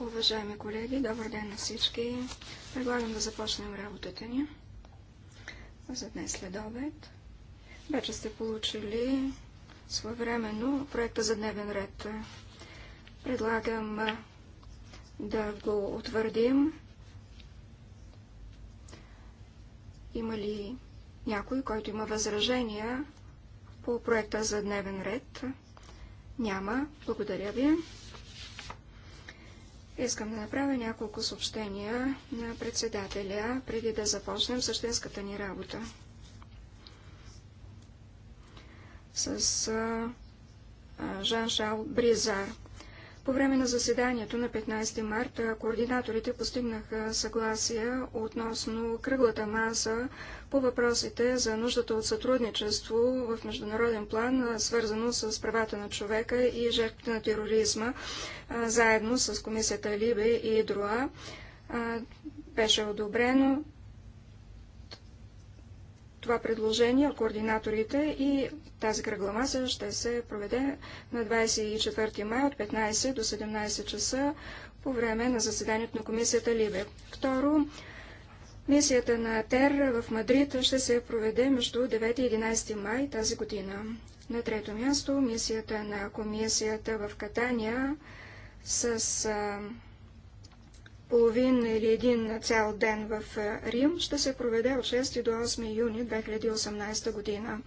Уважаеми колеги, добър ден на всички. Предлагам да започнем работата ни за днес след обед. Вече сте получили своевременно проекта за дневен ред. Предлагам да го утвърдим. Има ли някой, който има възражения по проекта за дневен ред? Няма. Благодаря ви. Искам да направя няколко съобщения на председателя, преди да започнем същинската ни работа. С Жан-Шал Бризар. По време на заседанието на 15 марта координаторите постигнаха съгласие относно кръглата маса по въпросите за нуждата от сътрудничество в международен план, свързано с правата на човека и жертвите на тероризма, заедно с комисията Либе и Друа. Беше одобрено това предложение от координаторите и тази кръгла маса ще се проведе на 24 май от 15 до 17 часа по време на заседанието на комисията Либе. Второ, мисията на ТЕР в Мадрид ще се проведе между 9 и 11 май тази година. На трето място, мисията на комисията в Катания с половин или един цял ден в Рим ще се проведе от 6 до 8 юни 2018 година.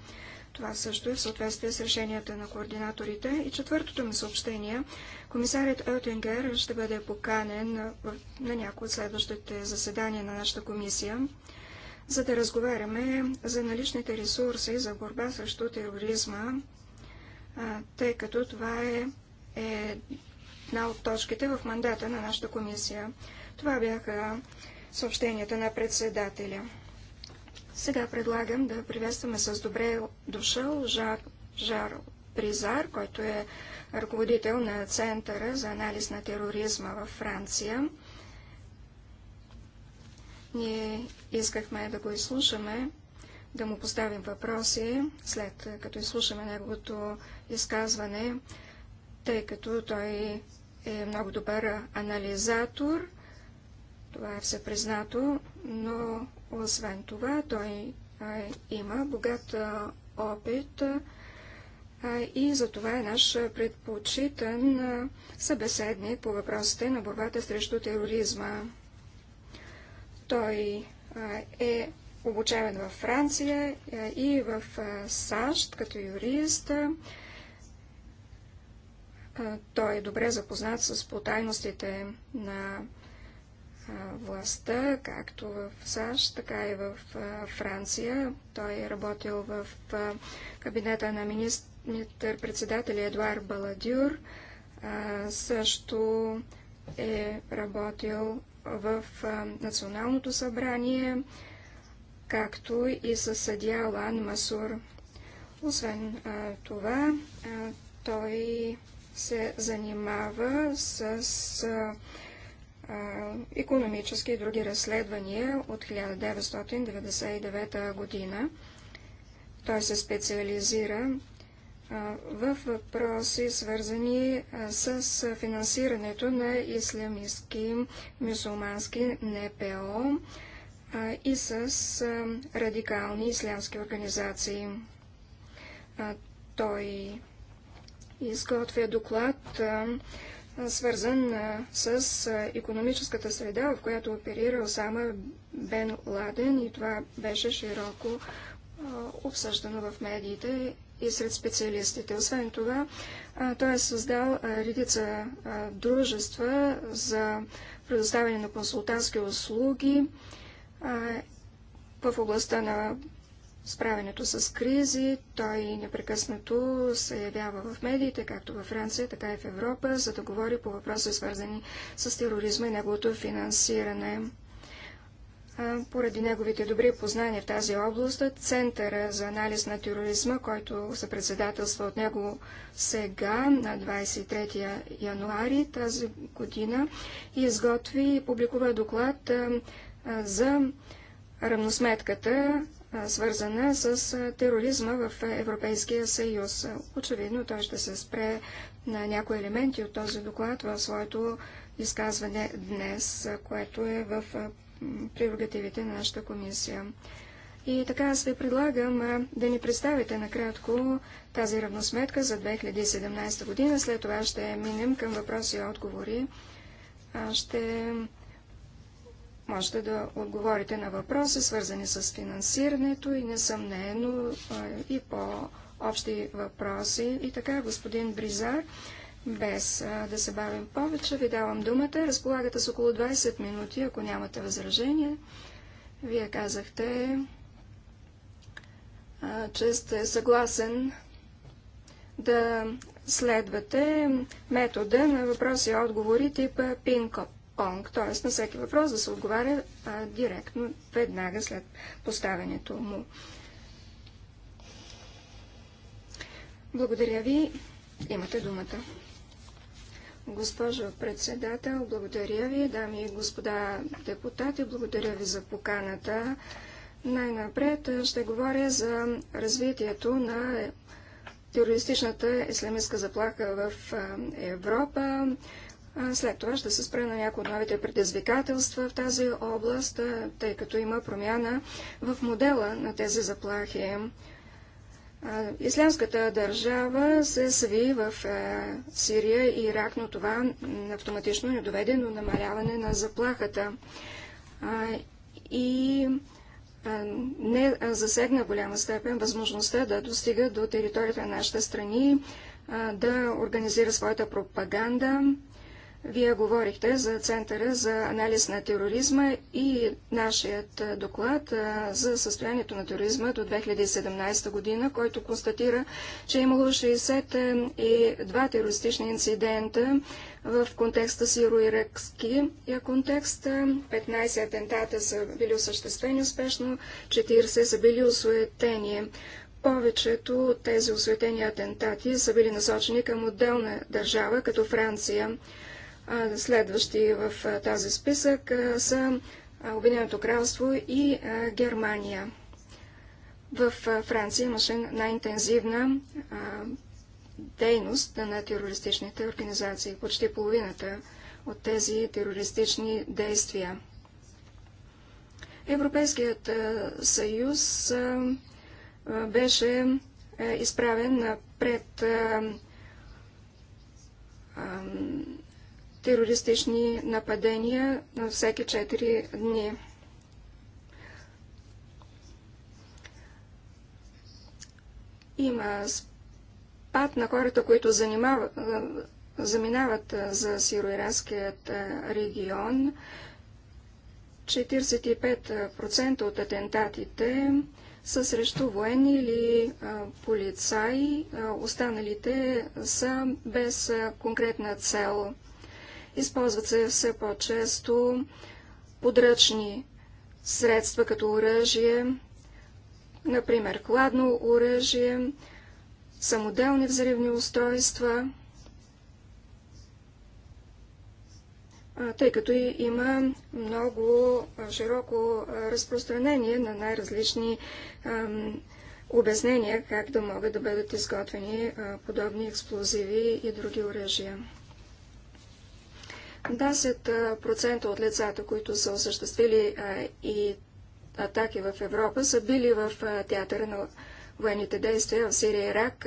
Това също е в съответствие с решенията на координаторите. И четвъртото ми съобщение. Комисарят Елтингер ще бъде поканен на някои от следващите заседания на нашата комисия, за да разговаряме за наличните ресурси за борба срещу тероризма, тъй като това е, е една от точките в мандата на нашата комисия. Това бяха съобщенията на председателя. Сега предлагам да приветстваме с добре дошъл Жар, Жар Призар, който е ръководител на Центъра за анализ на тероризма във Франция. Ние искахме да го изслушаме, да му поставим въпроси, след като изслушаме неговото изказване, тъй като той е много добър анализатор. Това е всепризнато, но освен това той има богат опит и за това е наш предпочитан събеседник по въпросите на борбата срещу тероризма. Той е обучаван във Франция и в САЩ като юрист. Той е добре запознат с потайностите на властта, както в САЩ, така и в Франция. Той е работил в кабинета на министър-председателя Едуард Баладюр. Също е работил в Националното събрание, както и със съдия Лан Масур. Освен това, той се занимава с економически и други разследвания от 1999 година. Той се специализира в въпроси, свързани с финансирането на ислямистски мусулмански НПО и с радикални ислямски организации. Той изготвя доклад, свързан с економическата среда, в която оперира Осама Бен Ладен и това беше широко обсъждано в медиите и сред специалистите. Освен това, той е създал редица дружества за предоставяне на консултантски услуги в областта на справянето с кризи. Той непрекъснато се явява в медиите, както във Франция, така и в Европа, за да говори по въпроси, свързани с тероризма и неговото финансиране. Поради неговите добри познания в тази област, Центъра за анализ на тероризма, който се председателства от него сега, на 23 януари тази година, изготви и публикува доклад за равносметката свързана с тероризма в Европейския съюз. Очевидно той ще се спре на някои елементи от този доклад в своето изказване днес, което е в прерогативите на нашата комисия. И така аз ви предлагам да ни представите накратко тази равносметка за 2017 година. След това ще минем към въпроси и отговори. Ще можете да отговорите на въпроси, свързани с финансирането и несъмнено и по-общи въпроси. И така, господин Бризар, без да се бавим повече, ви давам думата. Разполагате с около 20 минути, ако нямате възражение. Вие казахте, че сте съгласен да следвате метода на въпроси и отговори типа ПИНКОП. Понг, т.е. на всеки въпрос да се отговаря а, директно, веднага след поставянето му. Благодаря ви. Имате думата. Госпожо председател, благодаря ви, дами и господа депутати, благодаря ви за поканата. Най-напред ще говоря за развитието на терористичната исламистска заплаха в Европа, след това ще се спра на някои от новите предизвикателства в тази област, тъй като има промяна в модела на тези заплахи. Ислямската държава се сви в Сирия и Ирак, но това автоматично не доведе до намаляване на заплахата и не засегна голяма степен възможността да достига до територията на нашите страни, да организира своята пропаганда, вие говорихте за Центъра за анализ на тероризма и нашият доклад за състоянието на тероризма до 2017 година, който констатира, че е имало 62 терористични инцидента в контекста сиро-иракския контекст. 15 атентата са били осъществени успешно, 40 са били осуетени. Повечето от тези осветени атентати са били насочени към отделна държава, като Франция. Следващи в този списък са Обединеното кралство и Германия. В Франция имаше най-интензивна дейност на терористичните организации. Почти половината от тези терористични действия. Европейският съюз беше изправен пред терористични нападения на всеки 4 дни. Има спад на хората, които занимават, заминават за сироиранският регион. 45% от атентатите са срещу военни или а, полицаи, а, останалите са без а, конкретна цел. Използват се все по-често подръчни средства като оръжие, например кладно оръжие, самоделни взривни устройства, тъй като има много широко разпространение на най-различни обяснения как да могат да бъдат изготвени подобни експлозиви и други оръжия. 10% от лицата, които са осъществили и атаки в Европа, са били в театъра на военните действия в Сирия и Ирак.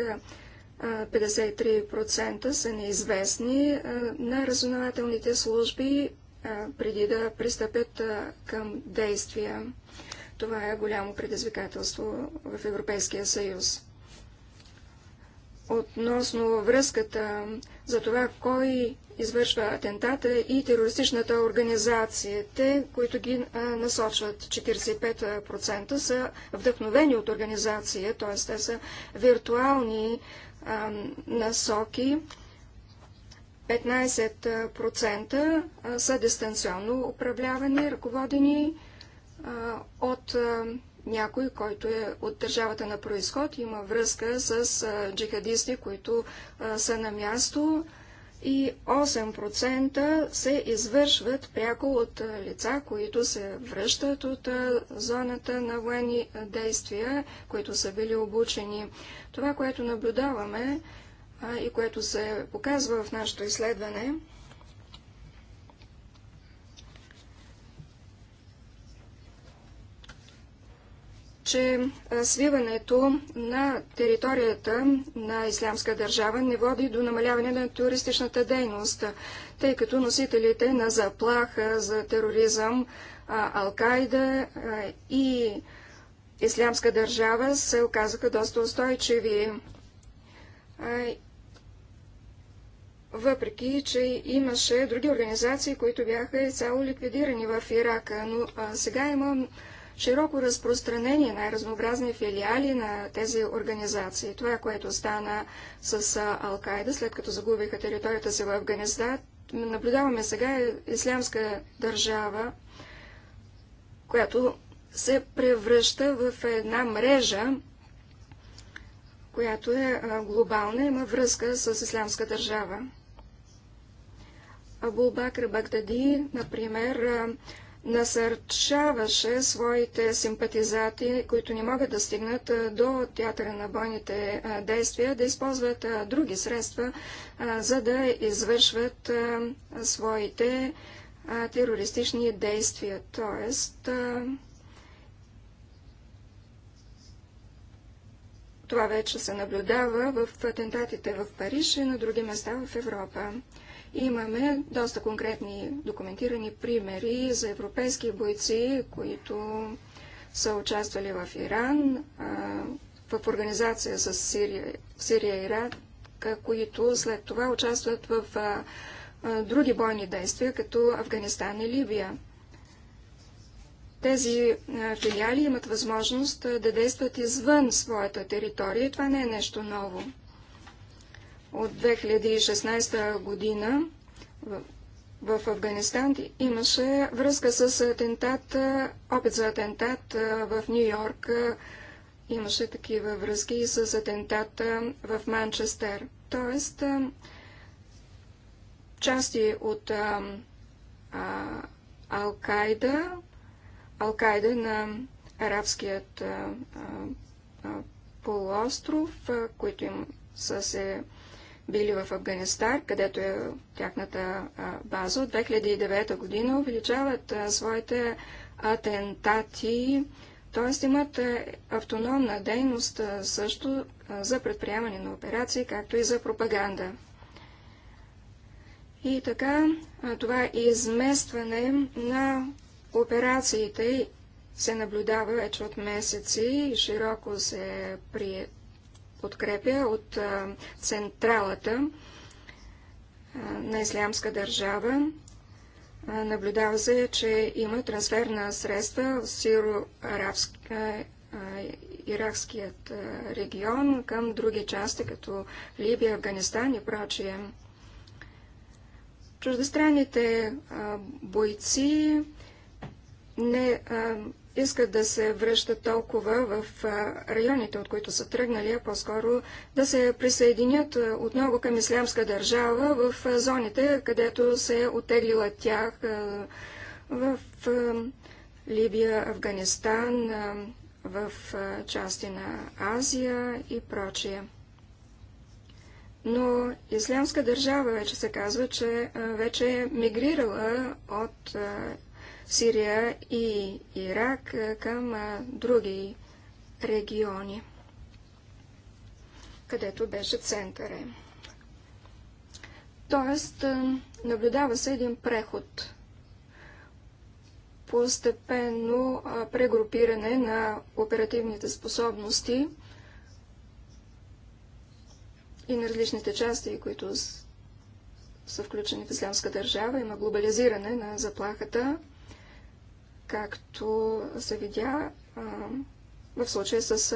53% са неизвестни на разузнавателните служби преди да пристъпят към действия. Това е голямо предизвикателство в Европейския съюз. Относно връзката за това, кой извършва атентата и терористичната организация, те, които ги а, насочват. 45% са вдъхновени от организация, т.е. те са виртуални а, насоки. 15% са дистанционно управлявани, ръководени а, от някой, който е от държавата на происход, има връзка с а, джихадисти, които а, са на място, и 8% се извършват пряко от лица, които се връщат от зоната на военни действия, които са били обучени. Това, което наблюдаваме и което се показва в нашето изследване, че свиването на територията на Ислямска държава не води до намаляване на туристичната дейност, тъй като носителите на заплаха за тероризъм Алкайда и Ислямска държава се оказаха доста устойчиви. Въпреки, че имаше други организации, които бяха цяло ликвидирани в Ирака, но сега имам широко разпространение, най-разнообразни филиали на тези организации. Това, е което стана с Алкайда, след като загубиха територията си в Афганистан, наблюдаваме сега ислямска държава, която се превръща в една мрежа, която е глобална, и има връзка с ислямска държава. Абулбакр Багдади, например, насърчаваше своите симпатизати, които не могат да стигнат до театъра на бойните действия, да използват други средства, за да извършват своите терористични действия. Тоест, това вече се наблюдава в атентатите в Париж и на други места в Европа. Имаме доста конкретни документирани примери за европейски бойци, които са участвали в Иран, в организация с Сирия, Сирия и Ирак, които след това участват в други бойни действия, като Афганистан и Либия. Тези филиали имат възможност да действат извън своята територия и това не е нещо ново от 2016 година в, Афганистан имаше връзка с атентат, опит за атентат в Нью Йорк. Имаше такива връзки и с атентата в Манчестер. Тоест, части от Ал-Кайда, Ал-Кайда на арабският а, а, полуостров, а, които им са се били в Афганистан, където е тяхната база. От 2009 година увеличават своите атентати, т.е. имат автономна дейност също за предприемане на операции, както и за пропаганда. И така, това изместване на операциите се наблюдава вече от месеци и широко се при, подкрепя от централата на Ислямска държава. Наблюдава се, че има трансфер на средства в сиро-иракският регион към други части, като Либия, Афганистан и прочие. Чуждестранните бойци не искат да се връщат толкова в районите, от които са тръгнали, а по-скоро да се присъединят отново към ислямска държава в зоните, където се е отеглила тях в Либия, Афганистан, в части на Азия и прочие. Но Ислямска държава вече се казва, че вече е мигрирала от Сирия и Ирак към други региони, където беше центъра. Е. Тоест, наблюдава се един преход, постепенно прегрупиране на оперативните способности и на различните части, които са включени в Ислямска държава. Има глобализиране на заплахата както се видя а, в случая с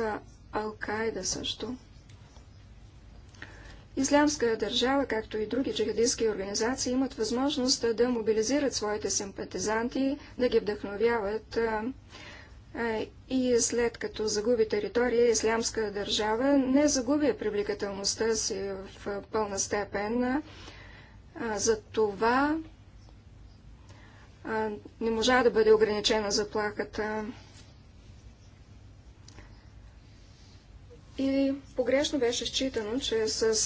ал също. Ислямска държава, както и други джихадистски организации, имат възможност да мобилизират своите симпатизанти, да ги вдъхновяват а, а, и след като загуби територия, Ислямска държава не загуби привлекателността си в пълна степен. За това не можа да бъде ограничена заплахата. И погрешно беше считано, че с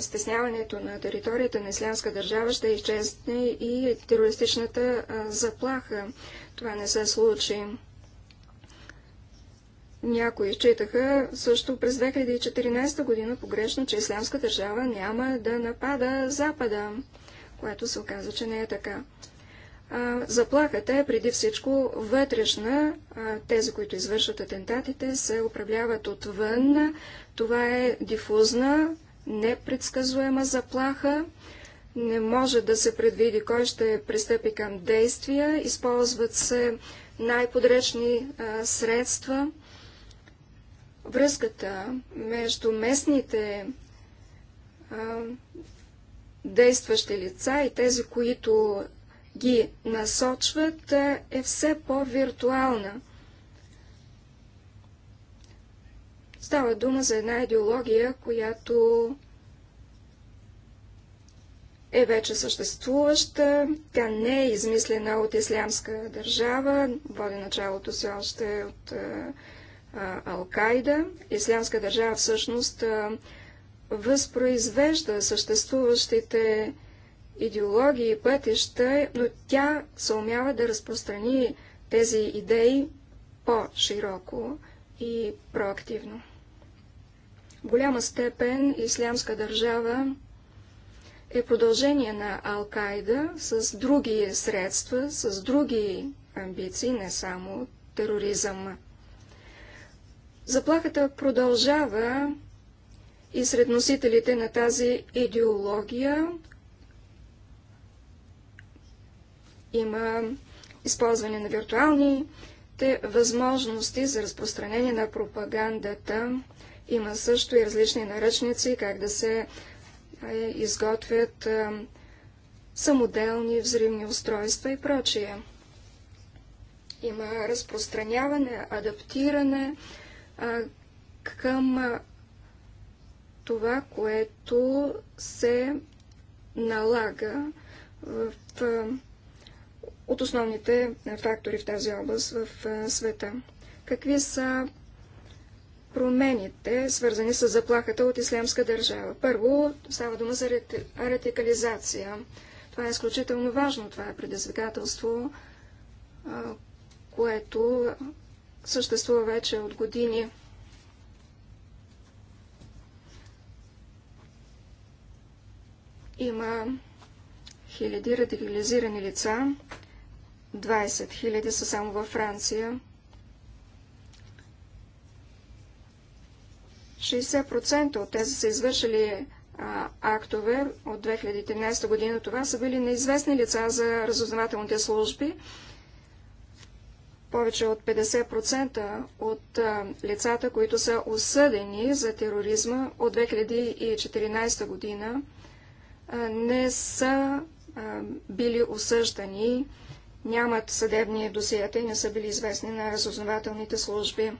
стесняването на територията на Ислямска държава ще изчезне и терористичната заплаха. Това не се случи. Някои читаха също през 2014 година погрешно, че Ислямска държава няма да напада Запада, което се оказа, че не е така. Заплахата е преди всичко вътрешна. Тези, които извършват атентатите, се управляват отвън. Това е дифузна, непредсказуема заплаха. Не може да се предвиди кой ще пристъпи към действия. Използват се най-подречни средства. Връзката между местните действащи лица и тези, които ги насочват, е все по-виртуална. Става дума за една идеология, която е вече съществуваща, тя не е измислена от ислямска държава, води началото си още от Алкайда. Ислямска държава всъщност възпроизвежда съществуващите идеологии и пътища, но тя съумява да разпространи тези идеи по-широко и проактивно. В голяма степен Ислямска държава е продължение на Ал-Кайда с други средства, с други амбиции, не само тероризъм. Заплахата продължава и сред носителите на тази идеология, има използване на виртуалните възможности за разпространение на пропагандата. Има също и различни наръчници, как да се изготвят самоделни взривни устройства и прочие. Има разпространяване, адаптиране към това, което се налага в от основните е, фактори в тази област в е, света. Какви са промените, свързани с заплахата от ислямска държава? Първо, става дума за радикализация. Това е изключително важно. Това е предизвикателство, е, което съществува вече от години. Има хиляди радикализирани лица, 20 000 са само във Франция. 60% от тези са извършили а, актове от 2013 година. Това са били неизвестни лица за разузнавателните служби. Повече от 50% от а, лицата, които са осъдени за тероризма от 2014 година, а, не са били осъждани нямат съдебни досията и не са били известни на разузнавателните служби.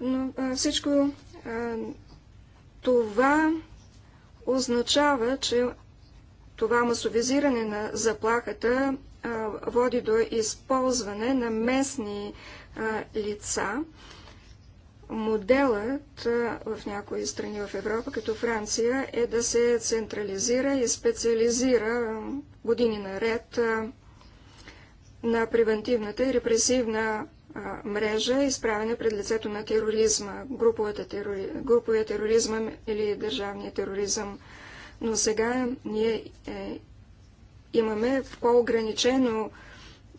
Но а, всичко а, това означава, че това масовизиране на заплахата а, води до използване на местни лица Моделът в някои страни в Европа, като Франция, е да се централизира и специализира години наред на превентивната и репресивна мрежа, изправена пред лицето на тероризма, груповия тероризъм или държавния тероризъм. Но сега ние е, имаме по-ограничено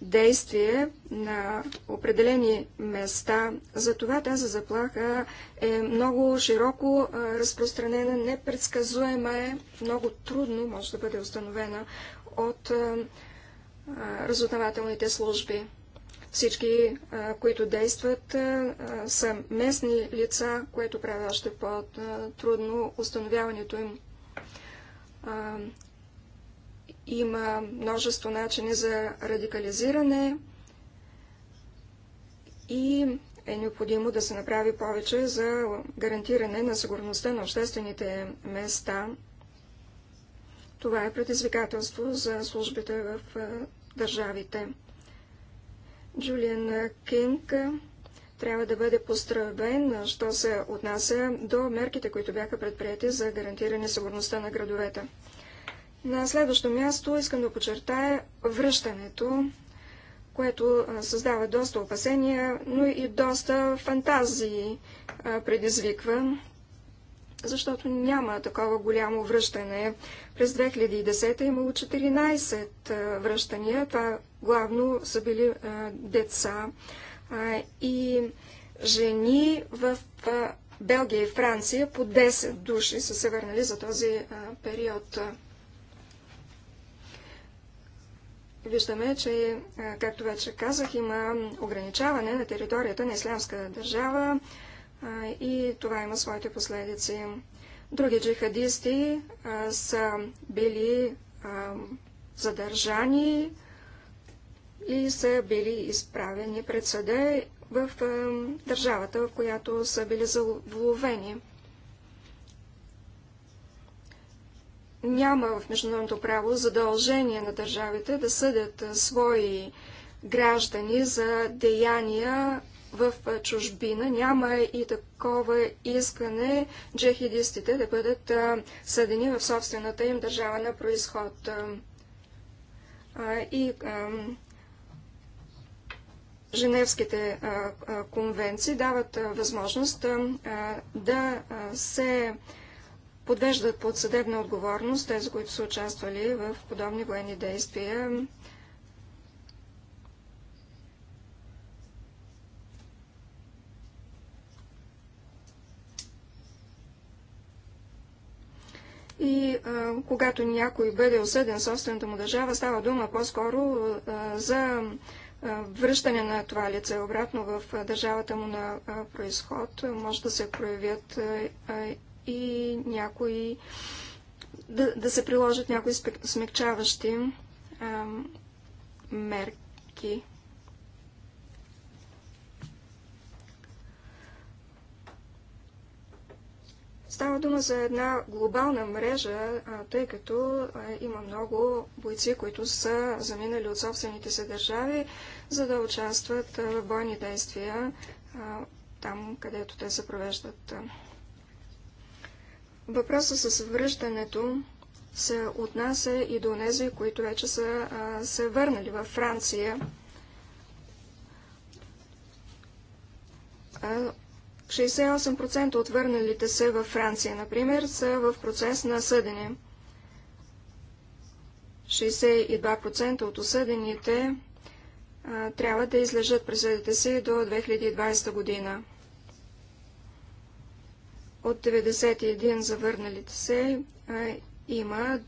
действие на определени места. Затова тази заплаха е много широко разпространена, непредсказуема е, много трудно може да бъде установена от разузнавателните служби. Всички, които действат, са местни лица, което прави още по-трудно установяването им. Има множество начини за радикализиране и е необходимо да се направи повече за гарантиране на сигурността на обществените места. Това е предизвикателство за службите в държавите. Джулиан Кинг трябва да бъде постравен, що се отнася до мерките, които бяха предприяти за гарантиране сигурността на градовете. На следващо място искам да подчертая връщането, което създава доста опасения, но и доста фантазии предизвиква, защото няма такова голямо връщане. През 2010 е имало 14 връщания, това главно са били деца и жени в Белгия и Франция по 10 души са се върнали за този период. виждаме, че, е, както вече казах, има ограничаване на територията на Ислямска държава е, и това има своите последици. Други джихадисти е, са били задържани и са били изправени пред съда в държавата, в която са били заловени. няма в международното право задължение на държавите да съдят свои граждани за деяния в чужбина. Няма и такова искане джехидистите да бъдат съдени в собствената им държава на происход. И Женевските конвенции дават възможност да се подвеждат под съдебна отговорност тези, които са участвали в подобни военни действия. И а, когато някой бъде осъден в собствената му държава, става дума по-скоро за а, връщане на това лице обратно в а, държавата му на а, происход. Може да се проявят и някои да, да се приложат някои смягчаващи мерки. Става дума за една глобална мрежа, а, тъй като а, има много бойци, които са заминали от собствените си държави, за да участват а, в бойни действия там, където те се провеждат. Въпросът с връщането се отнася и до нези, които вече са а, се върнали във Франция. А, 68% от върналите се във Франция, например, са в процес на съдене. 62% от осъдените а, трябва да излежат присъдите си до 2020 година. От 91 завърналите се а, има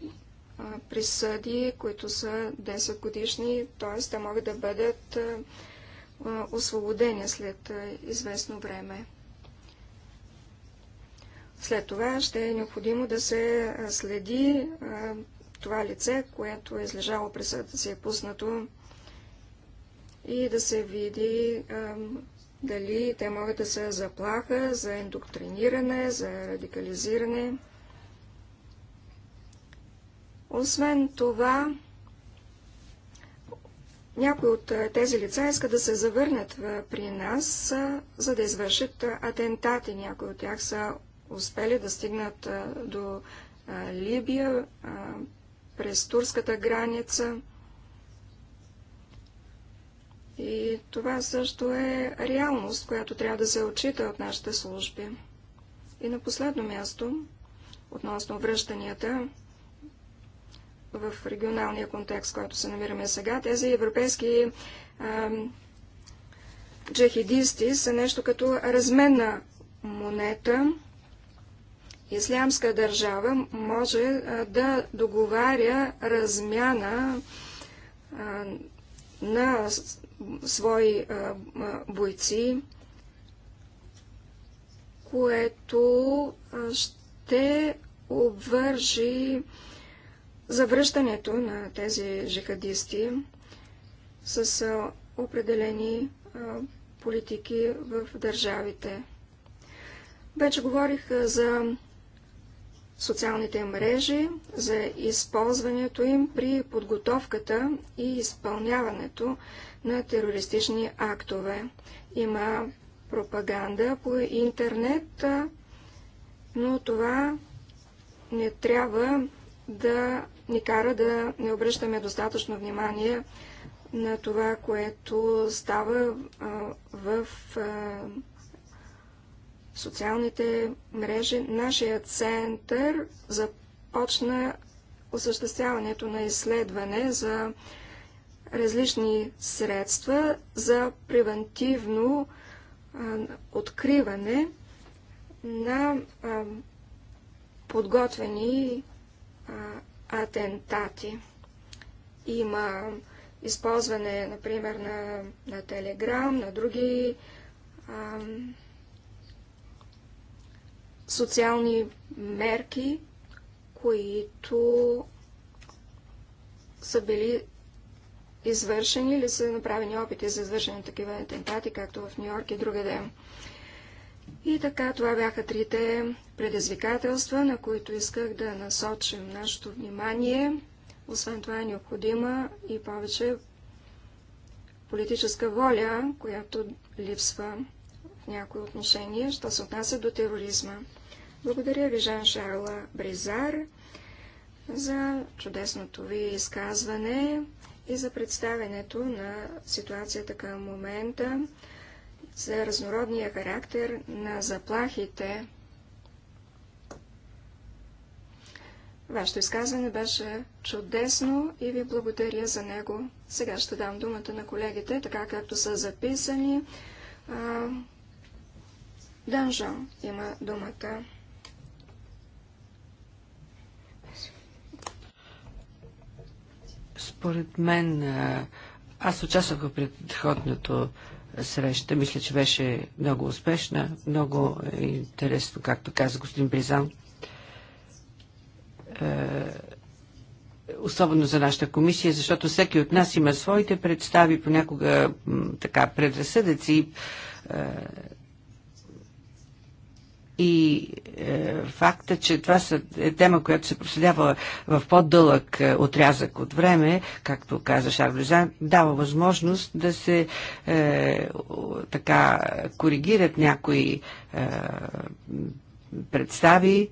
а, присъди, които са 10 годишни, т.е. те могат да бъдат а, освободени след известно време. След това ще е необходимо да се следи това лице, което е излежало присъдата си е пуснато и да се види дали те могат да са заплаха за индоктриниране, за радикализиране. Освен това, някои от тези лица искат да се завърнат при нас, за да извършат атентати. Някои от тях са успели да стигнат до Либия през турската граница. И това също е реалност, която трябва да се отчита от нашите служби. И на последно място, относно връщанията в регионалния контекст, в който се намираме сега, тези европейски а, джехидисти са нещо като разменна монета. Ислямска държава може а, да договаря размяна а, на свои а, бойци, което ще обвържи завръщането на тези жихадисти с определени политики в държавите. Вече говорих за социалните мрежи, за използването им при подготовката и изпълняването на терористични актове. Има пропаганда по интернет, но това не трябва да ни кара да не обръщаме достатъчно внимание на това, което става в социалните мрежи, нашия център започна осъществяването на изследване за различни средства за превентивно откриване на подготвени атентати. Има използване, например, на, на Телеграм, на други социални мерки, които са били извършени или са направени опити за извършени такива атентати, както в Нью-Йорк и другаде. И така, това бяха трите предизвикателства, на които исках да насочим нашето внимание. Освен това е необходима и повече политическа воля, която липсва в някои отношения, що се отнася до тероризма. Благодаря ви, Жан Шарла Бризар, за чудесното ви изказване и за представенето на ситуацията към момента, за разнородния характер на заплахите. Вашето изказване беше чудесно и ви благодаря за него. Сега ще дам думата на колегите, така както са записани. Данжо има думата. Според мен, аз участвах в предходното среща. Мисля, че беше много успешна, много интересно, както каза господин Бризан. Особено за нашата комисия, защото всеки от нас има своите представи, понякога така предразсъдъци и е, факта, че това са, е тема, която се проследява в по-дълъг е, отрязък от време, както каза Шарлюзан, дава възможност да се е, така коригират някои е, представи,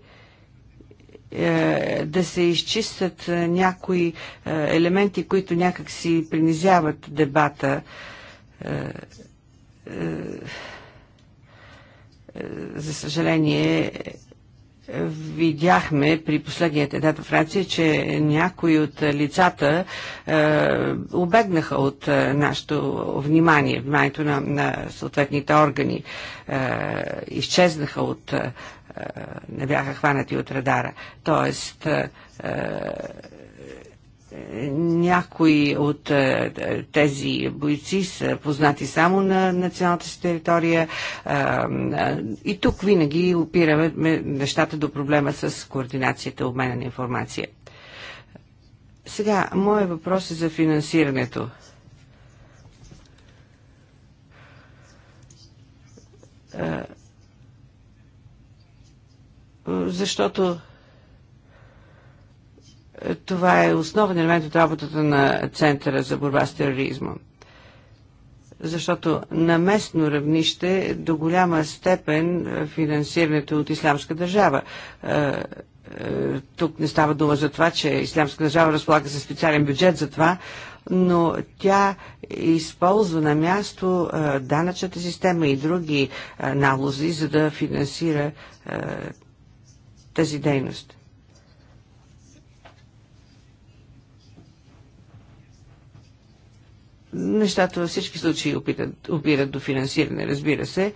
е, да се изчистят е, някои е, елементи, които някак си принизяват дебата. Е, е за съжаление, видяхме при последния атентат в Франция, че някои от лицата е, обегнаха от е, нашето внимание, вниманието на, на съответните органи. Е, изчезнаха от... Е, е не бяха хванати от радара. Тоест, е, е някои от е, тези бойци са познати само на националната си територия е, е, и тук винаги опираме нещата до проблема с координацията, обмена на информация. Сега, моят въпрос е за финансирането. Защото това е основен елемент от работата на Центъра за борба с тероризма. Защото на местно равнище до голяма степен финансирането е от ислямска държава. Е, е, тук не става дума за това, че ислямска държава разполага със специален бюджет за това, но тя използва на място данъчната система и други налози, за да финансира тази дейност. Нещата във всички случаи опират, опират до финансиране, разбира се.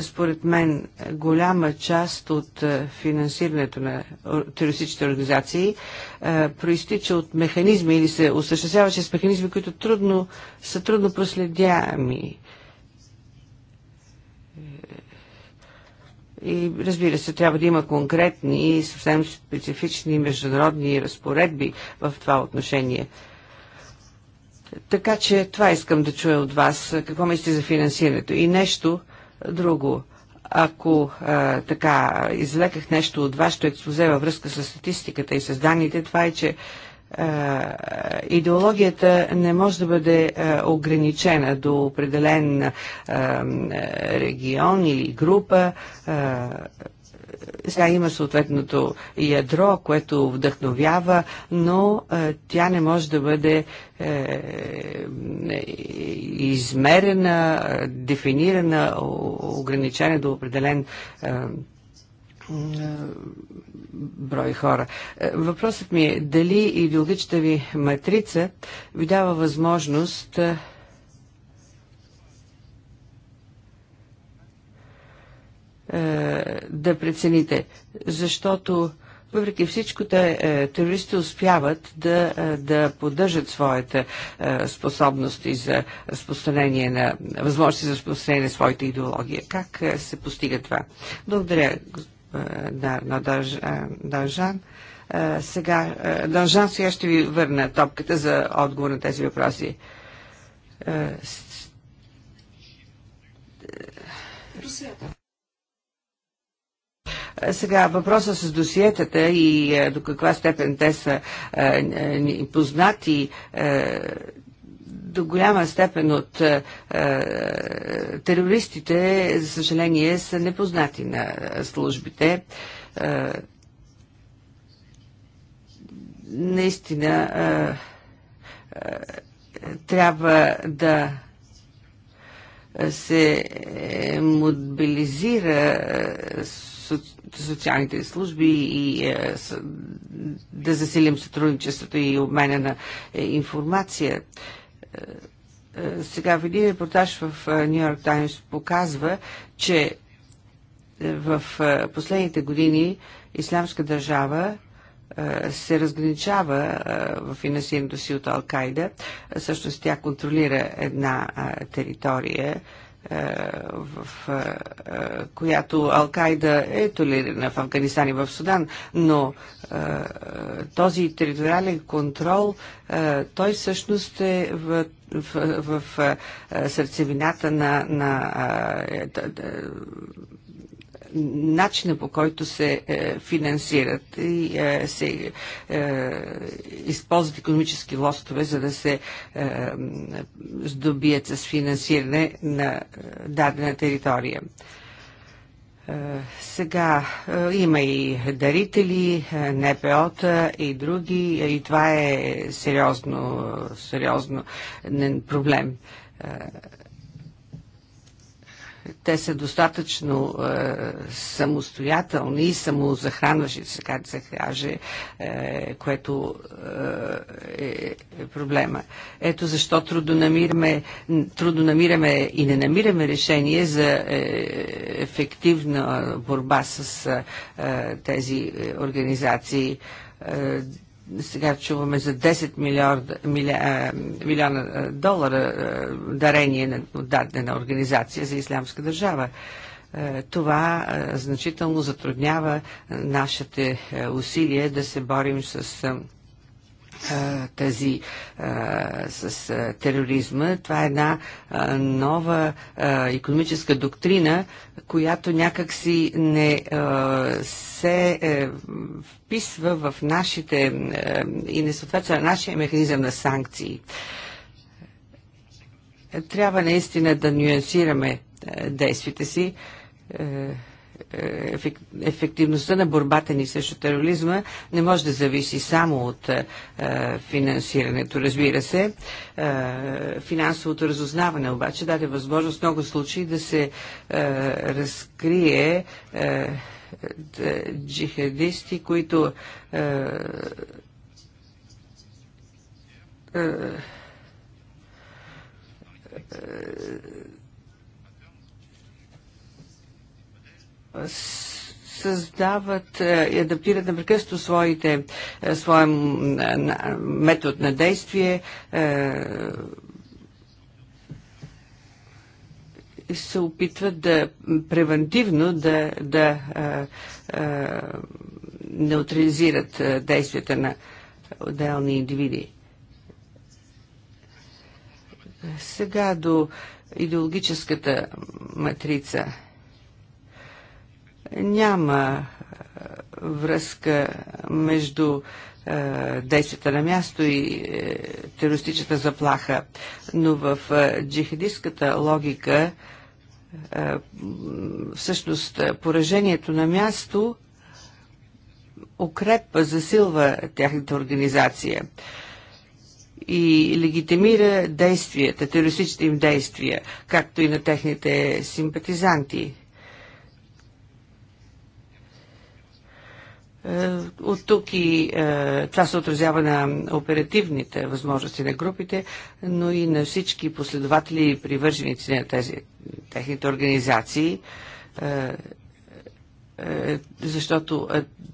Според мен голяма част от е, финансирането на терористичните организации а, е, проистича от механизми или се осъществява чрез механизми, които трудно, са трудно проследяеми. Е, и разбира се, трябва да има конкретни и съвсем специфични международни разпоредби в това отношение. Така че това искам да чуя от вас. Какво мислите за финансирането? И нещо друго. Ако а, така излеках нещо от вашето експозе във връзка с статистиката и с данните, това е, че а, идеологията не може да бъде а, ограничена до определен а, регион или група. А, сега има съответното ядро, което вдъхновява, но е, тя не може да бъде е, измерена, дефинирана, ограничена до определен е, е брой хора. Е, въпросът ми е дали идеологичната ви матрица ви дава възможност е, Е, да прецените, защото въпреки всичко, те, терористите терористи успяват да, е, да поддържат своята способност е, способности за разпространение на възможности за разпространение на своята идеология. Как се постига това? Благодаря, на, на Държан. Сега, Дължан, сега ще ви върна топката за отговор на тези въпроси. Русията. Е, сега въпроса с досиетата и е, до каква степен те са е, познати до голяма степен от е, терористите, за съжаление, са непознати на службите. Е, наистина е, трябва да се мобилизира е, социалните служби и е, с, да засилим сътрудничеството и обмена на е, информация. Е, е сега в един репортаж в Нью Йорк Таймс показва, че е, в е, последните години Ислямска държава се разграничава в финансирането си от Ал-Кайда. Всъщност тя контролира една територия е, в е, е, която Алкайда е толерирана в Афганистан и в Судан, но този териториален контрол, той всъщност е в в, в, в сърцевината на, на начина по който се е, финансират и е, се е, използват економически лостове, за да се е, здобият с финансиране на е, дадена територия. Е, сега има и дарители, НПО-та и други и това е сериозно, сериозно проблем те са достатъчно е, самостоятелни и самозахранващи, така да се каже, е, което е, е, е проблема. Ето защо трудно намираме, трудно намираме и не намираме решение за е, ефективна борба с е, е тези е, организации. Е, сега чуваме за 10 милиарда, а, милиона долара а, дарение на дадена организация за ислямска държава. А, това а, значително затруднява нашите а, усилия да се борим с а, тази с тероризма. Това е една нова економическа доктрина, която някакси не се е, вписва в нашите е, и не съответства на нашия механизъм на санкции. Трябва наистина да нюансираме е, действите си ефективността на борбата ни срещу тероризма не може да зависи само от е, финансирането, разбира се. Е, финансовото разузнаване обаче даде възможност в много случаи да се е, разкрие джихадисти, които създават е, и адаптират напрекъсто своите, е, своя метод на действие, е, се опитват да превентивно да, да а, а, неутрализират действията на отделни индивиди. Сега до идеологическата матрица – няма е, връзка между е, действията на място и е, терористичната заплаха. Но в джихадистската логика всъщност поражението на място укрепва, засилва тяхната организация и легитимира действията, терористичните им действия, както и на техните симпатизанти – Е, от тук и е, това се отразява на оперативните възможности на групите, но и на всички последователи и привърженици на тези техните организации, е, защото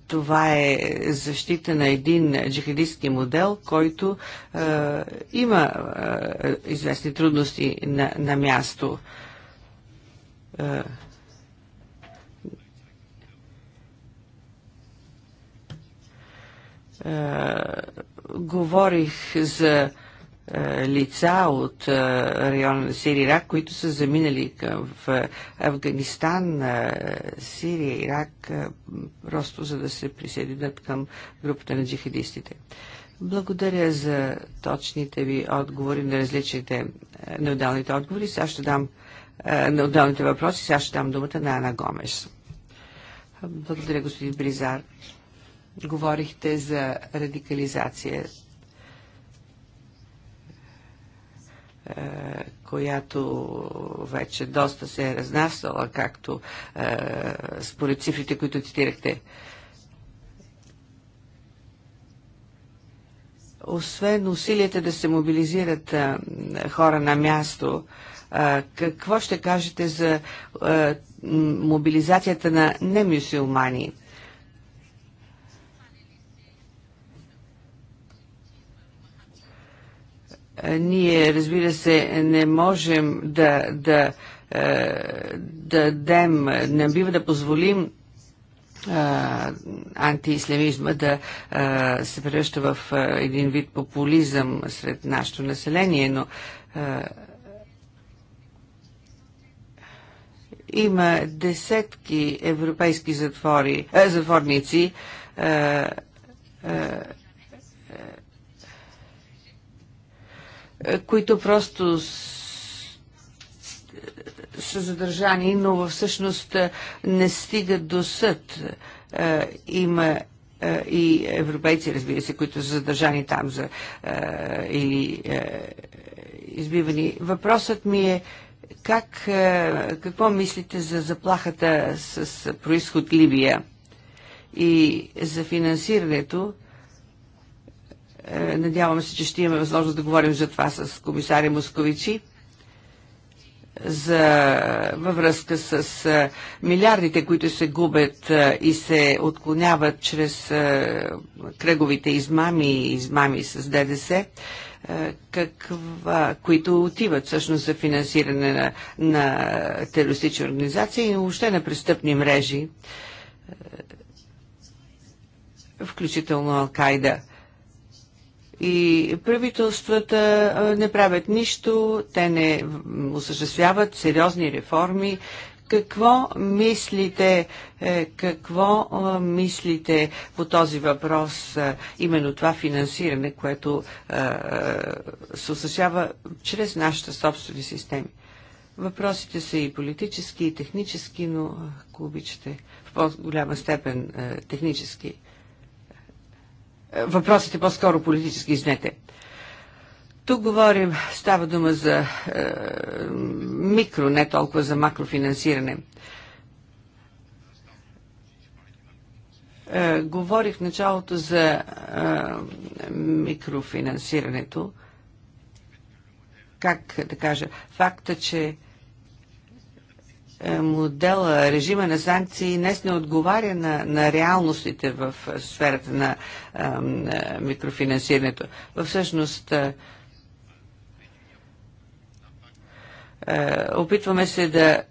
това е защита на един джихадистски модел, който има известни трудности на, на място Е, говорих за е, лица от е, района на Сирия Ирак, които са заминали в Афганистан, Сирия, Ирак, просто за да се присъединят към групата на джихадистите. Благодаря за точните ви отговори на различните неудалните отговори. Сега ще дам на отделните въпроси. Сега ще дам думата на Ана Гомеш. Благодаря, господин Бризар. Говорихте за радикализация, е, която вече доста се е разнасяла, както е, според цифрите, които цитирахте. освен усилията да се мобилизират е, хора на място, какво ще кажете за мобилизацията на немюсюлмани? Ние, разбира се, не можем да, да, да дадем, не бива да позволим антиисламизма да се превръща в един вид популизъм сред нашето население, но има десетки европейски затвори, затворници, които просто са задържани, но всъщност не стигат до съд. Има и европейци, разбира се, които са задържани там за, или избивани. Въпросът ми е как, какво мислите за заплахата с происход Либия и за финансирането е, Надявам се, че ще имаме възможност да говорим за това с комисаря Московичи за, във връзка с а, е, милиардите, които се губят а, е, и се отклоняват чрез а, кръговите измами и измами с ДДС, а, каква, които отиват всъщност за финансиране на, на терористични организации и въобще на престъпни мрежи, а, включително Алкайда. И правителствата не правят нищо, те не осъществяват сериозни реформи. Какво мислите, е, какво мислите по този въпрос, именно това финансиране, което се осъществява чрез нашите собствени системи? Въпросите са и политически, и технически, но ако обичате, в по-голяма степен е, технически въпросите по-скоро политически, изнете. Тук говорим, става дума за е, микро, не толкова за макрофинансиране. Е, говорих в началото за е, микрофинансирането. Как да кажа? Факта, че е, е, модела, режима на санкции днес не отговаря на, на реалностите в сферата на, на е, микрофинансирането. Всъщност, е, опитваме се да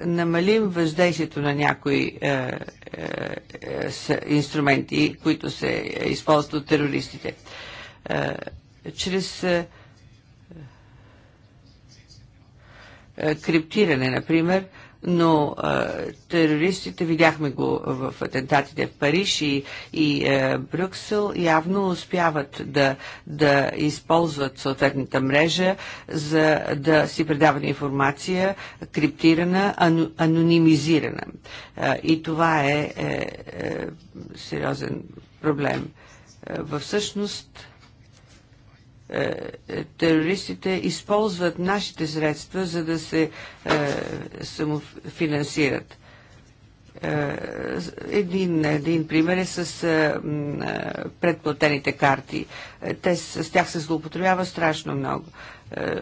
намалим въздействието на някои инструменти, които се използват от терористите. чрез криптиране, например, но а, терористите, видяхме го в атентатите в Париж и, и а, Брюксел, явно успяват да, да използват съответната мрежа, за да си предават информация, криптирана, ану, анонимизирана. А, и това е, е, е сериозен проблем. А, всъщност, е, е, терористите използват нашите средства, за да се е, самофинансират. Един, един пример е с предплатените карти. Те, с тях се злоупотребява страшно много. Е,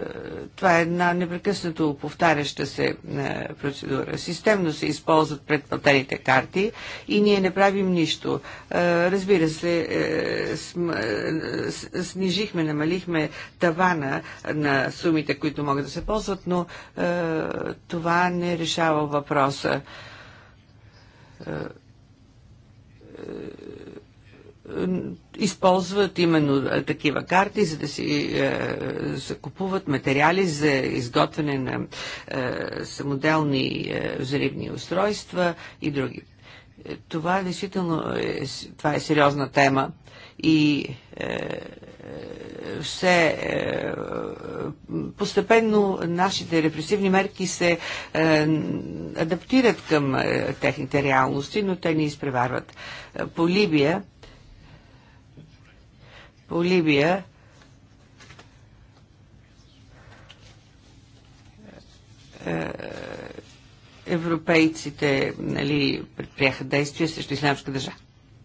това е една непрекъснато повтаряща се е, процедура. Системно се използват предплатените карти и ние не правим нищо. Е, разбира се, снижихме, намалихме тавана на сумите, които могат да се ползват, но това не решава въпроса е, използват именно е, такива карти, за да си е, закупуват материали за изготвяне на е, самоделни е, взривни устройства и други. Е, това е действително е, това е сериозна тема и е, все е, постепенно нашите репресивни мерки се е, адаптират към е, техните реалности, но те ни изпреварват. По Либия по Либия. Е, европейците нали, предприяха действия срещу ислямска държава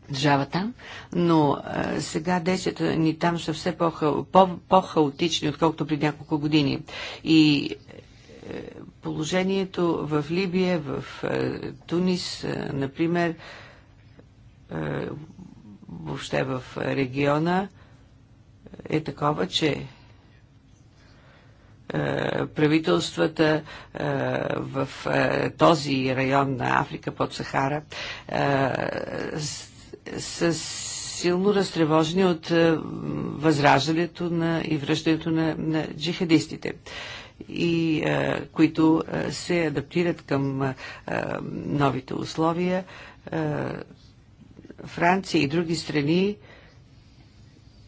държава там, но а, е, сега действията ни там са все по-хаотични, по отколкото при няколко години. И е, положението в Либия, в е, Тунис, е, например, е, въобще в региона, е такова, че е, правителствата е, в е, този район на Африка под Сахара са силно разтревожени от възраждането на и връщането на, на джихадистите и които се адаптират към новите условия. Франция и други страни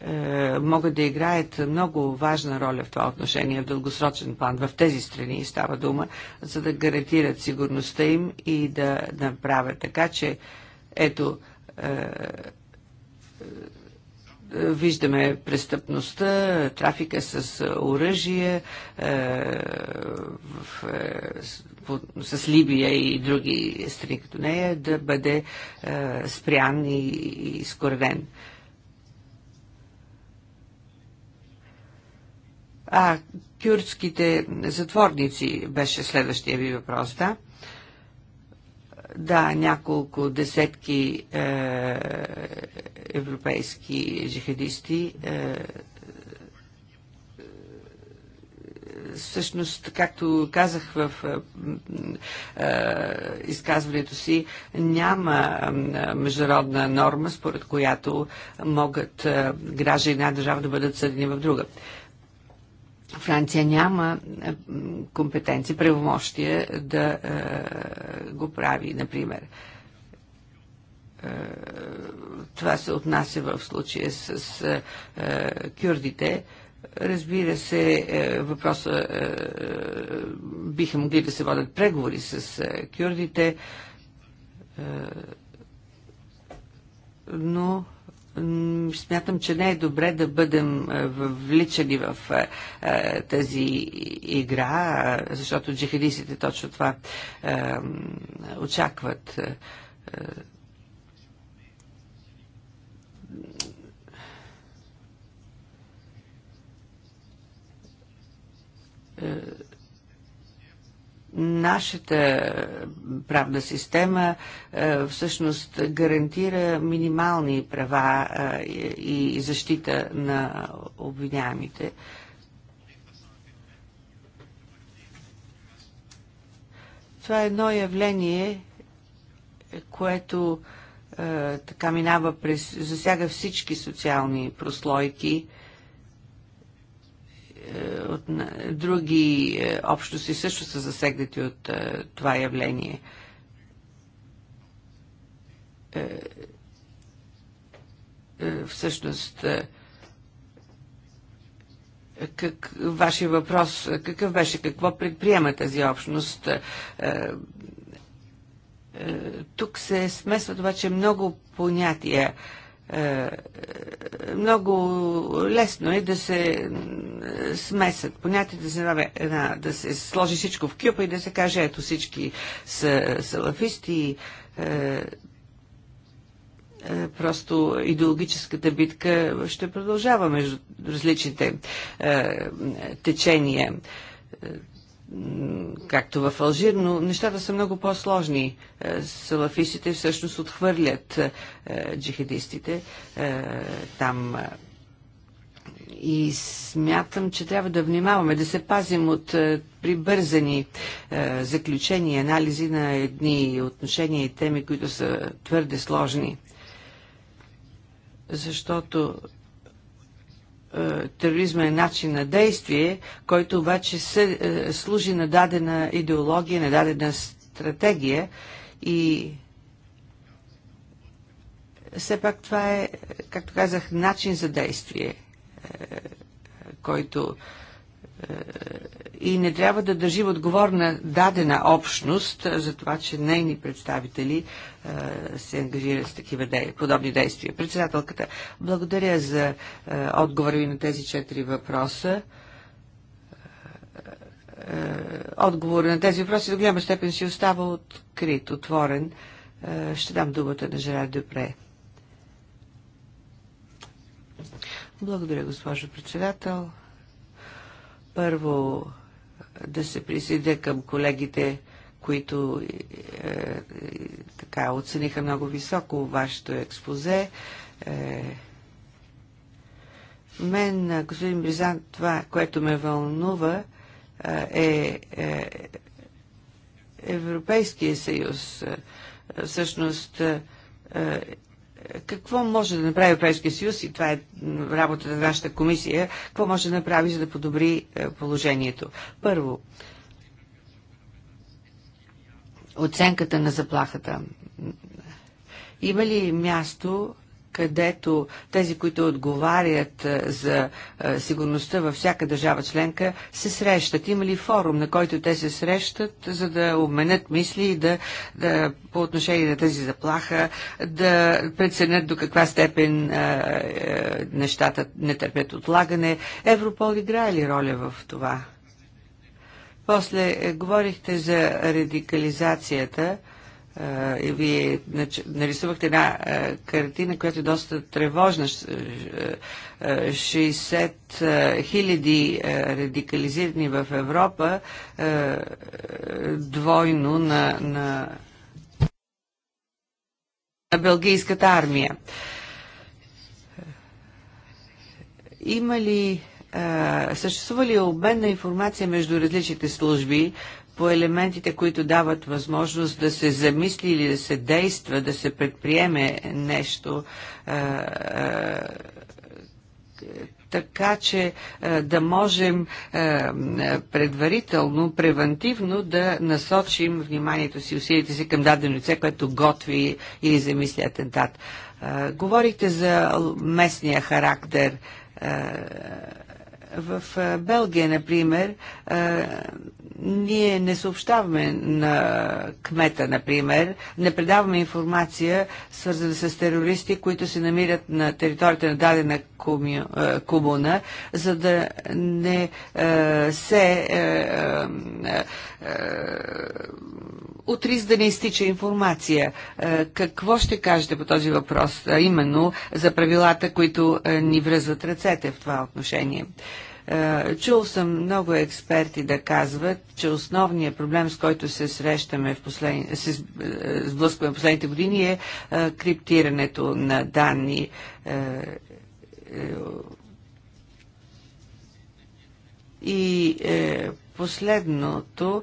е, могат да играят много важна роля в това отношение в дългосрочен план. В тези страни става дума, за да гарантират сигурността им и да направят така, че ето е, е, виждаме престъпността, трафика с оръжие, с Либия и други страни като нея, да бъде спрян и, и А, кюрдските затворници беше следващия ви въпрос, да? Да, няколко десетки е, европейски жихадисти е, всъщност, както казах в е, е изказването си, няма е, международна норма, според която могат е, граждани на една държава да бъдат съдени в друга. Е, Франция няма е, компетенции, правомощия да е, го прави, например. Е, това се отнася в случая с, с е, кюрдите. Разбира се, е, въпроса е, биха могли да се водят преговори с е, кюрдите, е, но смятам, че не е добре да бъдем вличани в тази игра, защото джихадистите точно това очакват. Uh Нашата правна система е, всъщност гарантира минимални права е, и защита на обвиняемите. Това е едно явление, което е, така минава през, засяга всички социални прослойки е, от, други е, общности също са засегнати от е, това явление. Всъщност, как, вашия въпрос какъв беше, какво предприема тази общност? Тук се смесват обаче много понятия. Е, много лесно е да се е, смесат понятията за една, да се сложи всичко в кюпа и да се каже, ето всички са салафисти. Е, е, просто идеологическата битка ще продължава между различните е, течения. Е, както в Алжир, но нещата са много по-сложни. Е, салафистите всъщност отхвърлят е, джихадистите е, там. И смятам, че трябва да внимаваме, да се пазим от прибързани заключения, анализи на едни отношения и теми, които са твърде сложни. Защото е, тероризма е начин на действие, който обаче се, е, служи на дадена идеология, на дадена стратегия и все пак това е, както казах, начин за действие, е, който е, и не трябва да държи отговорна дадена общност е, за това, че нейни представители е, се ангажират с такива подобни действия. Председателката, благодаря за отговора ви на тези четири въпроса. Отговор на тези въпроси до голяма степен си остава открит, отворен. Ще дам думата на Жерар Дюпре. Благодаря, госпожо председател. Първо да се присъединя към колегите, които е, така оцениха много високо вашето експозе. Е, мен, е, господин Бризан, това, което ме вълнува е, е Европейския съюз. Е, всъщност, е, какво може да направи Европейския съюз, и това е работата на нашата комисия, какво може да направи, за да подобри е, положението? Първо, оценката на заплахата. Има ли място където тези, които отговарят за сигурността във всяка държава членка, се срещат? Има ли форум, на който те се срещат, за да обменят мисли и да, да по отношение на тази заплаха, да преценят до каква степен а, а, нещата не търпят отлагане? Европол играе ли роля в това? После е, говорихте за радикализацията и е, вие нарисувахте една е, картина, която е доста тревожна. 60 е, хиляди радикализирани в Европа, двойно на, на, на бългийската армия. Има ли съществува ли обмен на информация между различните служби по елементите, които дават възможност да се замисли или да се действа, да се предприеме нещо. така че да можем предварително, превентивно да насочим вниманието си, усилите си към дадено лице, което готви или замисли атентат. Говорите за местния характер в Белгия, например, ние не съобщаваме на кмета, например, не предаваме информация, свързана с терористи, които се намират на територията на дадена комуна, за да не се от риск да не изтича информация. Е, какво ще кажете по този въпрос, именно за правилата, които е, ни връзват ръцете в това отношение? Е, чул съм много експерти да казват, че основният проблем, с който се срещаме в се сблъскваме в последните години е криптирането на данни и последното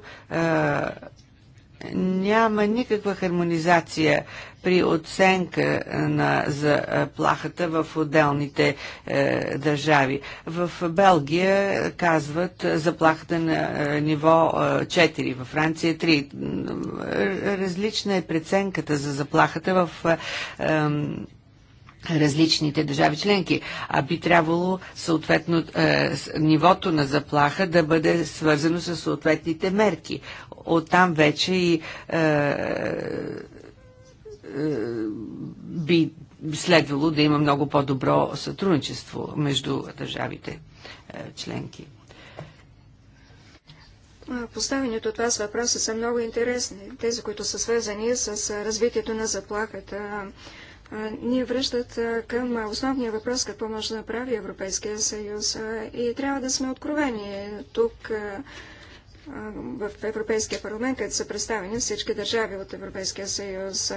няма никаква хармонизация при оценка е, на, за е, плахата в отделните е, държави. В Белгия казват е, заплахата на е, ниво е, 4, във Франция 3. Различна е преценката за заплахата в. Е, е, различните държави членки, а би трябвало съответно е, нивото на заплаха да бъде свързано с съответните мерки оттам вече и е, е, би следвало да има много по-добро сътрудничество между държавите е, членки. Поставените от вас въпроси са много интересни. Тези, които са свързани с развитието на заплахата, ни връщат към основния въпрос какво може да направи Европейския съюз. И трябва да сме откровени тук в Европейския парламент, където са представени всички държави от Европейския съюз.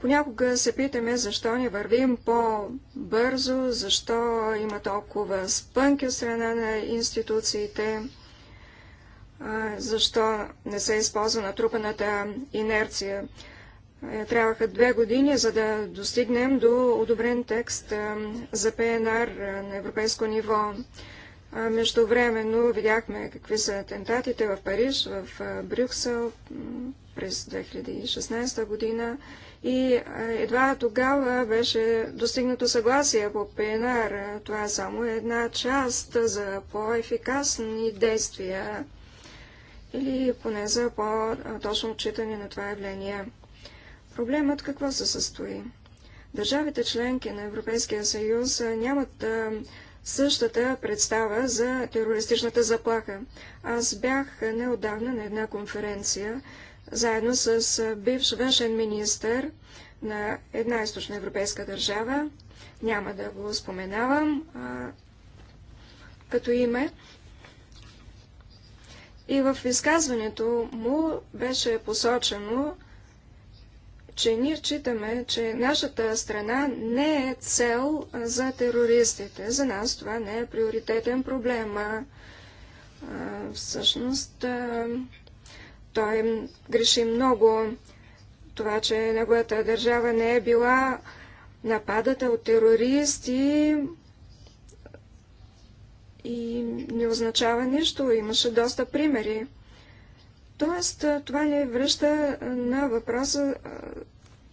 Понякога се питаме защо не вървим по-бързо, защо има толкова спънки от страна на институциите, защо не се използва натрупаната инерция. Е, трябваха две години, за да достигнем до одобрен текст за ПНР на европейско ниво. Междувременно видяхме какви са атентатите в Париж, в Брюксел през 2016 година и едва тогава беше достигнато съгласие по ПНР. Това е само една част за по-ефикасни действия или поне за по-точно отчитане на това явление. Проблемът какво се състои? Държавите членки на Европейския съюз нямат същата представа за терористичната заплаха. Аз бях неодавна на една конференция, заедно с бивш външен министр на една източна европейска държава. Няма да го споменавам а, като име. И в изказването му беше посочено, че ние считаме, че нашата страна не е цел за терористите. За нас това не е приоритетен проблем. А, всъщност, а, той греши много. Това, че неговата държава не е била нападата от терористи и не означава нищо. Имаше доста примери. Тоест, това ни връща на въпроса,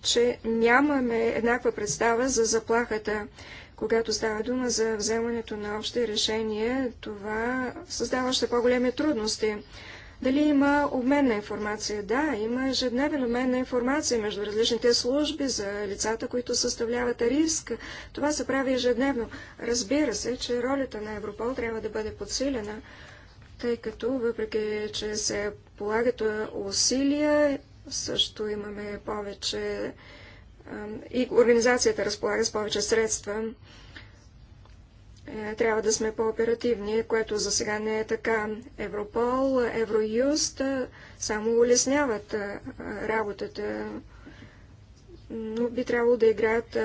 че нямаме еднаква представа за заплахата. Когато става дума за вземането на общи решения, това създава още по-големи трудности. Дали има обмен на информация? Да, има ежедневен обмен на информация между различните служби за лицата, които съставляват риск. Това се прави ежедневно. Разбира се, че ролята на Европол трябва да бъде подсилена, тъй като въпреки, че се полагат усилия, също имаме повече и организацията разполага с повече средства, е, трябва да сме по-оперативни, което за сега не е така. Европол, Евроюст само улесняват работата, но би трябвало да играят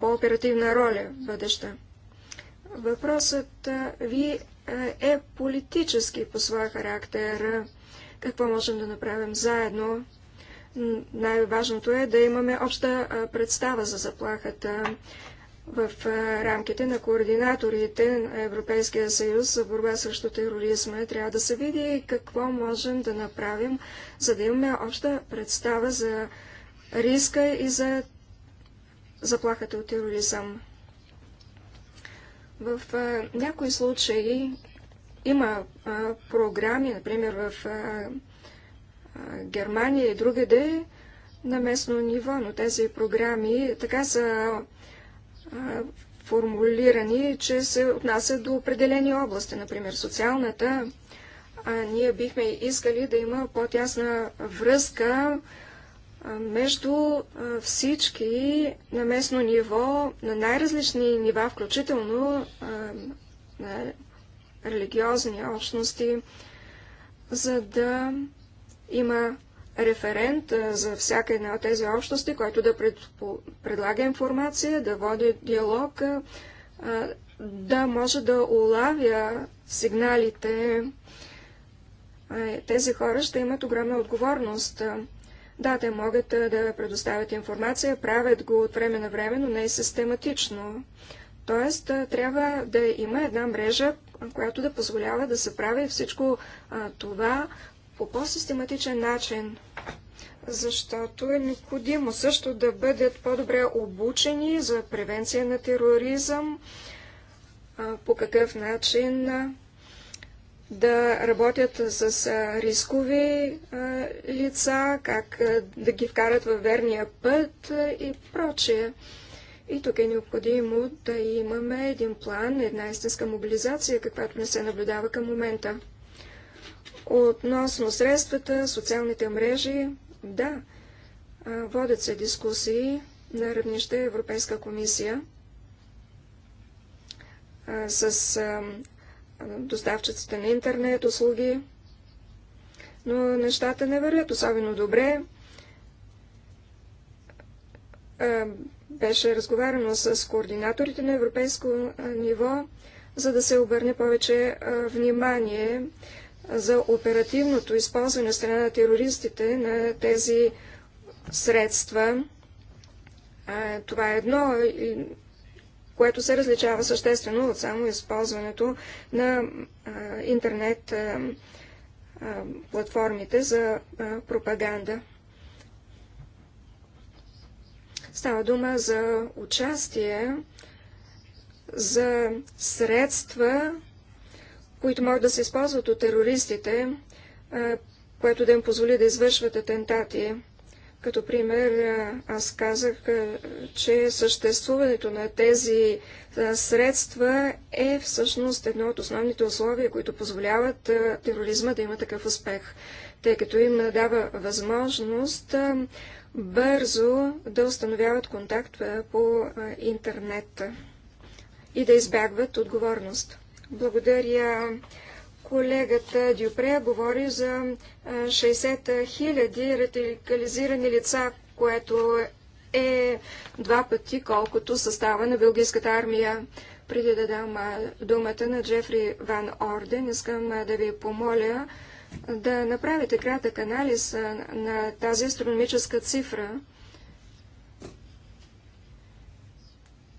по-оперативна роля в бъдеща. Въпросът ви е политически по своя характер. Какво можем да направим заедно? Най-важното е да имаме обща представа за заплахата в рамките на координаторите на Европейския съюз за борба срещу тероризма. Трябва да се види какво можем да направим, за да имаме обща представа за риска и за заплахата от тероризъм. В някои случаи има програми, например в Германия и другаде на местно ниво, но тези програми така са формулирани, че се отнасят до определени области, например социалната. А ние бихме искали да има по-тясна връзка между всички на местно ниво, на най-различни нива, включително на религиозни общности, за да има референт за всяка една от тези общности, който да предлага информация, да води диалог, да може да улавя сигналите. Тези хора ще имат огромна отговорност. Да, те могат да предоставят информация, правят го от време на време, но не е систематично. Тоест, трябва да има една мрежа, която да позволява да се прави всичко а, това по по-систематичен начин. Защото е необходимо също да бъдат по-добре обучени за превенция на тероризъм, а, по какъв начин да работят с рискови лица, как да ги вкарат във верния път и прочее. И тук е необходимо да имаме един план, една истинска мобилизация, каквато не се наблюдава към момента. Относно средствата, социалните мрежи, да, водят се дискусии на равнище Европейска комисия с доставчиците на интернет, услуги. Но нещата не вървят особено добре. Беше разговарено с координаторите на европейско ниво, за да се обърне повече внимание за оперативното използване на страна на терористите на тези средства. Това е едно което се различава съществено от само използването на а, интернет а, а, платформите за а, пропаганда. Става дума за участие, за средства, които могат да се използват от терористите, а, което да им позволи да извършват атентати. Като пример, аз казах, че съществуването на тези средства е всъщност едно от основните условия, които позволяват тероризма да има такъв успех, тъй като им дава възможност бързо да установяват контакт по интернет и да избягват отговорност. Благодаря Колегата Дюпре говори за 60 хиляди радикализирани лица, което е два пъти колкото състава на Белгийската армия. Преди да дам думата на Джефри Ван Орден, искам да ви помоля да направите кратък анализ на тази астрономическа цифра.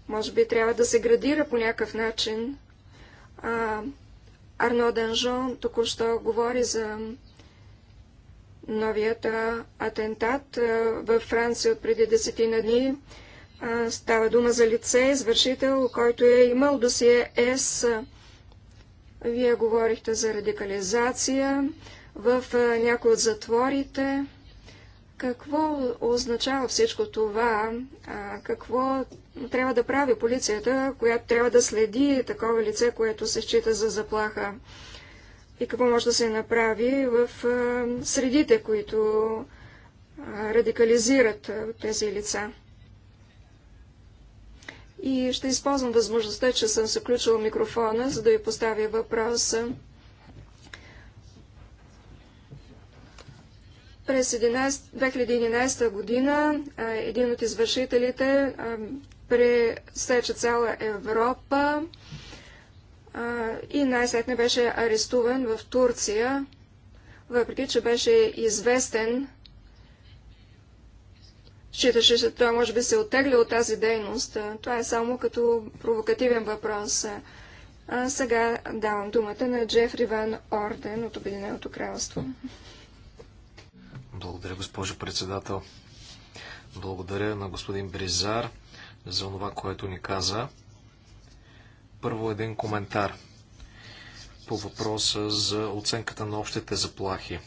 Може би трябва да се градира по някакъв начин. Арно Данжон току-що говори за новият атентат във Франция от преди десетина дни. Става дума за лице, извършител, който е имал досие С. Вие говорихте за радикализация в някои от затворите. Какво означава всичко това? Какво трябва да прави полицията, която трябва да следи такова лице, което се счита за заплаха? И какво може да се направи в средите, които радикализират тези лица? И ще използвам възможността, че съм се включила микрофона, за да ви поставя въпроса. През 2011 година един от извършителите пресече цяла Европа а, и най-сетне беше арестуван в Турция, въпреки че беше известен. Считаше, че той може би се оттегля от тази дейност. Това е само като провокативен въпрос. А сега давам думата на Джефри Ван Орден от Обединеното кралство. Благодаря, госпожо председател. Благодаря на господин Бризар за това, което ни каза. Първо един коментар по въпроса за оценката на общите заплахи.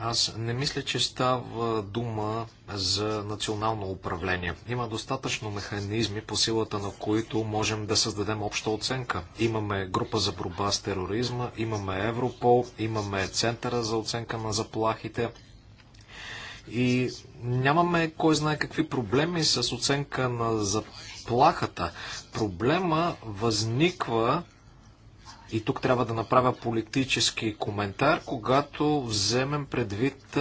Аз не мисля, че става дума за национално управление. Има достатъчно механизми, по силата на които можем да създадем обща оценка. Имаме група за борба с тероризма, имаме Европол, имаме Центъра за оценка на заплахите. И Нямаме кой знае какви проблеми с оценка на заплахата. Проблема възниква и тук трябва да направя политически коментар, когато вземем предвид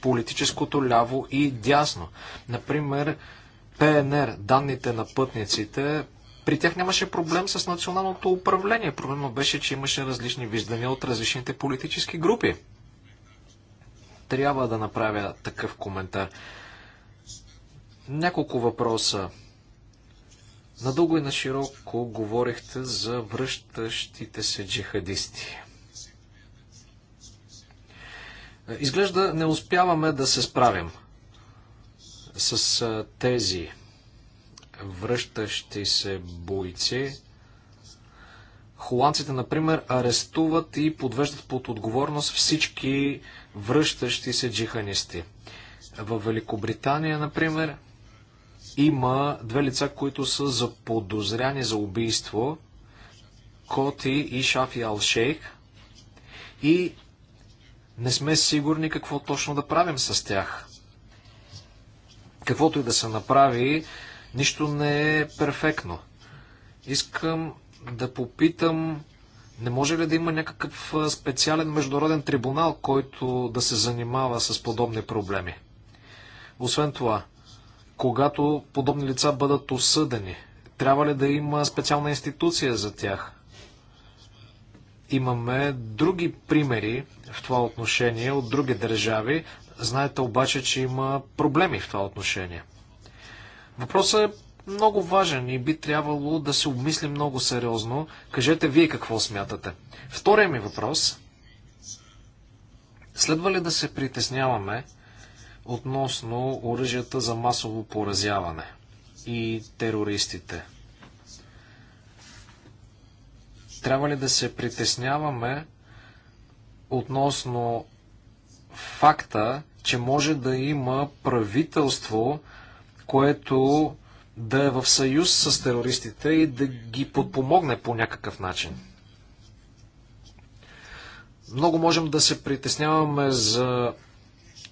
политическото ляво и дясно. Например, ПНР, данните на пътниците, при тях нямаше проблем с националното управление. Проблема беше, че имаше различни виждания от различните политически групи трябва да направя такъв коментар. Няколко въпроса. Надълго и на широко говорихте за връщащите се джихадисти. Изглежда не успяваме да се справим с тези връщащи се бойци. Холандците, например, арестуват и подвеждат под отговорност всички връщащи се джиханисти. В Великобритания, например, има две лица, които са заподозряни за убийство Коти и Шафи Алшейх и не сме сигурни какво точно да правим с тях. Каквото и да се направи, нищо не е перфектно. Искам да попитам не може ли да има някакъв специален международен трибунал, който да се занимава с подобни проблеми? Освен това, когато подобни лица бъдат осъдени, трябва ли да има специална институция за тях? Имаме други примери в това отношение от други държави. Знаете обаче, че има проблеми в това отношение. Въпросът е много важен и би трябвало да се обмисли много сериозно. Кажете вие какво смятате. Втория ми въпрос. Следва ли да се притесняваме относно оръжията за масово поразяване и терористите? Трябва ли да се притесняваме относно факта, че може да има правителство, което да е в съюз с терористите и да ги подпомогне по някакъв начин. Много можем да се притесняваме за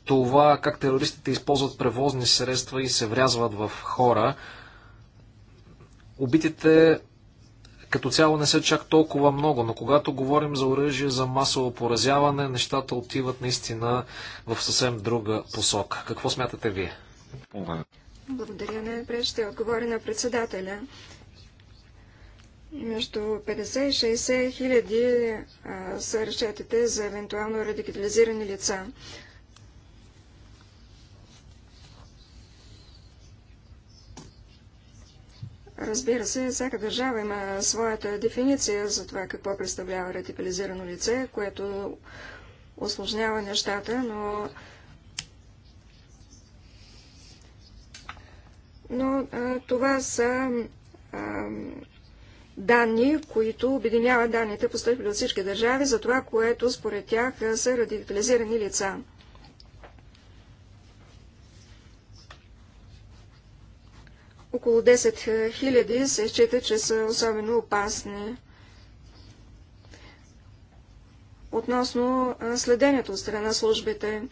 това как терористите използват превозни средства и се врязват в хора. Убитите като цяло не са чак толкова много, но когато говорим за оръжие за масово поразяване, нещата отиват наистина в съвсем друга посока. Какво смятате вие? Благодаря. Най-напред ще отговоря на председателя. Между 50 и 60 хиляди са решетите за евентуално радикализирани лица. Разбира се, всяка държава има своята дефиниция за това какво представлява радикализирано лице, което осложнява нещата, но но а, това са а, данни, които обединяват данните, постъпили от всички държави, за това, което според тях са радикализирани лица. Около 10 000 се счита, че са особено опасни. Относно следенето от страна службите,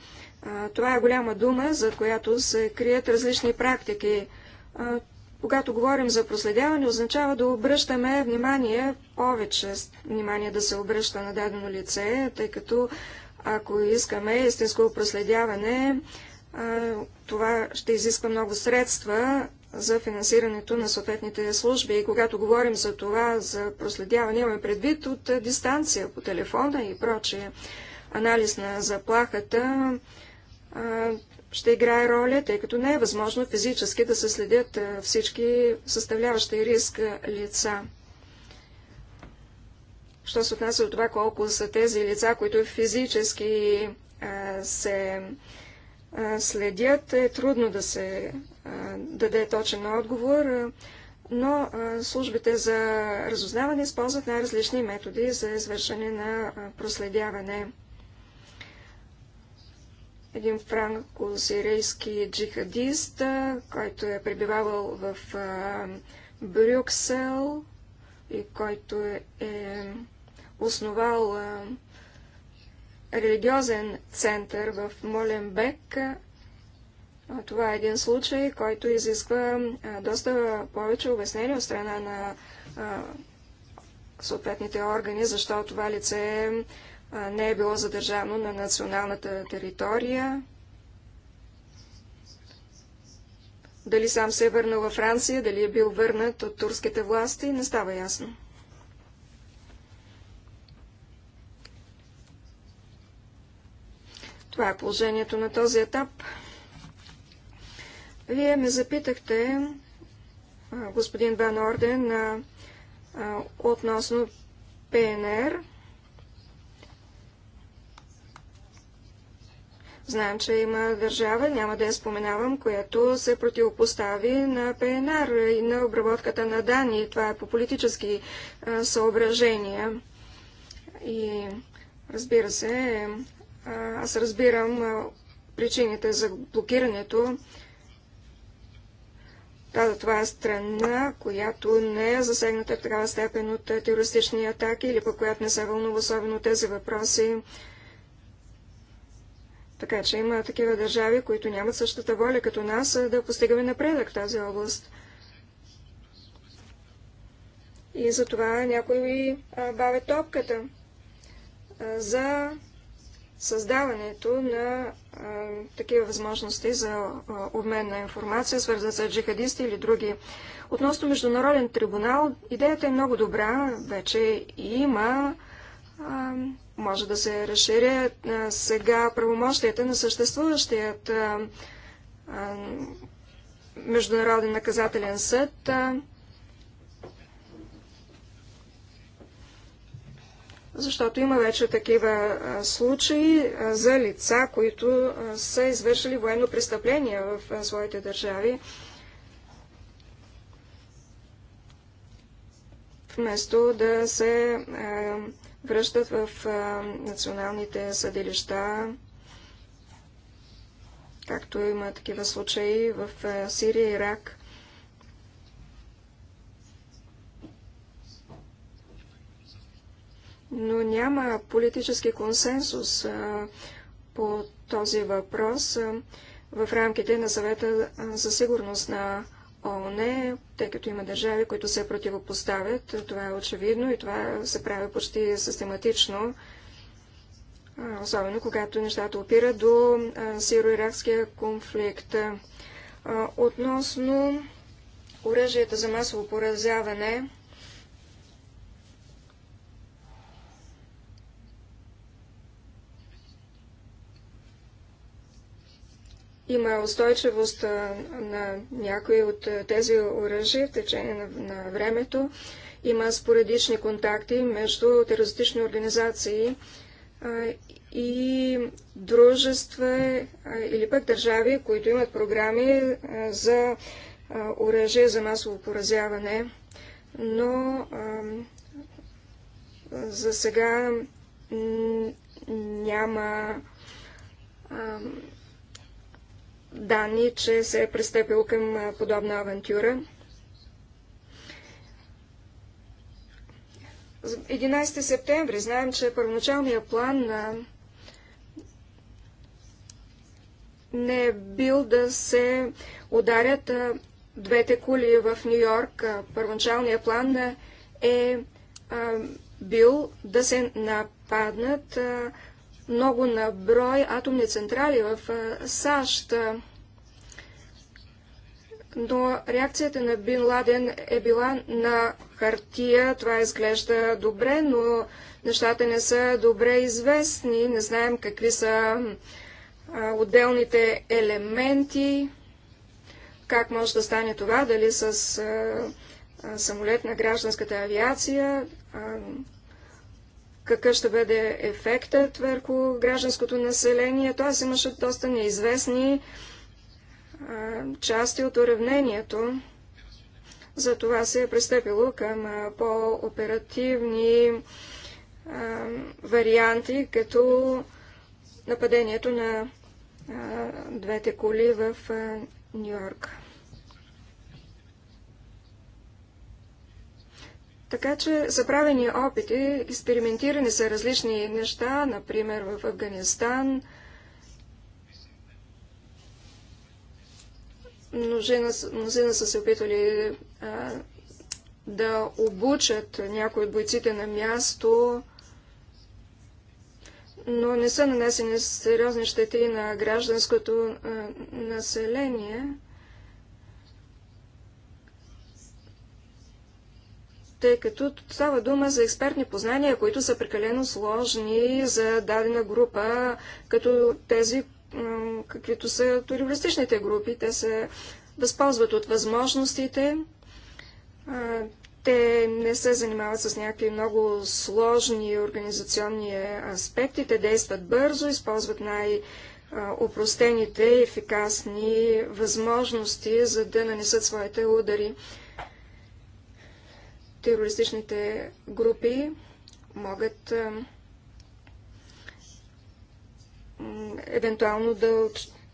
това е голяма дума, за която се крият различни практики – когато говорим за проследяване, означава да обръщаме внимание, повече внимание да се обръща на дадено лице, тъй като ако искаме истинско проследяване, това ще изисква много средства за финансирането на съответните служби. И когато говорим за това, за проследяване, имаме предвид от дистанция по телефона и прочие Анализ на заплахата ще играе роля, тъй като не е възможно физически да се следят всички съставляващи риск лица. Що се отнася до това колко са тези лица, които физически се следят, е трудно да се даде точен отговор, но службите за разузнаване използват най-различни методи за извършване на проследяване един франко-сирийски джихадист, който е пребивавал в Брюксел и който е, е основал религиозен център в Моленбек. Това е един случай, който изисква доста повече обяснение от страна на съответните органи, защото това лице е не е било задържано на националната територия. Дали сам се е върнал във Франция, дали е бил върнат от турските власти, не става ясно. Това е положението на този етап. Вие ме запитахте, господин Ван Орден, относно ПНР. Знаем, че има държава, няма да я споменавам, която се противопостави на ПНР и на обработката на данни. Това е по политически съображения. И разбира се, аз разбирам причините за блокирането. Да, това е страна, която не е засегната в такава степен от терористични атаки или по която не се вълнува особено тези въпроси. Така че има такива държави, които нямат същата воля като нас да постигаме напредък в тази област. И затова някои бавят топката за създаването на а, такива възможности за а, обмен на информация, свързана с джихадисти или други. Относно Международен трибунал, идеята е много добра. Вече има а, може да се разширят е, сега правомощията на съществуващият е, е, Международен наказателен съд. защото има вече такива случаи за лица, които са извършили военно престъпление в своите държави. Вместо да се връщат в националните съдилища, както има такива случаи в Сирия и Ирак. Но няма политически консенсус по този въпрос в рамките на съвета за сигурност на ООН, тъй като има държави, които се противопоставят. Това е очевидно и това се прави почти систематично, особено когато нещата опират до сиро-иракския конфликт. Относно оръжията за масово поразяване, има устойчивост на някои от тези оръжия в течение на, времето. Има споредични контакти между терористични организации и дружества или пък държави, които имат програми за оръжие за масово поразяване. Но за сега няма данни, че се е пристъпил към подобна авантюра. 11 септември знаем, че първоначалният план не е бил да се ударят двете кули в Нью-Йорк. Първоначалният план е бил да се нападнат а, много на брой атомни централи в САЩ. Но реакцията на Бин Ладен е била на хартия. Това изглежда добре, но нещата не са добре известни. Не знаем какви са отделните елементи. Как може да стане това? Дали с самолет на гражданската авиация? какъв ще бъде ефектът върху гражданското население. Т.е. имаше доста неизвестни а, части от уравнението. За това се е пристъпило към по-оперативни варианти, като нападението на а, двете коли в Нью-Йорк. Така че са правени опити, експериментирани са различни неща, например в Афганистан. Множина, мнозина са се опитали а, да обучат някои от бойците на място, но не са нанесени сериозни щети на гражданското а, население. тъй като става дума за експертни познания, които са прекалено сложни за дадена група, като тези, каквито са туристичните групи. Те се възползват от възможностите, те не се занимават с някакви много сложни организационни аспекти, те действат бързо, използват най- опростените и ефикасни възможности, за да нанесат своите удари терористичните групи могат евентуално да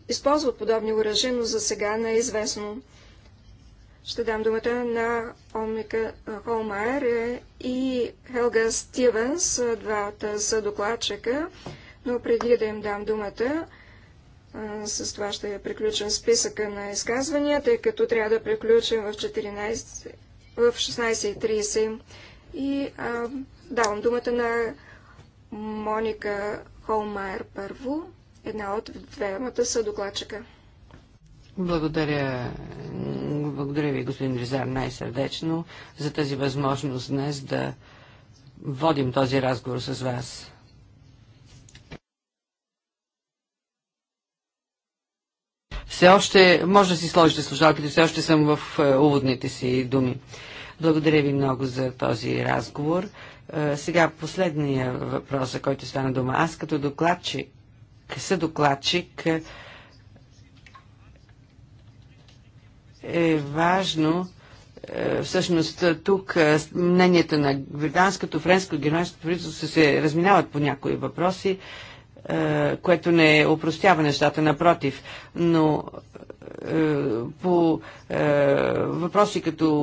използват подобни оръжия, но за сега не е известно. Ще дам думата на Омика Холмайер е, и Хелга Стивенс, двата са докладчика, но преди да им дам думата, с това ще приключим списъка на изказвания, тъй като трябва да приключим в 14 в 16.30 и а, давам думата на Моника Холмайер първо, една от двемата са докладчика. Благодаря, благодаря ви, господин Ризар, най-сърдечно за тази възможност днес да водим този разговор с вас. Все още, може да си сложите слушалките, все още съм в е, уводните си думи. Благодаря ви много за този разговор. Е, сега последния въпрос, за който стана дума. Аз като докладчик, докладчик. е важно е, всъщност тук мненията на британското, френско, германското правителство се разминават по някои въпроси. Е, което не опростява нещата, напротив, но е, по е, въпроси като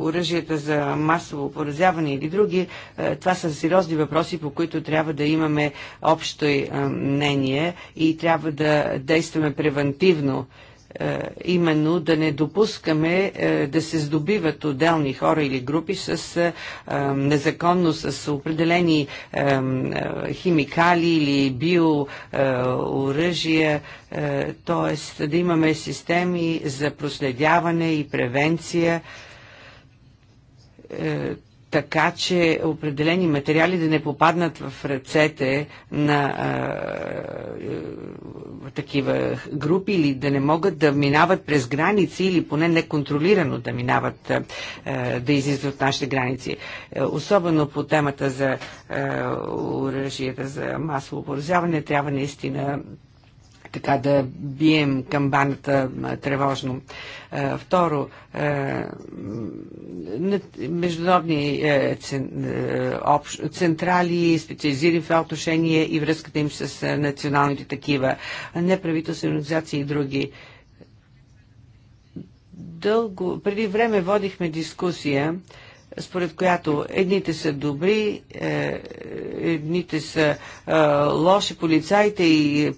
оръжията за масово поразяване или други, това са сериозни въпроси, по които трябва да имаме общо мнение и трябва да действаме превентивно. Е, именно да не допускаме е, да се здобиват отделни хора или групи с е, незаконно с определени химикали или биооръжия, т.е. да имаме системи за проследяване и превенция така че определени материали да не попаднат в ръцете на а, а, е, такива групи или да не могат да минават през граници или поне неконтролирано да минават, а, е, да излизат от нашите граници. Е, особено по темата за оръжията за масово поразяване трябва наистина така да бием камбаната тревожно. Второ, международни е, е, централи, специализирани в това отношение и връзката им с е, националните такива, неправителствени организации и други. Дълго, преди време водихме дискусия според която едните са добри, е, едните са е, лоши, полицаите и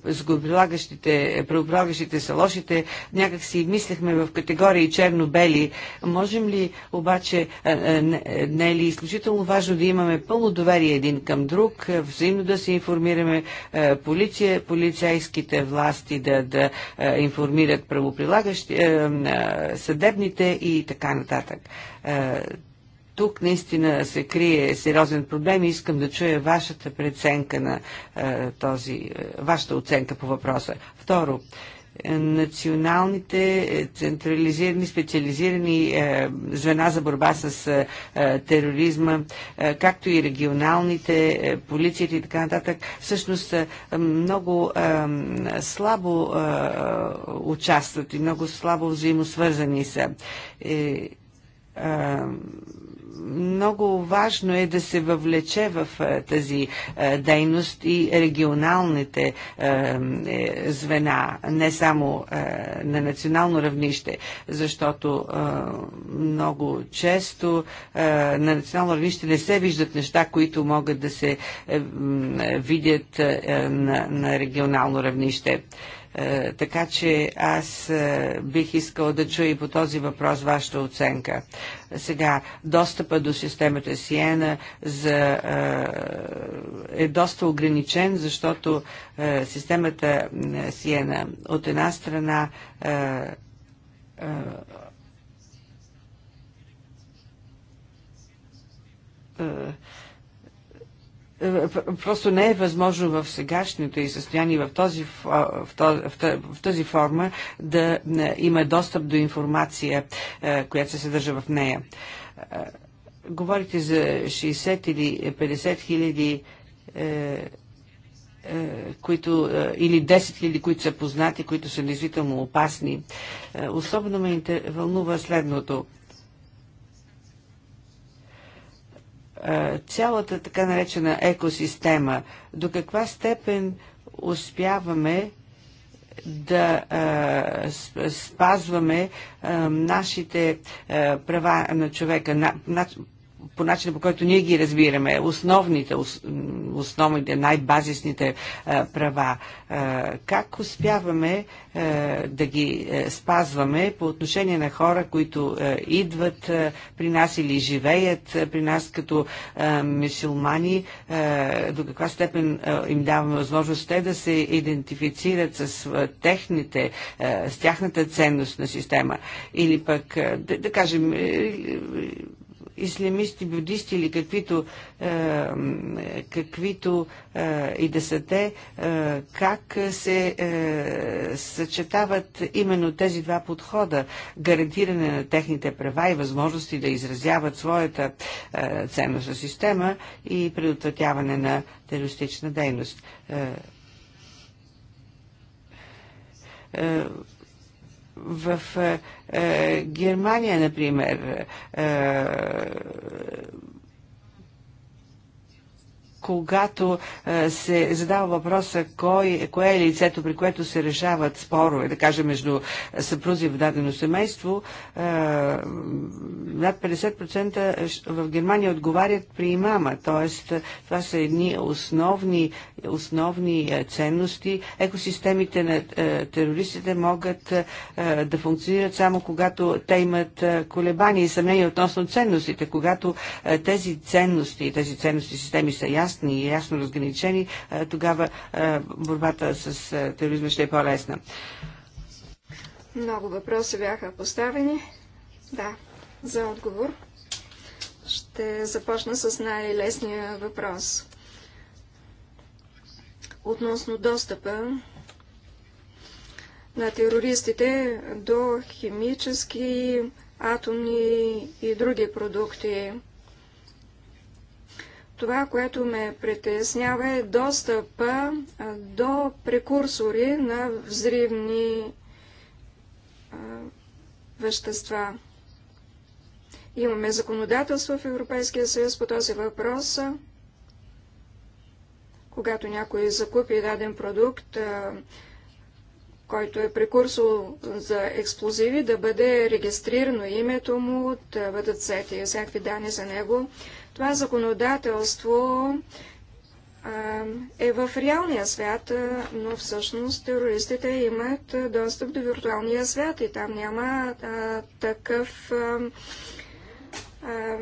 правоприлагащите са лошите. Някак си мислехме в категории черно-бели. Можем ли обаче, е, не е ли изключително важно да имаме пълно доверие един към друг, взаимно да се информираме полиция, полицейските власти да, да информират правоприлагащите съдебните и така нататък тук наистина се крие сериозен проблем и искам да чуя вашата преценка на е, този, е, вашата оценка по въпроса. Второ, е, националните централизирани, специализирани е, звена за борба с е, тероризма, е, както и регионалните, полицията и така нататък, всъщност много слабо участват и много слабо взаимосвързани са много важно е да се въвлече в е, тази е, дейност и регионалните е, звена, не само на национално равнище, защото много често на национално равнище не се виждат неща, които могат да се видят на регионално равнище. Е, така че аз е, бих искала да чуя и по този въпрос вашата оценка. Сега, достъпа до системата Сиена за, е, е доста ограничен, защото системата Сиена от една страна е, просто не е възможно в сегашното и състояние, в, този, в, този, в тази форма да е, има достъп до информация, е, която се съдържа в нея. Говорите за 60 или 50 хиляди които, или 10 хиляди, които са познати, които са действително опасни. Особено ме вълнува следното. Е, цялата така наречена екосистема, до каква степен успяваме да е, спазваме е, нашите права на човека, по начина по който ние ги разбираме, основните, основните най-базисните е, права, е, как успяваме е, да ги спазваме по отношение на хора, които идват при нас или живеят при нас като мисулмани, до каква степен им даваме възможност те да се идентифицират с техните, с тяхната ценност на система или пък, да, да кажем, ислямисти, будисти или каквито, е, каквито е, и да са те, е, как се е, съчетават именно тези два подхода, гарантиране на техните права и възможности да изразяват своята е, ценностна система и предотвратяване на терористична дейност. Е, е, в е, е, Германия, например, е, когато е, се задава въпроса кой, кое е лицето, при което се решават спорове, да кажем, между съпрузи в дадено семейство, е, над 50% в Германия отговарят при имама. Тоест, е, това са едни основни, основни ценности. Екосистемите на терористите могат да функционират само когато те имат колебания и съмнения относно ценностите. Когато тези ценности, тези ценности системи са ясни, ясни и ясно разграничени, тогава борбата с тероризма ще е по-лесна. Много въпроси бяха поставени. Да, за отговор. Ще започна с най-лесния въпрос. Относно достъпа на терористите до химически, атомни и други продукти. Това, което ме притеснява е достъпа до прекурсори на взривни вещества. Имаме законодателство в Европейския съюз по този въпрос. Когато някой закупи даден продукт, който е прекурсор за експлозиви, да бъде регистрирано името му, да бъдат сети всякакви данни за него. Това законодателство е в реалния свят, но всъщност терористите имат достъп до виртуалния свят и там няма а, такъв а, а,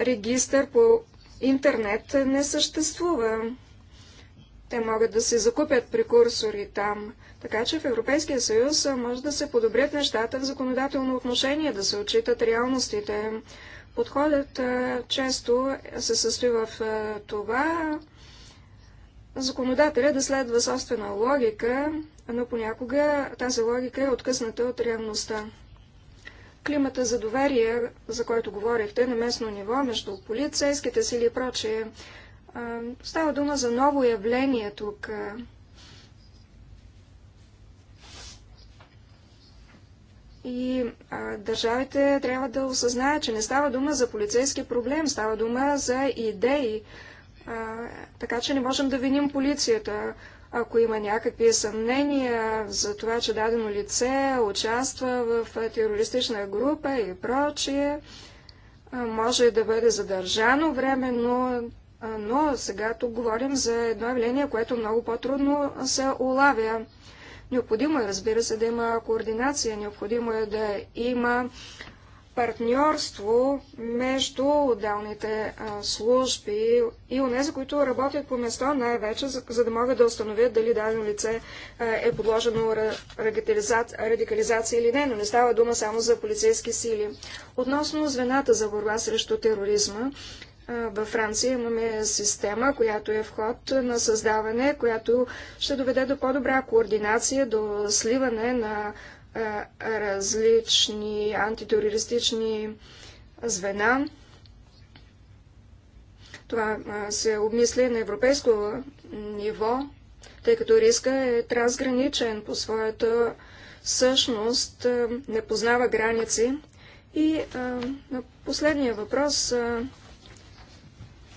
регистър по интернет не съществува. Те могат да се закупят прекурсори там. Така че в Европейския съюз може да се подобрят нещата в законодателно отношение, да се отчитат реалностите. Подходът често се състои в това законодателя да следва собствена логика, но понякога тази логика е откъсната от реалността. Климата за доверие, за който говорихте, на местно ниво, между полицейските сили и прочее, става дума за ново явление тук. И а, държавите трябва да осъзнаят, че не става дума за полицейски проблем, става дума за идеи. А, така че не можем да виним полицията. Ако има някакви съмнения за това, че дадено лице участва в терористична група и прочие, може да бъде задържано временно, но сега тук говорим за едно явление, което много по-трудно се улавя. Необходимо е, разбира се, да има координация, необходимо е да има партньорство между отделните служби и нези, които работят по место най-вече, за, да могат да установят дали дадено лице е подложено радикализация или не, но не става дума само за полицейски сили. Относно звената за борба срещу тероризма, във Франция имаме система, която е вход на създаване, която ще доведе до по-добра координация, до сливане на различни антитерористични звена. Това се обмисля на европейско ниво, тъй като риска е трансграничен по своята същност, не познава граници. И на последния въпрос а,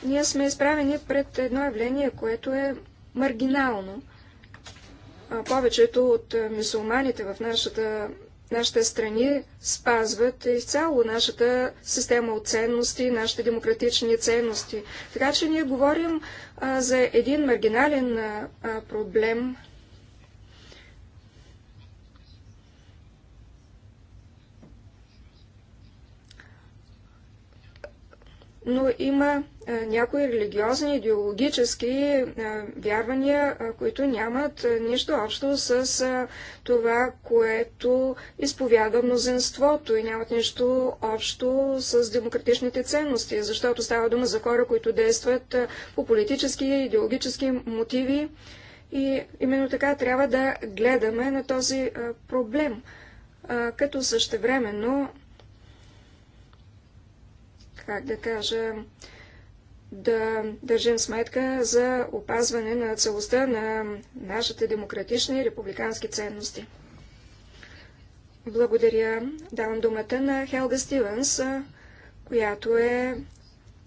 ние сме изправени пред едно явление, което е маргинално. повечето от мусулманите в нашата, нашите страни спазват изцяло нашата система от ценности, нашите демократични ценности. Така че ние говорим а, за един маргинален а, проблем, но има някои религиозни, идеологически вярвания, които нямат нищо общо с това, което изповяда мнозинството и нямат нищо общо с демократичните ценности, защото става дума за хора, които действат по политически и идеологически мотиви. И именно така трябва да гледаме на този проблем, като същевременно как да кажа, да държим сметка за опазване на целостта на нашите демократични и републикански ценности. Благодаря. Давам думата на Хелга Стивенс, която е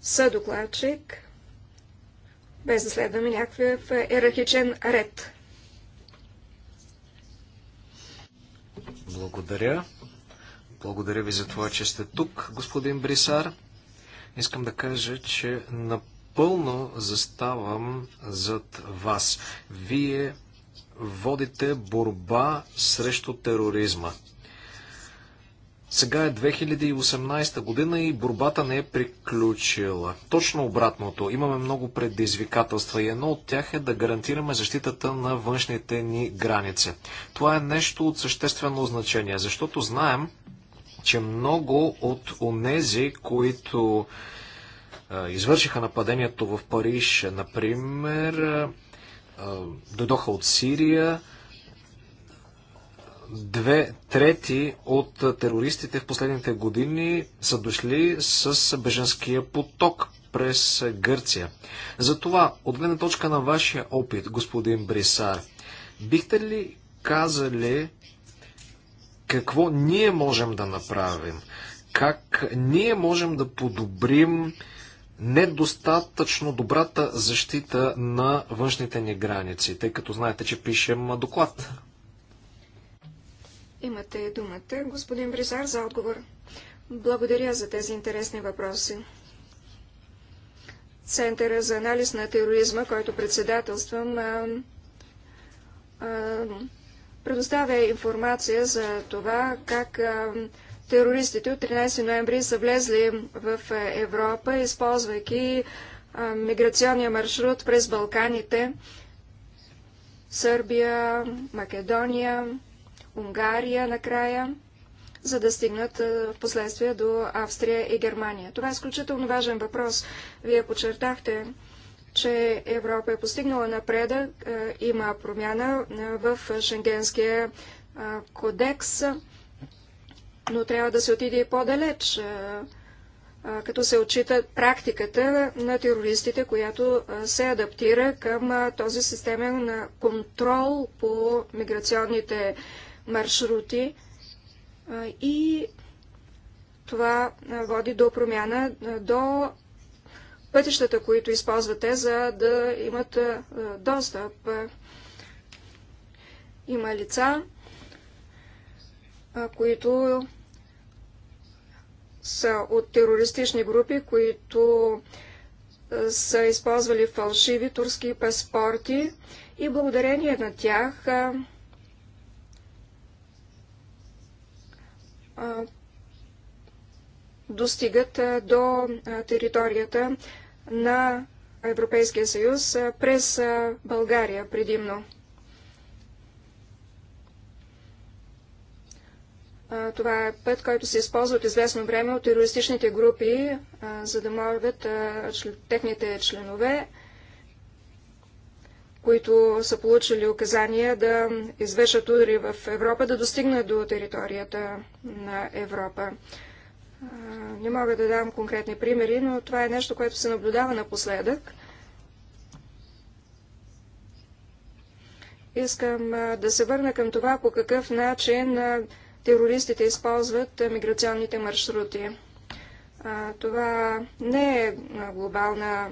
съдокладчик, без да следваме някакъв ерахичен ред. Благодаря. Благодаря ви за това, че сте тук, господин Брисар. Искам да кажа, че напълно заставам зад вас. Вие водите борба срещу тероризма. Сега е 2018 година и борбата не е приключила. Точно обратното. Имаме много предизвикателства и едно от тях е да гарантираме защитата на външните ни граници. Това е нещо от съществено значение, защото знаем, че много от онези, които извършиха нападението в Париж, например, дойдоха от Сирия. Две трети от терористите в последните години са дошли с беженския поток през Гърция. Затова, от гледна точка на вашия опит, господин Брисар, бихте ли казали какво ние можем да направим, как ние можем да подобрим недостатъчно добрата защита на външните ни граници, тъй като знаете, че пишем доклад. Имате думата, господин Бризар, за отговор. Благодаря за тези интересни въпроси. Центъра за анализ на тероризма, който председателствам, а, а, предоставя информация за това как терористите от 13 ноември са влезли в Европа, използвайки миграционния маршрут през Балканите, Сърбия, Македония, Унгария накрая, за да стигнат в последствие до Австрия и Германия. Това е изключително важен въпрос. Вие подчертахте, че Европа е постигнала напредък, е, има промяна е, в Шенгенския е, кодекс, но трябва да се отиде и по-далеч, като се отчита практиката на терористите, която се адаптира към този системен на контрол по миграционните маршрути и това води до промяна до пътищата, които използвате, за да имат достъп. Има лица, които са от терористични групи, които са използвали фалшиви турски паспорти и благодарение на тях достигат до територията на Европейския съюз през България предимно. Това е път, който се използва от известно време от терористичните групи, за да могат техните членове, които са получили указания да извършат удари в Европа, да достигнат до територията на Европа. Не мога да дам конкретни примери, но това е нещо, което се наблюдава напоследък. Искам да се върна към това по какъв начин терористите използват миграционните маршрути. Това не е глобална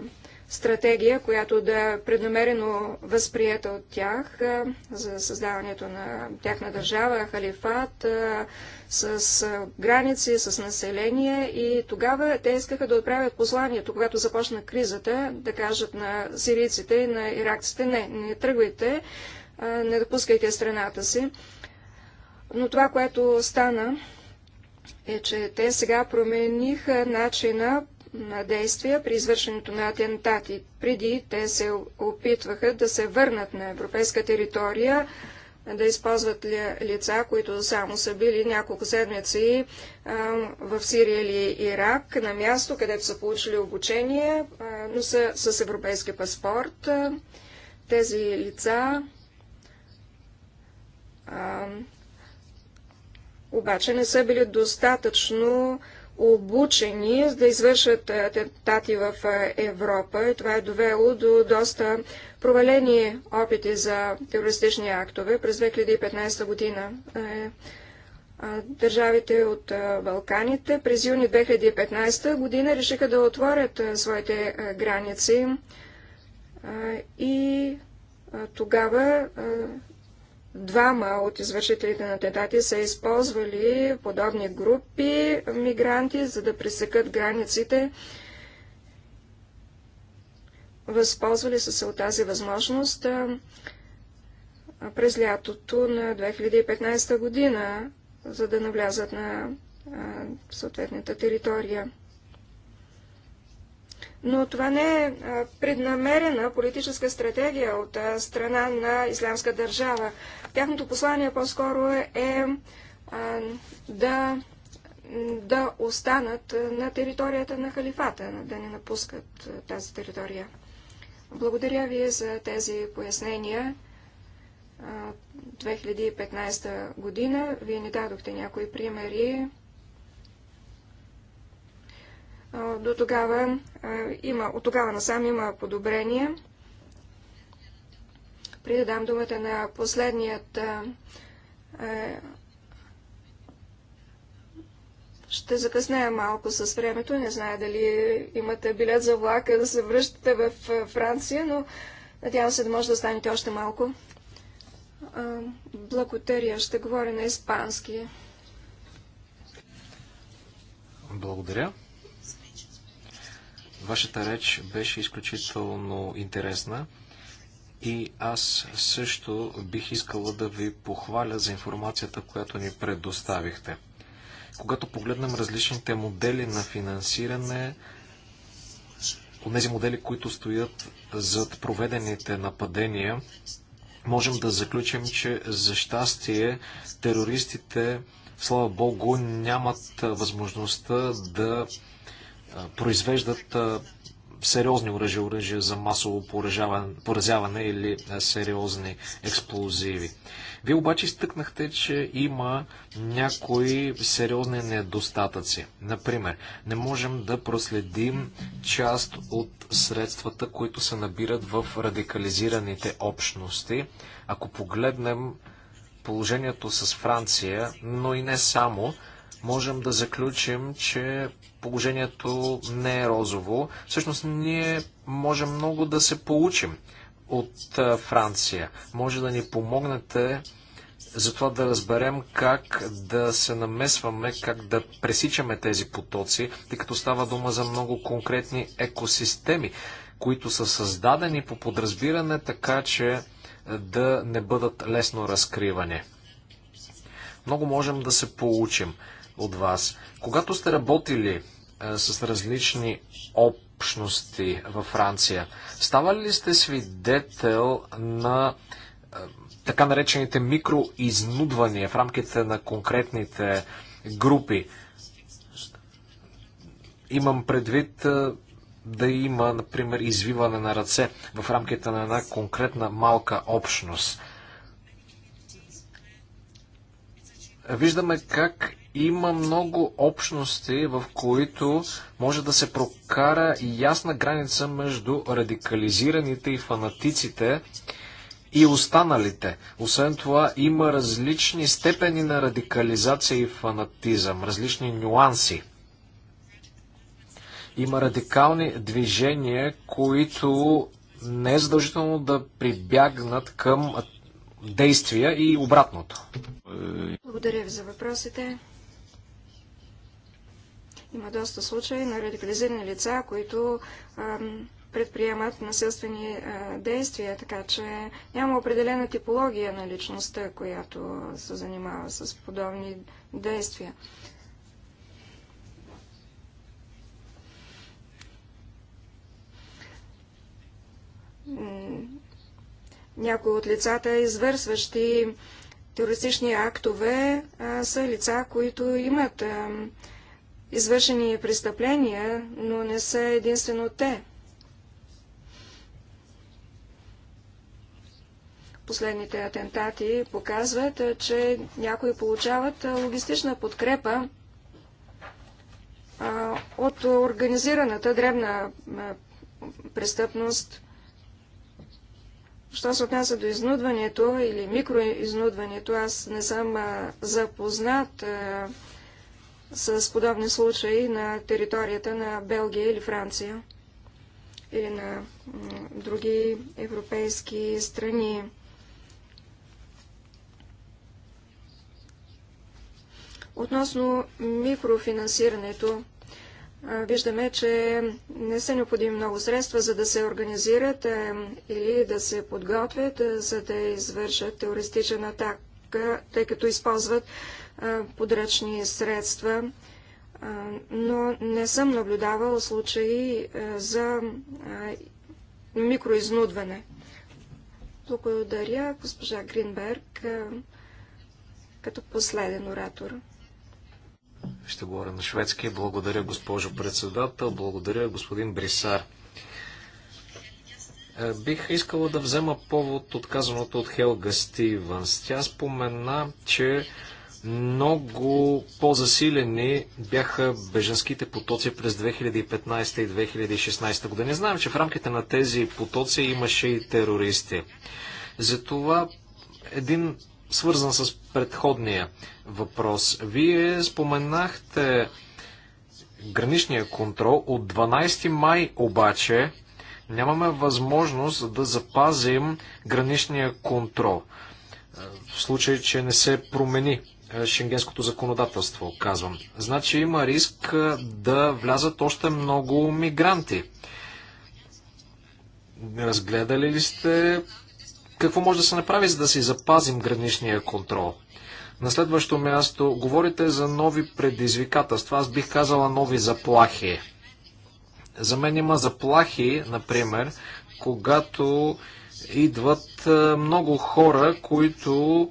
стратегия, която да е преднамерено възприета от тях за създаването на тяхна държава, халифат, с граници, с население. И тогава те искаха да отправят посланието, когато започна кризата, да кажат на сирийците и на иракците, не, не тръгвайте, не допускайте страната си. Но това, което стана, е, че те сега промениха начина на действия при извършването на атентати. Преди те се опитваха да се върнат на европейска територия, да използват лица, които само са били няколко седмици а, в Сирия или Ирак, на място, където са получили обучение, а, но са с европейски паспорт. А, тези лица обаче не са били достатъчно обучени за да извършат атентати в Европа. И това е довело до доста провалени опити за терористични актове. През 2015 година държавите от Балканите през юни 2015 година решиха да отворят своите граници и тогава двама от извършителите на атентати са използвали подобни групи мигранти, за да пресекат границите. Възползвали са се от тази възможност през лятото на 2015 година, за да навлязат на съответната територия но това не е преднамерена политическа стратегия от страна на Ислямска държава. Тяхното послание по-скоро е, е да, да останат на територията на халифата, да не напускат тази територия. Благодаря ви за тези пояснения. 2015 година. Вие ни дадохте някои примери до тогава има, от тогава насам има подобрение. Преди да дам думата на последният ще закъснея малко с времето. Не зная дали имате билет за влака да се връщате в Франция, но надявам се да може да останете още малко. Благодаря. Ще говоря на испански. Благодаря. Вашата реч беше изключително интересна и аз също бих искала да ви похваля за информацията, която ни предоставихте. Когато погледнем различните модели на финансиране, от тези модели, които стоят зад проведените нападения, можем да заключим, че за щастие терористите, слава Богу, нямат възможността да произвеждат сериозни оръжия, оръжия за масово поразяване или сериозни експлозиви. Вие обаче изтъкнахте, че има някои сериозни недостатъци. Например, не можем да проследим част от средствата, които се набират в радикализираните общности. Ако погледнем положението с Франция, но и не само, можем да заключим, че положението не е розово. Всъщност ние можем много да се получим от Франция. Може да ни помогнете за това да разберем как да се намесваме, как да пресичаме тези потоци, тъй като става дума за много конкретни екосистеми, които са създадени по подразбиране, така че да не бъдат лесно разкривани. Много можем да се получим от вас. Когато сте работили е, с различни общности във Франция, ставали ли сте свидетел на е, така наречените микроизнудвания в рамките на конкретните групи? Имам предвид е, да има, например, извиване на ръце в рамките на една конкретна малка общност. Виждаме как има много общности, в които може да се прокара и ясна граница между радикализираните и фанатиците и останалите. Освен това, има различни степени на радикализация и фанатизъм, различни нюанси. Има радикални движения, които не е задължително да прибягнат към действия и обратното. Благодаря ви за въпросите. Има доста случаи на радикализирани лица, които предприемат насилствени действия, така че няма определена типология на личността, която се занимава с подобни действия. Някои от лицата, извършващи терористични актове, са лица, които имат а, извършени престъпления, но не са единствено те. Последните атентати показват, че някои получават логистична подкрепа от организираната дребна престъпност. Що се отнася до изнудването или микроизнудването, аз не съм запознат с подобни случаи на територията на Белгия или Франция или на други европейски страни. Относно микрофинансирането, виждаме, че не са необходими много средства, за да се организират или да се подготвят, за да извършат теористичен атак, тъй като използват подръчни средства, но не съм наблюдавал случаи за микроизнудване. Благодаря, госпожа Гринберг, като последен оратор. Ще говоря на шведски. Благодаря, госпожо председател. Благодаря, господин Брисар. Е, бих искала да взема повод от казаното от Хелга Стивенс. Тя спомена, че много по-засилени бяха беженските потоци през 2015 и 2016 година. Знаем, че в рамките на тези потоци имаше и терористи. Затова един свързан с предходния въпрос. Вие споменахте граничния контрол. От 12 май обаче нямаме възможност да запазим граничния контрол. В случай, че не се промени е, шенгенското законодателство, казвам. Значи има риск е, да влязат още много мигранти. Разгледали ли сте какво може да се направи, за да си запазим граничния контрол? На следващо място говорите за нови предизвикателства. Аз бих казала нови заплахи. За мен има заплахи, например, когато идват е, много хора, които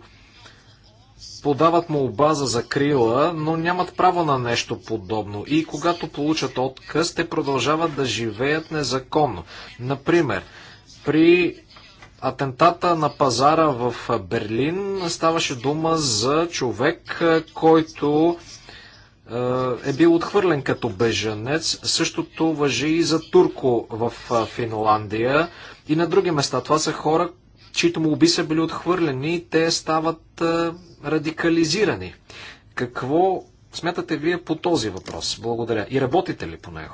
подават молба за закрила, но нямат право на нещо подобно. И когато получат отказ, те продължават да живеят незаконно. Например, при атентата на пазара в Берлин ставаше дума за човек, който е, е бил отхвърлен като бежанец, Същото въжи и за Турко в е, Финландия и на други места. Това са хора, чието молби са били отхвърлени, те стават радикализирани. Какво смятате вие по този въпрос? Благодаря. И работите ли по него?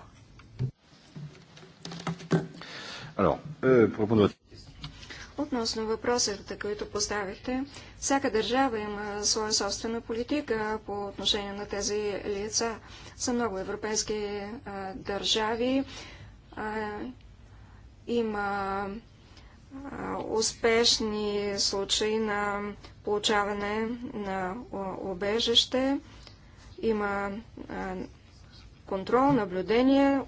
Euh, Относно въпросите, които поставихте, всяка държава има своя собствена политика по отношение на тези лица. За много европейски а, държави а, има успешни случаи на получаване на обежище. Има контрол, наблюдение.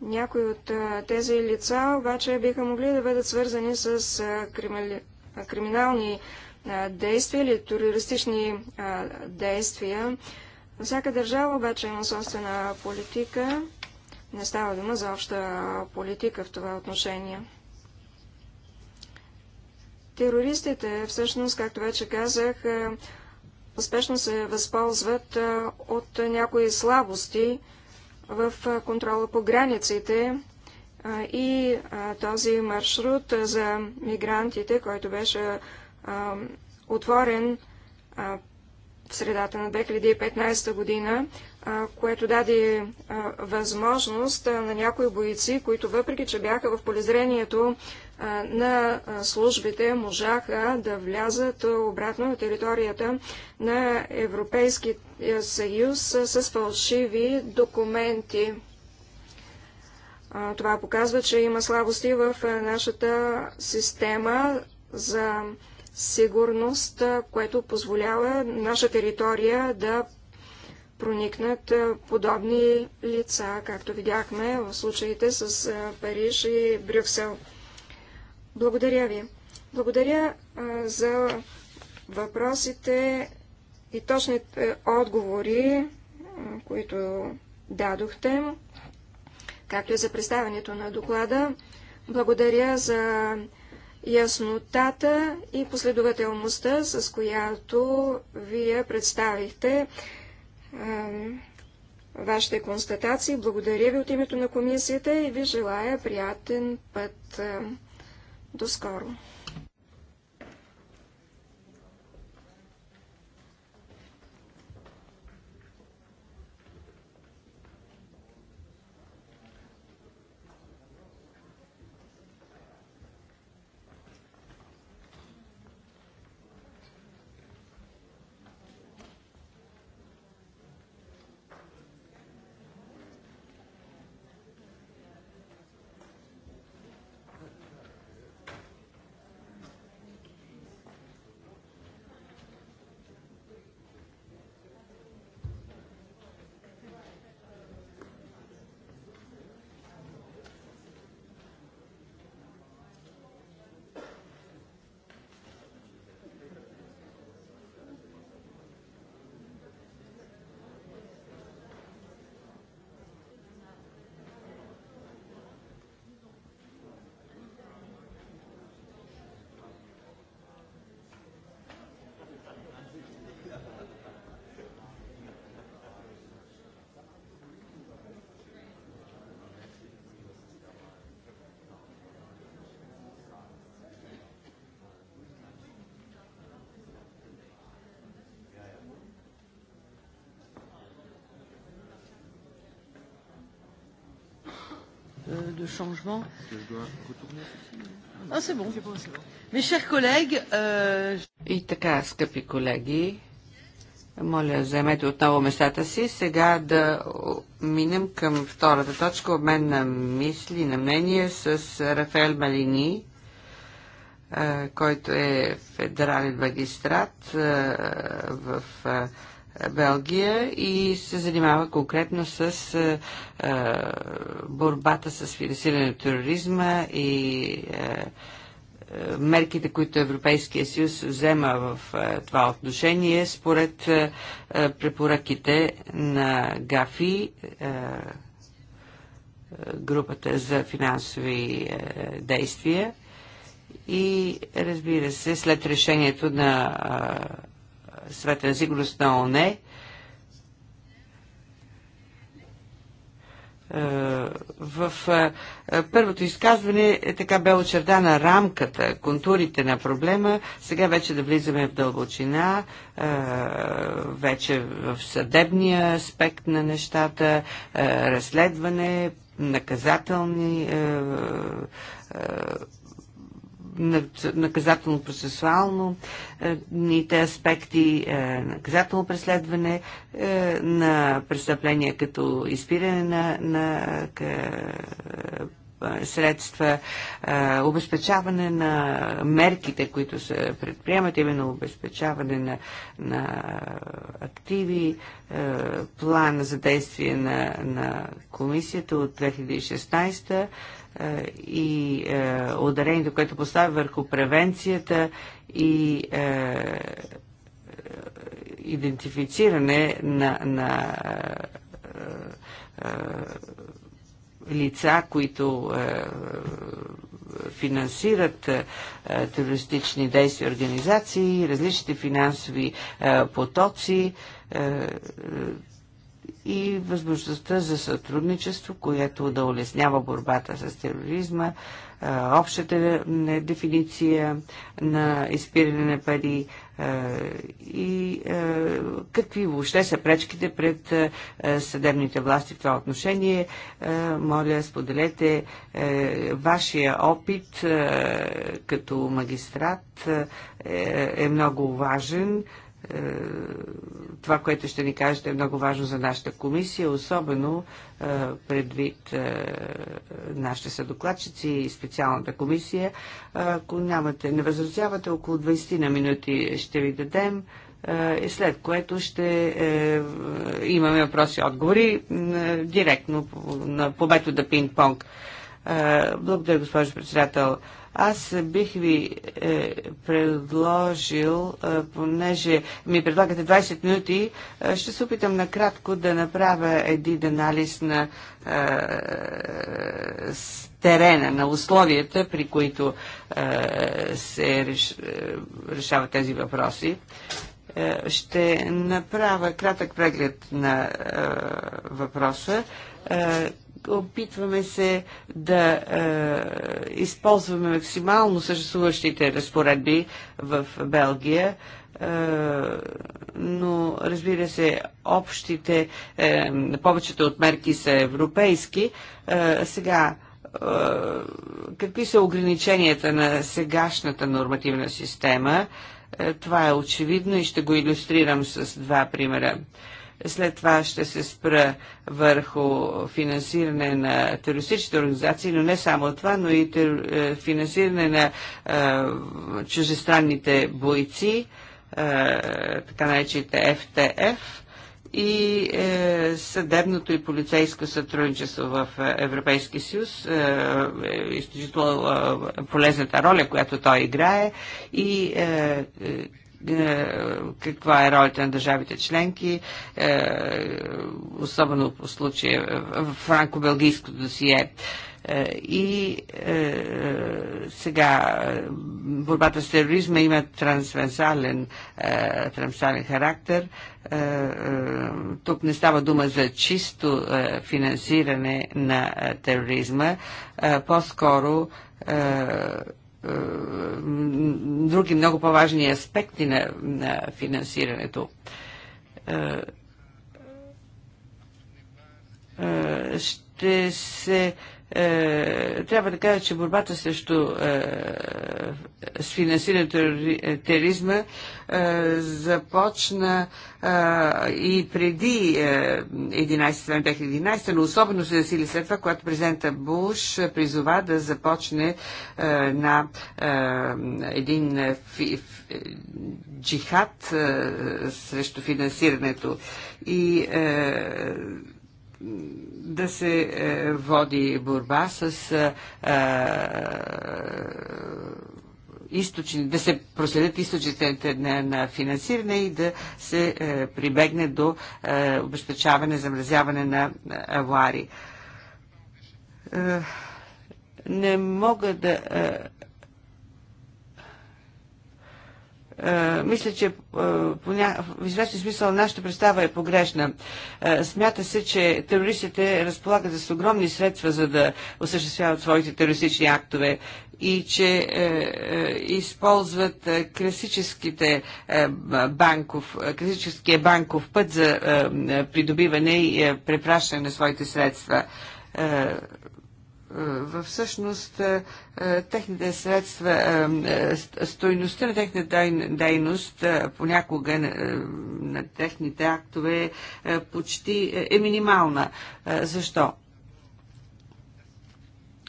Някои от тези лица обаче биха могли да бъдат свързани с кримали... криминални действия или терористични действия. Всяка държава обаче има собствена политика не става дума за обща политика в това отношение. Терористите, всъщност, както вече казах, е, успешно се възползват е, от някои слабости в е, контрола по границите и този маршрут за мигрантите, който беше отворен в средата на 2015 година, което даде възможност на някои бойци, които въпреки, че бяха в полезрението на службите, можаха да влязат обратно на територията на Европейския съюз с фалшиви документи. Това показва, че има слабости в нашата система за сигурност, което позволява наша територия да проникнат подобни лица, както видяхме в случаите с Париж и Брюксел. Благодаря ви. Благодаря за въпросите и точните отговори, които дадохте, както и за представянето на доклада. Благодаря за яснотата и последователността, с която вие представихте вашите констатации. Благодаря ви от името на комисията и ви желая приятен път. До скоро! Euh, de changement. Ah, Mes chers collègues, euh, И така, скъпи колеги, моля, заемете отново местата си. Сега да минем към втората точка, обмен на мисли, на мнение с Рафаел Малини, който е федерален магистрат в Белгия и се занимава конкретно с а, е, е, борбата с финансиране на тероризма и а, е, мерките, които Европейския съюз взема в а, това отношение според а, препоръките на ГАФИ, а, групата за финансови а, действия и разбира се след решението на а, Света на сигурност на ОНЕ, в е, първото изказване е така бе очертана рамката, контурите на проблема. Сега вече да влизаме в дълбочина, е, вече в съдебния аспект на нещата, разследване, наказателни наказателно-процесуално е, ните аспекти, е, наказателно преследване е, на престъпления като изпиране на, на средства, обезпечаване на мерките, които се предприемат, именно обезпечаване на, на активи, план за действие на, на комисията от 2016 и е, ударението, което поставя върху превенцията и е, идентифициране на, на е, лица, които финансират терористични действия, организации, различните финансови потоци и възможността за сътрудничество, което да улеснява борбата с тероризма, общата дефиниция на изпиране на пари и какви въобще са пречките пред съдебните власти в това отношение. Моля, споделете вашия опит като магистрат е, е много важен е, това, което ще ни кажете, е много важно за нашата комисия, особено е, предвид е, нашите съдокладчици и специалната комисия. Ако нямате, не възразявате, около 20 на минути ще ви дадем и след което ще имаме въпроси и отговори директно по, метода пинг-понг. благодаря, госпожо председател. Аз бих ви е, предложил, е, понеже ми предлагате 20 минути, е, ще се опитам накратко да направя един анализ на е, с терена, на условията, при които е, се реш, е, решават тези въпроси е, ще направя кратък преглед на е, въпроса. Е, Опитваме се да е, използваме максимално съществуващите разпоредби в Белгия, е, но разбира се, общите, е, повечето от мерки са европейски. Е, сега, е, какви са ограниченията на сегашната нормативна система? Е, това е очевидно и ще го иллюстрирам с два примера. Е, след това ще се спра върху финансиране на терористичните организации, но не само това, но и е, финансиране на е, чужестранните бойци, е, така наречените ФТФ и е, съдебното и полицейско сътрудничество в е, Европейския съюз, е, е, изключително е, полезната роля, която той играе и е, е, каква е ролята на държавите членки, е, особено по случая в франко-белгийското досие. Е, и сега борбата с тероризма има трансвенсален, трансвенсален характер. Тук не става дума за чисто финансиране на тероризма, по-скоро други много по-важни аспекти на, на финансирането. Е, е, ще се е, трябва да кажа, че борбата срещу е, с финансирането тероризма е, започна и преди 11 2011, но особено се засили след това, когато президента Буш призова да започне на един джихад срещу финансирането. И да се е, води борба с а, е, е, източни, да се проследят източните на, на финансиране и да се е, прибегне до е, обезпечаване, замразяване на авуари. Е, не мога да. Е, Е, мисля, че е, в известен смисъл нашата представа е погрешна. Е, смята се, че терористите разполагат с огромни средства, за да осъществяват своите терористични актове и че е, е, използват класическите е, банков, класическия банков път за е, придобиване и е, препращане на своите средства. Е, всъщност е, е, техните средства, стойността на техната дейност понякога на техните актове почти е минимална. Защо?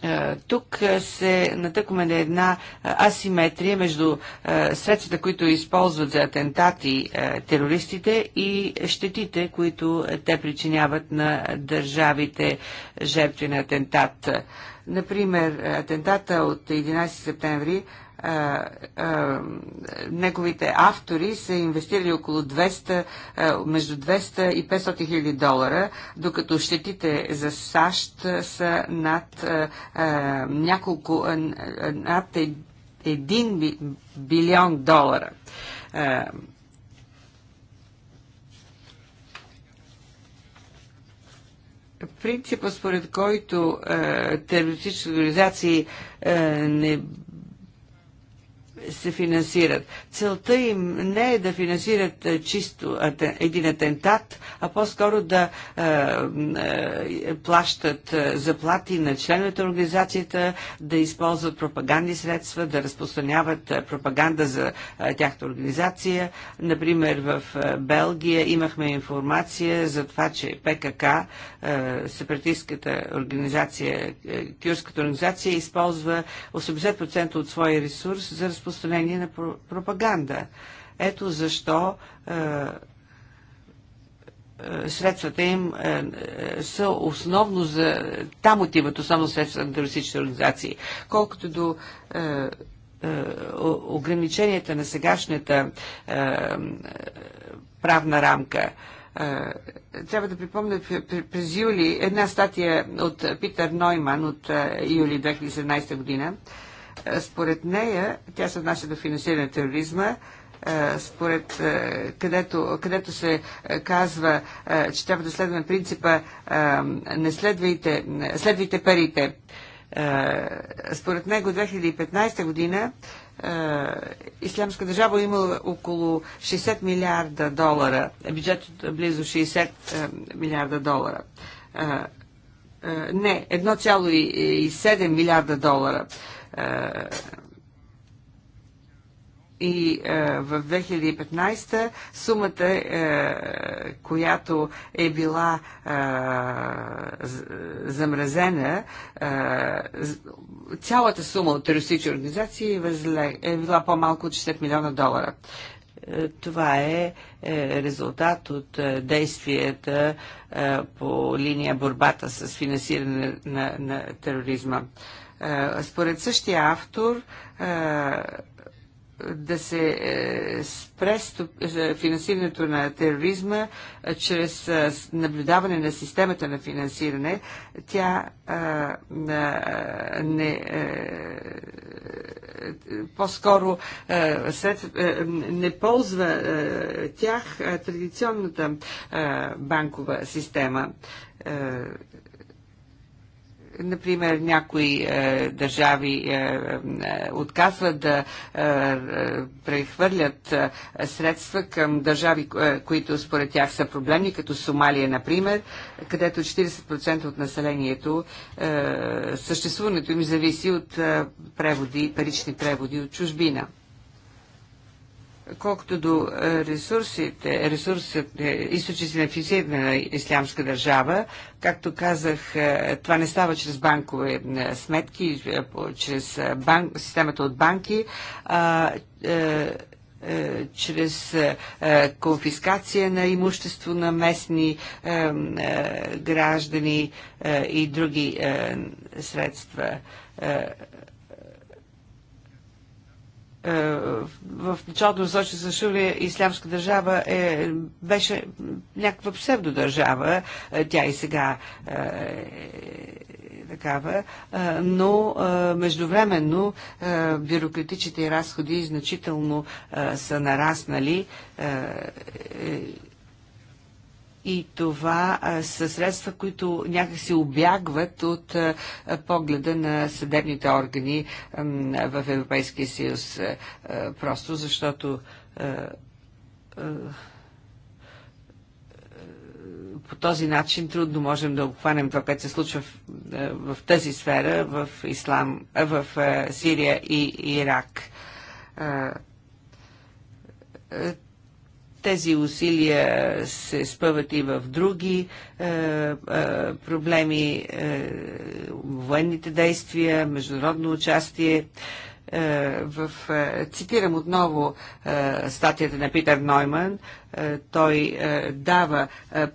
Е, тук се натъкваме на една е, асиметрия между е, средствата, които използват за атентати терористите и щетите, които те причиняват на държавите жертви на атентат. Например, атентата от 11 септември а, неговите автори са инвестирали около 200, а, между 200 и 500 хиляди долара, докато щетите за САЩ са над а, няколко, а, над 1 билион долара. А, принципа, според който е, терористични организации е, не се финансират. Целта им не е да финансират чисто един атентат, а по-скоро да е, е, плащат заплати на членовете на организацията, да използват пропагандни средства, да разпространяват пропаганда за тяхната организация. Например, в Белгия имахме информация за това, че ПКК, е, сепаратистската организация, е, кюрската организация, използва 80% от своя ресурс за разпространяване разпространение на пропаганда. Ето защо е, е, средствата им е, е, са основно за... Там отиват основно средства на терористични организации. Колкото до е, ограниченията на сегашната правна рамка, трябва да припомня през юли една статия от Питър Нойман от юли 2017 година, според нея, тя се отнася до финансиране на тероризма, е, според, е, където, където се е, казва, че трябва да следваме принципа не следвайте, следвайте парите. Според него 2015 година Ислямска държава има около 60 милиарда долара, бюджет от близо 60 милиарда долара. Не, 1,7 милиарда долара и в 2015 сумата, която е била замразена, цялата сума от терористични организации е, била по-малко от 60 милиона долара. Е, това е, е резултат от е, действията по линия борбата с финансиране на, на тероризма. Според същия автор да се е, спре финансирането на тероризма чрез наблюдаване на системата на финансиране, тя не е, по-скоро е, не ползва тях традиционната банкова система Например, някои е, държави е, е отказват да е, е, прехвърлят е, средства към държави, е, които според тях са проблемни, като Сомалия, например, където 40% от населението е, съществуването им зависи от е, преводи, парични преводи от чужбина. Колкото до е, ресурсите, ресурсите, източници на финансиране на Ислямска държава, както казах, е, това не става чрез банкови е, сметки, чрез банк, системата от банки, а чрез конфискация на имущество на местни граждани и други средства е, в началото на Сочи за Шули Ислямска държава е, беше някаква псевдодържава. Е, тя и сега е, е такава. Е, но е, междувременно е, бюрократичните разходи значително е, са нараснали. Е, е, и това са средства, които някакси обягват от погледа на съдебните органи в Европейския съюз, просто защото по този начин трудно можем да обхванем това, което се случва в, в тази сфера в, Ислам, в Сирия и Ирак тези усилия се спъват и в други е, е, проблеми, е, военните действия, международно участие. Е, е, в, е, цитирам отново е, статията на Питър Нойман, той дава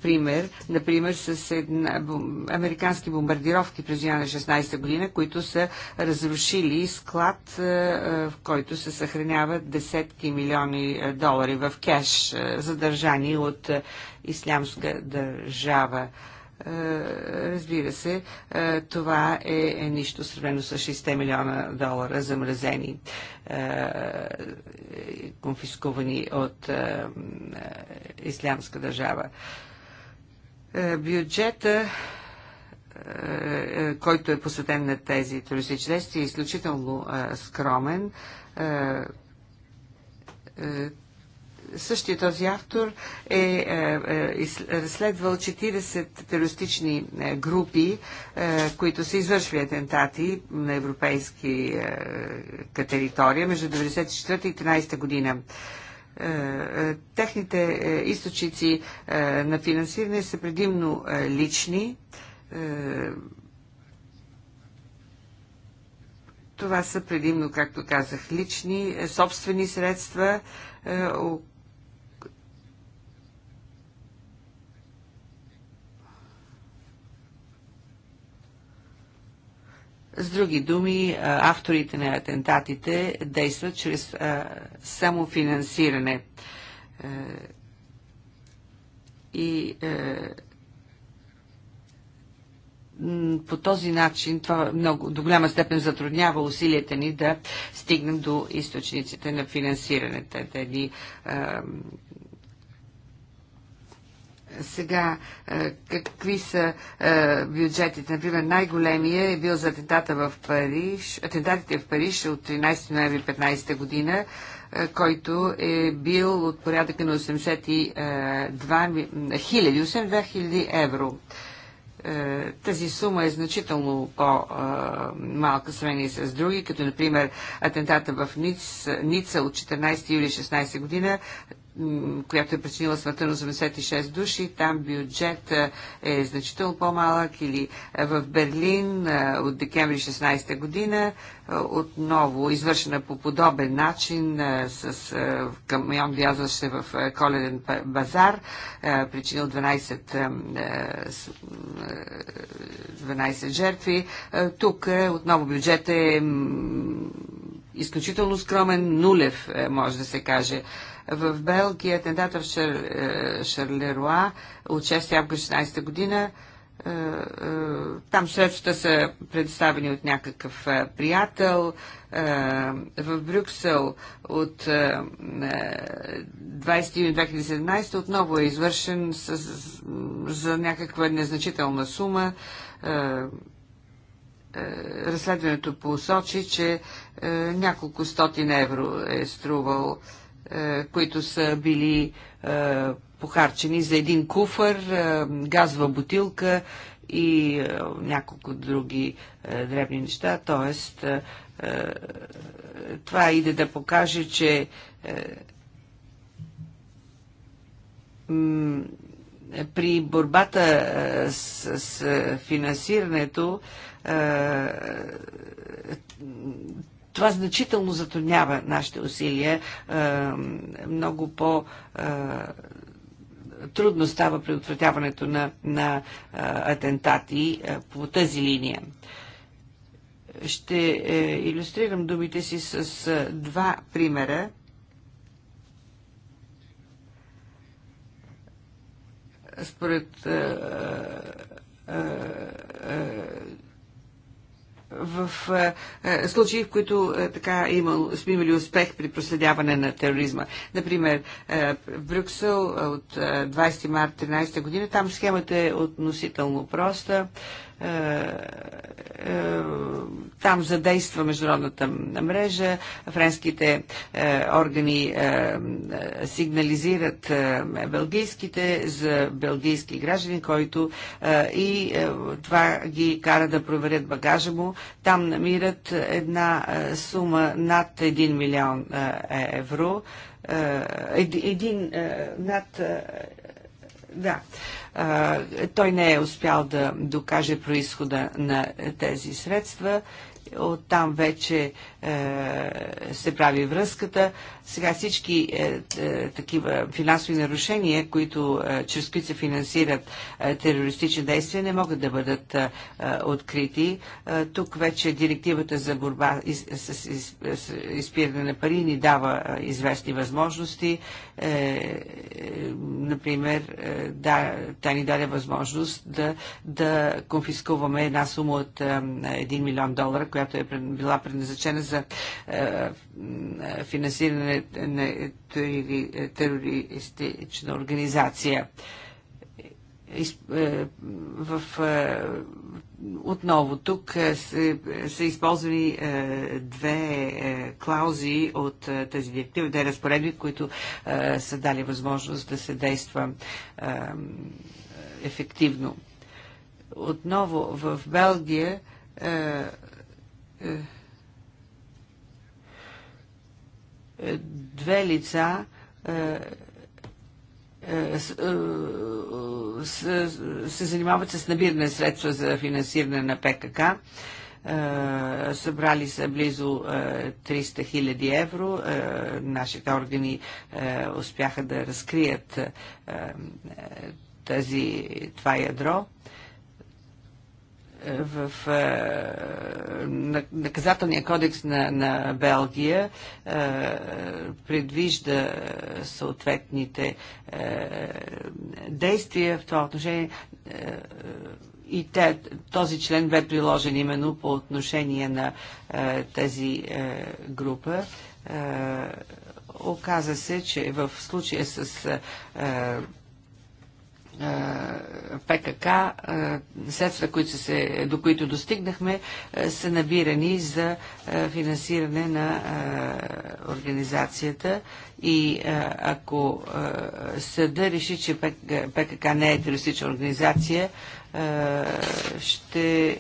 пример, например, с една, американски бомбардировки през на 16 година, които са разрушили склад, в който се съхраняват десетки милиони долари в кеш, задържани от ислямска държава разбира се, е, това е, е нищо сравнено с 6 милиона долара замразени, е, конфискувани от Ислямска държава. Бюджета който е посветен на тези туристически действия, е изключително скромен Същия този автор е, е, е разследвал 40 терористични е, групи, които са извършили атентати на европейски територия между 1994 и 1913 година техните източници на финансиране са предимно лични. Това са предимно, както казах, лични, собствени средства, С други думи, авторите на атентатите действат чрез самофинансиране. И по този начин това много, до голяма степен затруднява усилията ни да стигнем до източниците на финансирането. Те ни сега, е, какви са е, бюджетите? Например, най-големия е бил за атентата в Париж, атентатите в Париж от 13 ноември 15 година, е, който е бил от порядъка на 82 хиляди, 82 хиляди евро тази сума е значително по-малка сравнение с други, като например атентата в Ница от 14 юли 16 година която е причинила смъртта на 86 души. Там бюджет е значително по-малък или в Берлин от декември 16 година отново извършена по подобен начин с камион се в коледен базар, причинил 12, 12 жертви. Тук отново бюджет е изключително скромен, нулев, може да се каже. В Белгия атентата в Шер, е, Шарлеруа от 6 август 16 година е, е, там средствата са предоставени от някакъв приятел. В Брюксел от 20 юни 2017 отново е извършен с, за някаква незначителна сума. Разследването посочи, че няколко стотин евро е струвал е, които са били е, похарчени за един куфър, е, газова бутилка и няколко други дребни неща. Тоест, това иде да покаже, че при борбата с, с финансирането това значително затруднява нашите усилия. Е, много по- е, трудно става предотвратяването на, на е, атентати по тази линия. Ще иллюстрирам думите си с два примера. Според в е, е, случаи, в които е, така имал, сме имали успех при проследяване на тероризма. Например, е, в Брюксел е, от 20 марта 13 година, там схемата е относително проста. Е, е, е, там задейства международната мрежа, френските е, органи сигнализират белгийските за белгийски граждани, който и това ги кара да проверят багажа му. Там намират една сума над 1 милион евро, един, над да. А, той не е успял да докаже происхода на тези средства. Оттам вече е, се прави връзката. Сега всички е, е, такива финансови нарушения, които е, чрез които се финансират е, терористични действия, не могат да бъдат е, открити. Тук вече директивата за борба с, с изпиране на пари ни дава известни възможности. Например, да, тя ни даде възможност да, да конфискуваме една сума от 1 милион долара, която е била предназначена за за е, е, финансиране на е, терористична организация в, отново тук са, използвани две клаузи от тази директива, две разпоредби, които са дали възможност да се действа ефективно. Отново в Белгия две лица е, е, е, се занимават с набиране средства за финансиране на ПКК. Събрали са близо 300 хиляди евро. Нашите органи успяха да разкрият тази, това ядро в е, наказателния кодекс на, на Белгия е, предвижда съответните е, действия в това отношение и те, този член бе приложен именно по отношение на е, тази е, група. Е, оказа се, че в случая с е, е, ПКК, е, средства, които се, до които достигнахме, е, са набирани за финансиране на организацията и ако съда реши, че ПКК не е терористична организация, ще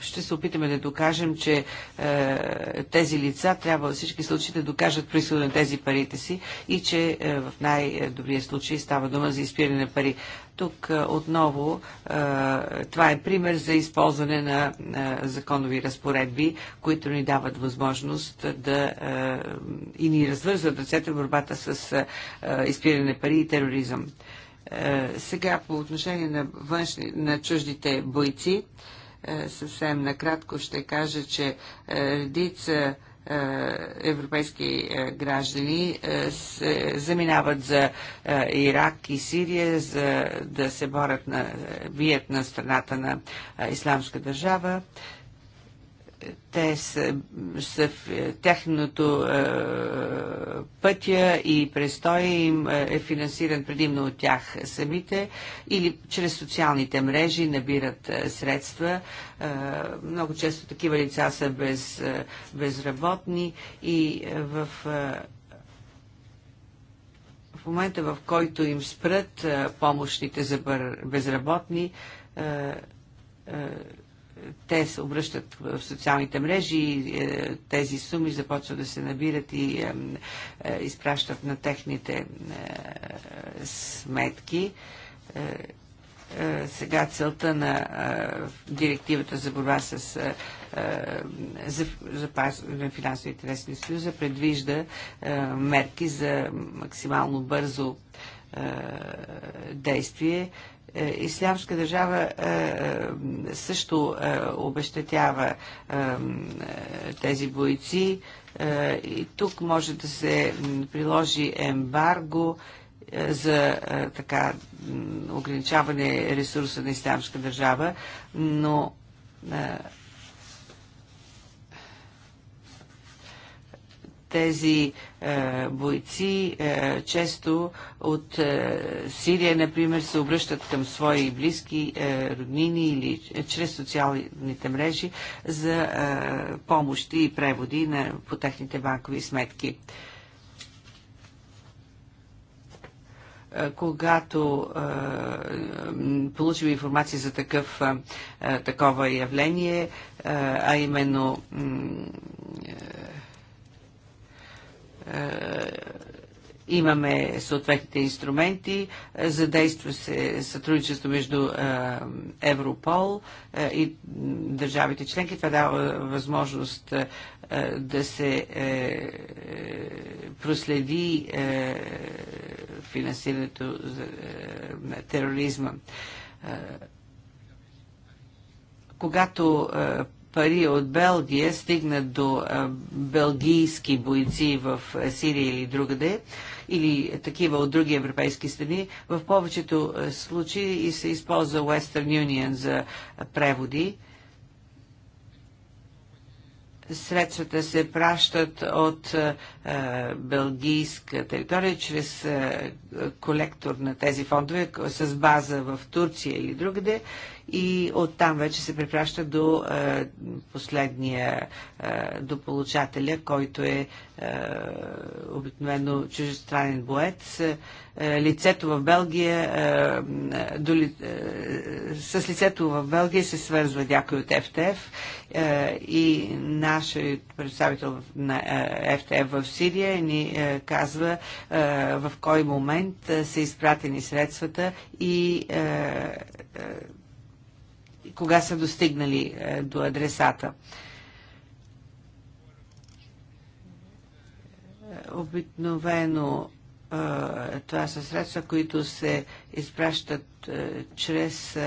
ще се опитаме да докажем, че е, тези лица трябва във всички случаи да докажат происхода на тези парите си и че е, в най-добрия случай става дума за изпиране на пари. Тук е, отново е, това е пример за използване на е, законови разпоредби, които ни дават възможност да и ни развързват ръцете в борбата с изпиране на пари и тероризъм. сега по отношение на, външни, на чуждите бойци. Е, съвсем накратко ще кажа, че е, редица е, европейски граждани се заминават за Ирак и Сирия, за да се борят на, бият на страната на исламска държава те са, са в е, техното е, пътя и престой им е, е финансиран предимно от тях самите или чрез социалните мрежи набират е, средства. Е, много често такива лица са без, е, безработни и е, в. Е, в момента, в който им спрат е, помощните за бър, безработни, е, е, те се обръщат в социалните мрежи и е, тези суми започват да се набират и е, е, изпращат на техните сметки. Сега целта на директивата за борба с запазване на финансови интереси на Съюза предвижда мерки за максимално бързо действие е, Ислямска държава е, е, също обещатява тези бойци и тук може да се приложи ембарго за така ограничаване ресурса на Ислямска държава, но тези е, бойци е, често от е, Сирия, например, се обръщат към свои близки е, роднини или е, чрез социалните мрежи за е, помощи и преводи на, по техните банкови сметки. Е, когато е, получим информация за такъв, е, такова явление, е, а именно е, е, имаме съответните инструменти, е, задейства се сътрудничество между е, Европол и държавите членки. Това дава възможност да се проследи финансирането на тероризма. Когато пари от Белгия стигнат до белгийски бойци в Сирия или другаде, или такива от други европейски страни, в повечето случаи и се използва Western Union за преводи. Средствата се пращат от а, белгийска територия чрез а, колектор на тези фондове с база в Турция или другаде и оттам вече се препраща до е, последния, е, до получателя, който е, е обикновено чужестранен боец. Е, лицето в Белгия, е, е до, е, с лицето в Белгия се свързва някой от ФТФ е, и нашият представител на ФТФ е, в Сирия ни е, казва е, в кой момент е, са изпратени средствата и е, е, кога са достигнали е, до адресата. Обикновено е, това са средства, които се изпращат е, чрез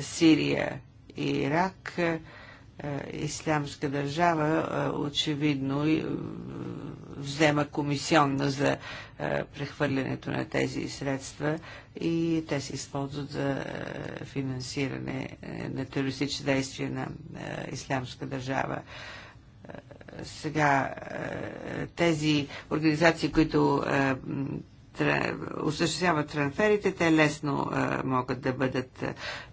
Сирия и Ирак. Е, ислямска държава е, очевидно е, взема комисионна за прехвърлянето на тези средства и те се използват за финансиране на терористични действия на Ислямска държава сега тези организации, които осъществяват трансферите, те лесно могат да бъдат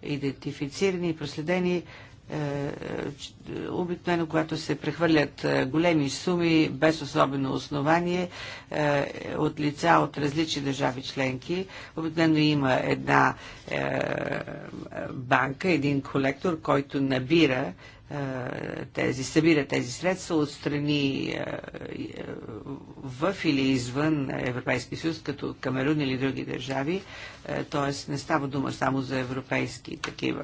идентифицирани и проследени. Е, е, обикновено, когато се прехвърлят е, големи суми без особено основание от лица от различни държави членки, обикновено има една банка, един колектор, който набира тези, събира тези средства от страни в или извън Европейски съюз, като Камерун или други държави. Тоест не става дума само за европейски такива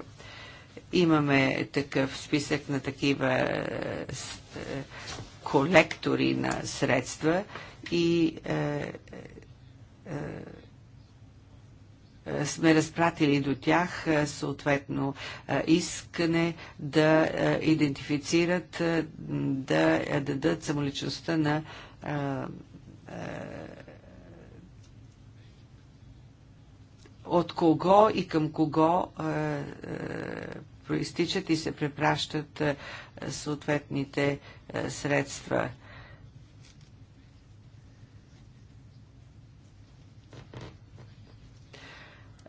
Имаме такъв списък на такива е, е, колектори на средства и е, сме разпратили до тях съответно искане да идентифицират, да дадат самоличността на от кого и към кого е, е, проистичат и се препращат е, съответните е, средства.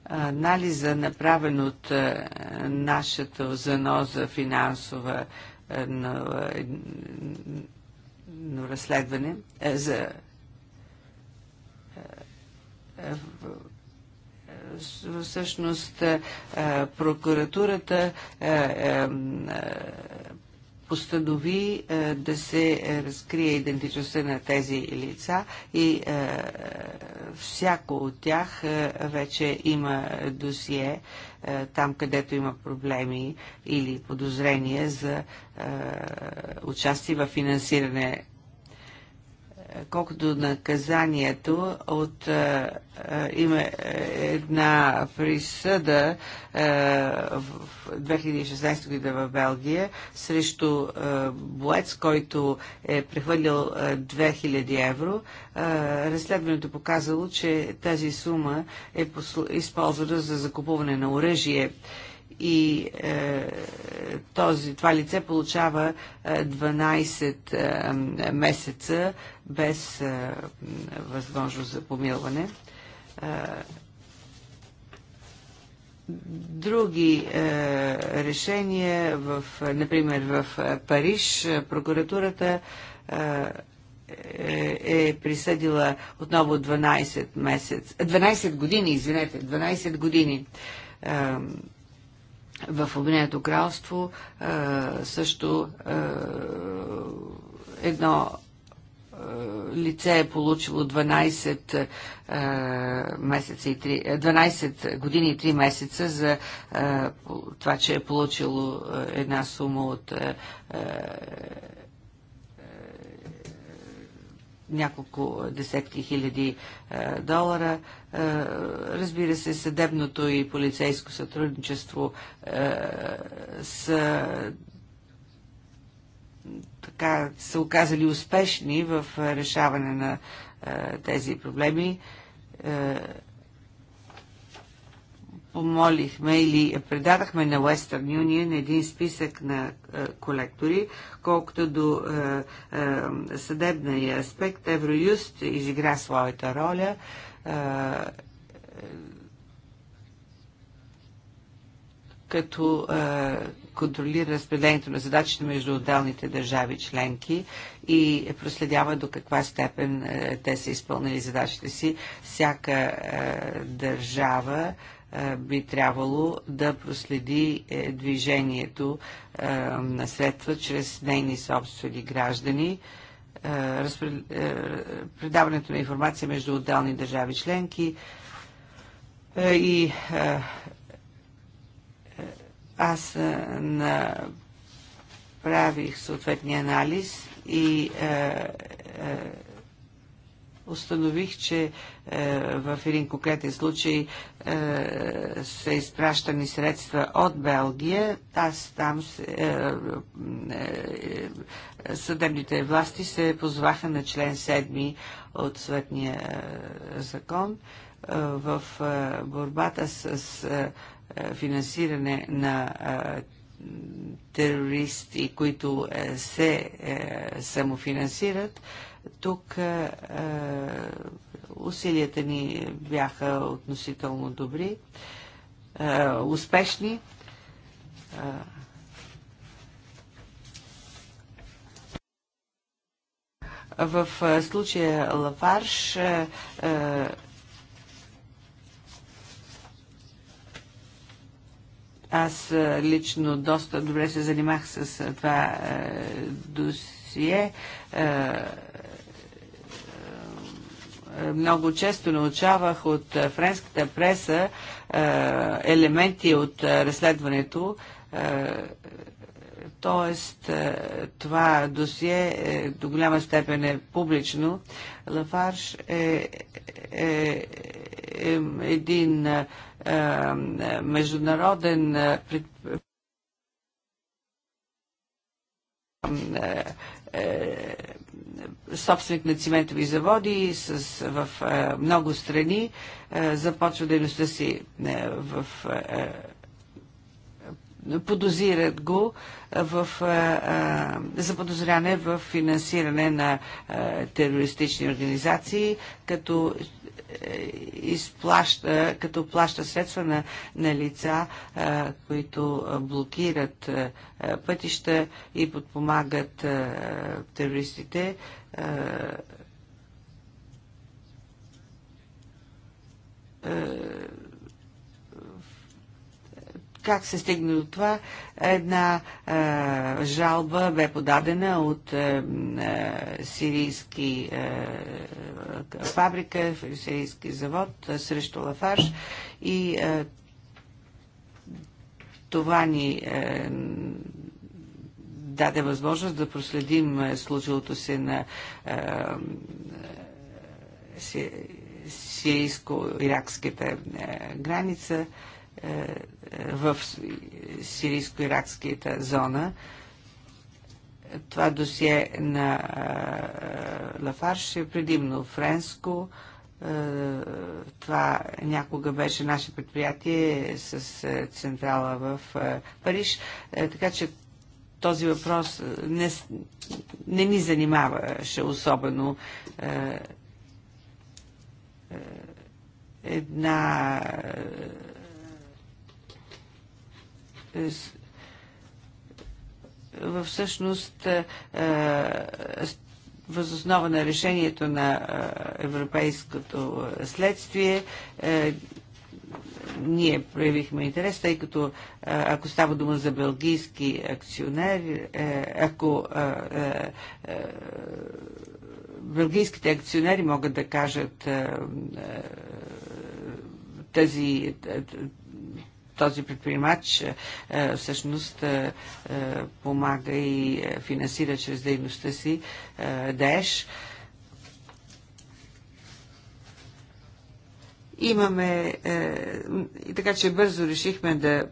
Анализа, направен от е, нашата заноза финансова е, на, е, на разследване, е, за е, е в, всъщност е, е, прокуратурата е, постанови да се разкрие идентичността на тези лица и всяко от тях вече има досие там, където има проблеми или подозрения за участие в финансиране Колкото наказанието от а, е, е, има една присъда е, в 2016 година в Белгия срещу а, боец, който е прехвърлил 2000 евро. Разследването показало, че тази сума е посл... използвана за закупуване на оръжие и е, този, това лице получава 12 е, е, месеца без е, възможност за помилване. Е, други е, решения, в, например в е, Париж, е, прокуратурата е, е присъдила отново 12 месец, 12 години, извинете, 12 години. Е, в Обединеното кралство а, също а, едно а, лице е получило 12, а, месеца и 3, 12 години и 3 месеца за а, това, че е получило една сума от А, няколко десетки хиляди е, долара. Е, разбира се, съдебното и полицейско сътрудничество е, са така са оказали успешни в е, решаване на е, тези проблеми. Е, Помолихме или предадахме на Western Union един списък на е, колектори, колкото до е, е, съдебния аспект. Евроюст изигра своята роля като е, контролира разпределението на задачите между отделните държави членки и проследява до каква степен е, те са изпълнили задачите си. Всяка е, държава е, би трябвало да проследи е, движението е, на средства чрез нейни собствени граждани, предаването на информация между отделни държави членки и аз направих съответния анализ и установих, че е, в един конкретен случай е, са изпращани средства от Белгия. Аз там е, е, е, съдебните власти се позваха на член 7 от светния е, закон в борбата с, с финансиране на терористи, които се самофинансират тук а, е, е, усилията ни бяха относително добри, а, е, успешни. В случая Лафарш е, аз лично доста добре се занимах с това досие много често научавах от френската преса елементи от разследването. Тоест, това досие е, до голяма степен е публично. Лафарш е, е, е, е един е, международен предприятие е, собственик на циментови заводи с, в е, много страни е, започва дейността си е, в. Е, е подозират го е, в заподозряне в финансиране на терористични организации, като е, изплаща, като плаща средства на, на лица, е, които е, блокират пътища и подпомагат терористите. Uh как се стигне до това? Една е, жалба бе подадена от е, е, сирийски е, фабрика, сирийски завод е, срещу Лафарш и е, това ни е, даде възможност да проследим е, случилото се на е, е, сирийско-иракската граница. Е, в сирийско-иракската зона. Това досие на е, Лафарш е предимно френско. Е, това някога беше наше предприятие с централа в Париж. Така че този въпрос не, не ни занимаваше особено една всъщност е, е, възоснова на решението на е, европейското следствие ние проявихме интерес, тъй като ако става дума за белгийски акционер, ако белгийските акционери могат да кажат тази този предприемач е, е, всъщност е, помага и финансира чрез дейността си ДЕШ. Имаме, и така че бързо решихме да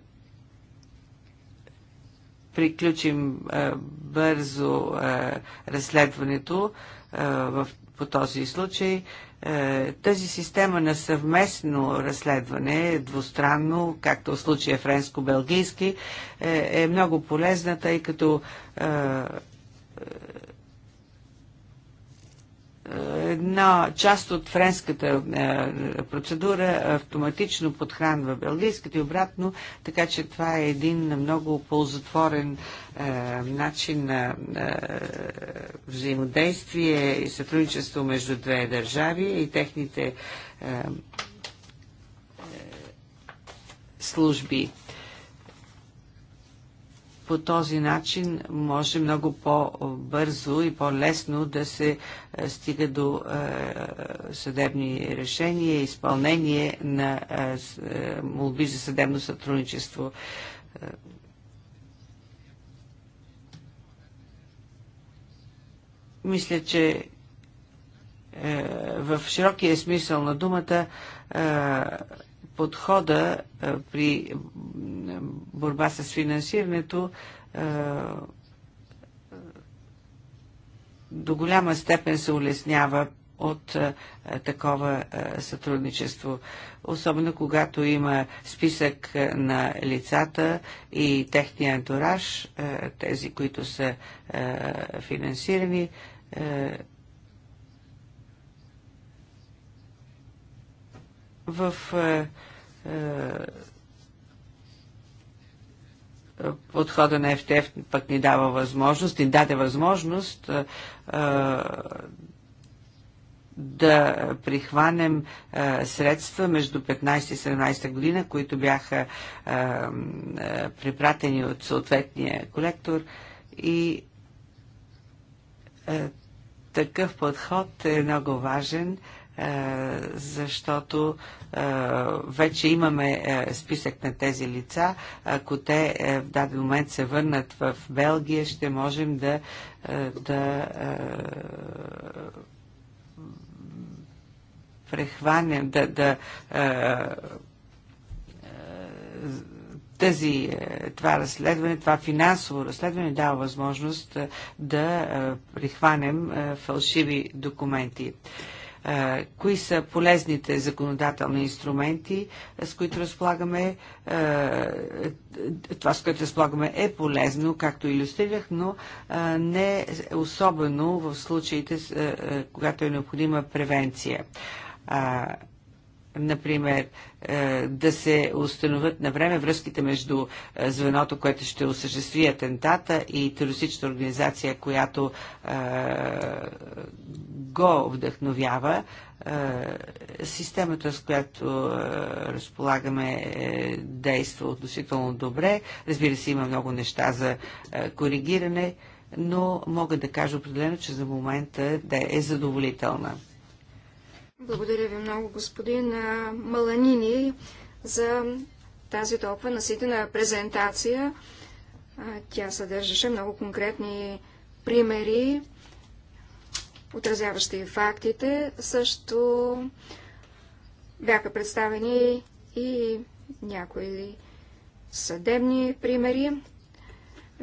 приключим бързо разследването в, по този случай е, тази система на съвместно разследване, двустранно, както в случая френско-белгийски, е, е много полезна, тъй като е, една част от френската е, процедура автоматично подхранва белгийската и обратно, така че това е един много ползотворен е, начин на е, взаимодействие и сътрудничество между две държави и техните служби. По този начин може много по-бързо и по-лесно да се е, стига до е, съдебни решения, изпълнение на е, молби за съдебно сътрудничество. Мисля, че в широкия смисъл на думата подхода при борба с финансирането до голяма степен се улеснява от такова сътрудничество. Особено когато има списък на лицата и техния антураж, тези, които са финансирани, в е, е, подхода на ФТФ пък ни дава възможност, ни даде възможност е, е да прихванем е, средства между 15 и 17 година, които бяха е, е, припратени от съответния колектор и е, такъв подход е много важен. Е, е, защото е, вече имаме е, списък на тези лица. Ако те в даден момент се върнат в Белгия, ще можем да, да прехванем, да, да тази, това разследване, това финансово разследване дава възможност да прихванем фалшиви документи кои са полезните законодателни инструменти, с които разполагаме. Това, с което разполагаме е полезно, както иллюстрирах, но не особено в случаите, когато е необходима превенция например, е, да се установят на време връзките между е, звеното, което ще осъществи атентата и терористична организация, която е, го вдъхновява. Системата, с която разполагаме, действа относително добре. Разбира се, има много неща за коригиране, но мога да кажа определено, че за момента да е задоволителна. Благодаря ви много, господин Маланини, за тази толкова наситена презентация. Тя съдържаше много конкретни примери, отразяващи фактите. Също бяха представени и някои съдебни примери.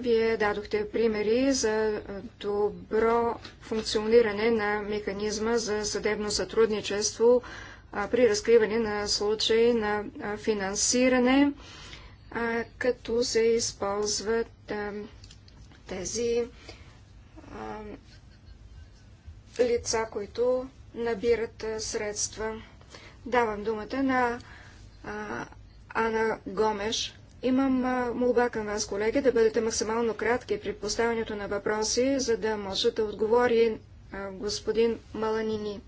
Вие дадохте примери за добро функциониране на механизма за съдебно сътрудничество при разкриване на случаи на финансиране, като се използват тези лица, които набират средства. Давам думата на Ана Гомеш Имам молба към вас, колеги, да бъдете максимално кратки при поставянето на въпроси, за да може да отговори а, господин Маланини.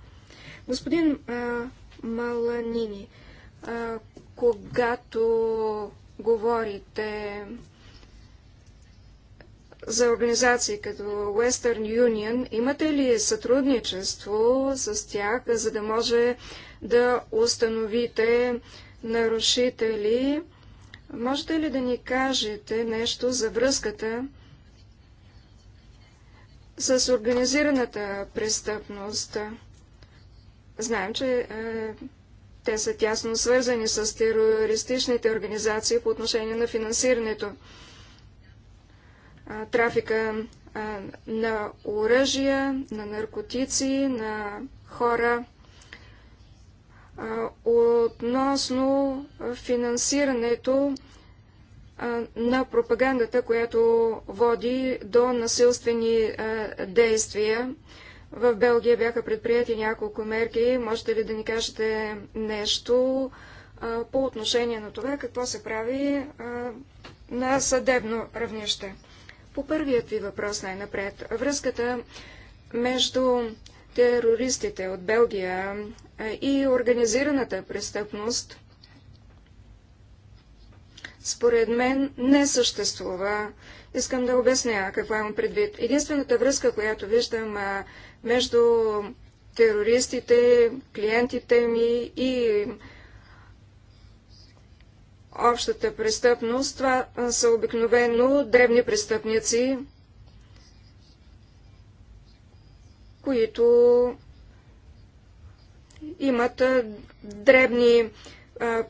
Господин а, Маланини, а, когато говорите за организации като Western Union, имате ли сътрудничество с тях, за да може да установите нарушители Можете ли да ни кажете нещо за връзката с организираната престъпност? Знаем, че е, те са тясно свързани с терористичните организации по отношение на финансирането. А, трафика а, на оръжия, на наркотици, на хора относно финансирането на пропагандата, която води до насилствени действия. В Белгия бяха предприяти няколко мерки. Можете ли да ни кажете нещо по отношение на това, какво се прави на съдебно равнище? По първият ви въпрос най-напред. Връзката между терористите от Белгия е, и организираната престъпност, според мен не съществува. Искам да обясня какво имам предвид. Единствената връзка, която виждам е, между терористите, клиентите ми и общата престъпност, това е, са обикновено древни престъпници, които имат дребни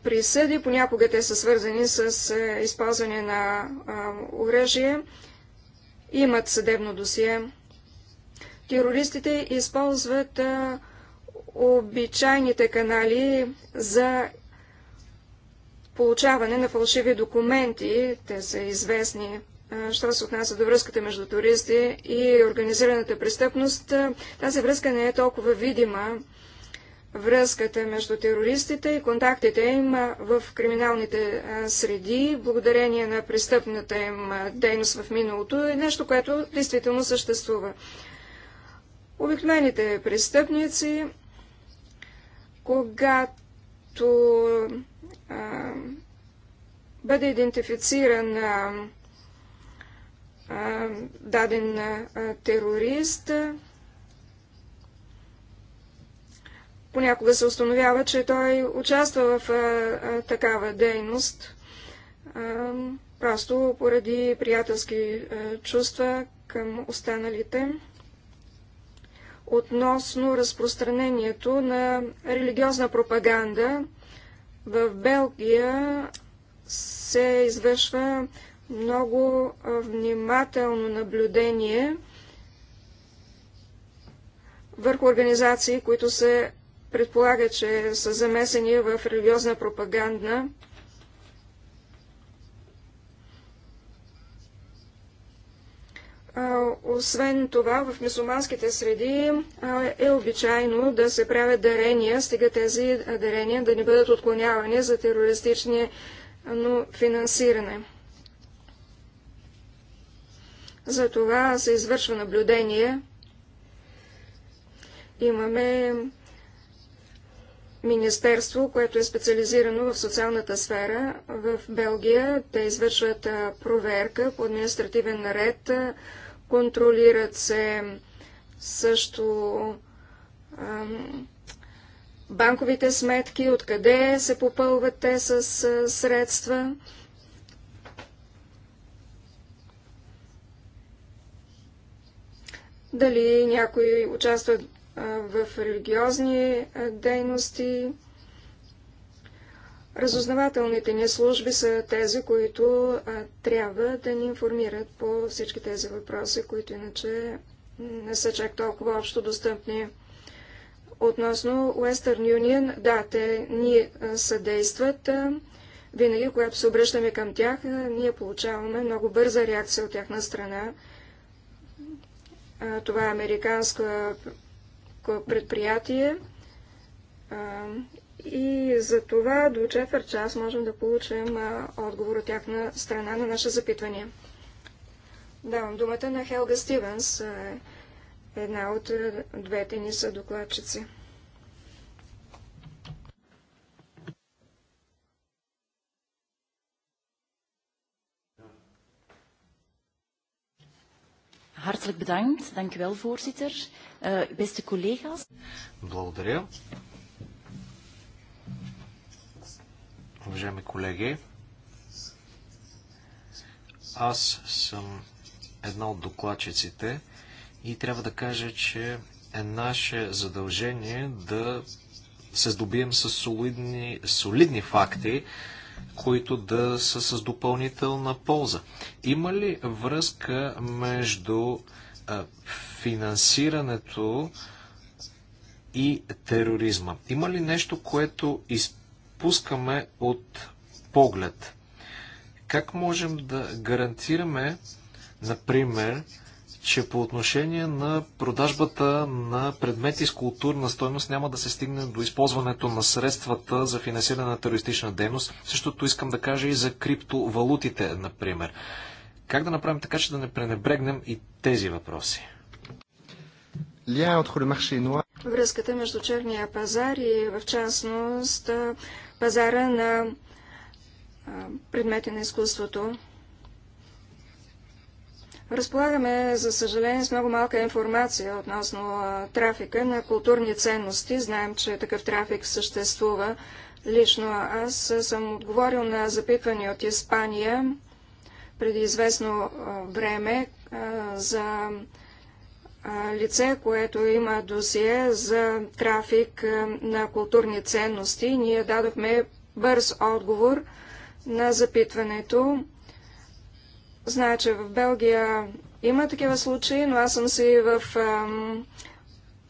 присъди, понякога те са свързани с използване на оръжие, имат съдебно досие. Терористите използват обичайните канали за получаване на фалшиви документи. Те са известни. Що се отнася до връзката между туристи и организираната престъпност, тази връзка не е толкова видима връзката между терористите и контактите им в криминалните среди, благодарение на престъпната им дейност в миналото, е нещо, което действително съществува. Обикновените престъпници, когато а, бъде идентифициран а, даден а, терорист, Понякога се установява, че той участва в а, а, такава дейност, а, просто поради приятелски а, чувства към останалите относно разпространението на религиозна пропаганда. В Белгия се извършва много внимателно наблюдение върху организации, които се предполага, че са замесени в религиозна пропаганда. Освен това, в мусулманските среди е обичайно да се правят дарения, стига тези дарения да не бъдат отклонявани за терористични но финансиране. За това се извършва наблюдение. Имаме министерство, което е специализирано в социалната сфера в Белгия. Те извършват проверка по административен наред, контролират се също банковите сметки, откъде се попълват те с средства. Дали някой участва в религиозни дейности. Разузнавателните ни служби са тези, които трябва да ни информират по всички тези въпроси, които иначе не са чак толкова общо достъпни. Относно Western Union, да, те ни съдействат. Винаги, когато се обръщаме към тях, ние получаваме много бърза реакция от тяхна страна. Това е американска предприятие и за това до четвърт час можем да получим отговор от тяхна страна на наше запитване. Давам думата на Хелга Стивенс, една от двете ни са докладчици. Hartelijk bedankt. Dank u wel, voorzitter. Beste е, collega's. Благодаря. Уважаеми колеги, аз съм една от докладчиците и трябва да кажа, че е наше задължение да се здобием с солидни, солидни факти, които да са с допълнителна полза. Има ли връзка между е, финансирането и тероризма. Има ли нещо, което изпускаме от поглед? Как можем да гарантираме, например, че по отношение на продажбата на предмети с културна стойност няма да се стигне до използването на средствата за финансиране на терористична дейност. Същото искам да кажа и за криптовалутите, например. Как да направим така, че да не пренебрегнем и тези въпроси? Връзката между черния пазар и в частност пазара на предмети на изкуството. Разполагаме, за съжаление, с много малка информация относно трафика на културни ценности. Знаем, че такъв трафик съществува. Лично аз съм отговорил на запитване от Испания преди известно време за лице, което има досие за трафик на културни ценности. Ние дадохме бърз отговор на запитването. Значи че в Белгия има такива случаи, но аз съм си в ам,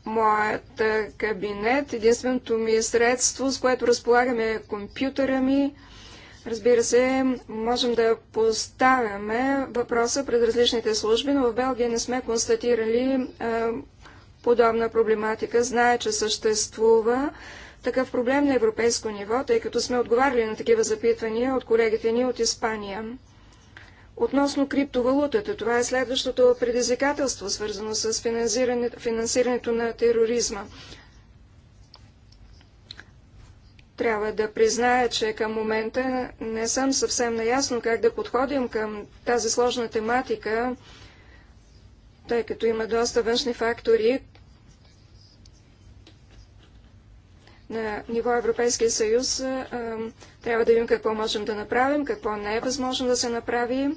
моят кабинет. Единственото ми средство, с което разполагаме е компютъра ми. Разбира се, можем да поставяме въпроса пред различните служби, но в Белгия не сме констатирали е, подобна проблематика. Знае, че съществува такъв проблем на европейско ниво, тъй като сме отговаряли на такива запитвания от колегите ни от Испания. Относно криптовалутата, това е следващото предизвикателство, свързано с финансиране, финансирането на тероризма. Трябва да призная, че към момента не съм съвсем наясно как да подходим към тази сложна тематика, тъй като има доста външни фактори на ниво Европейския съюз. трябва да видим какво можем да направим, какво не е възможно да се направи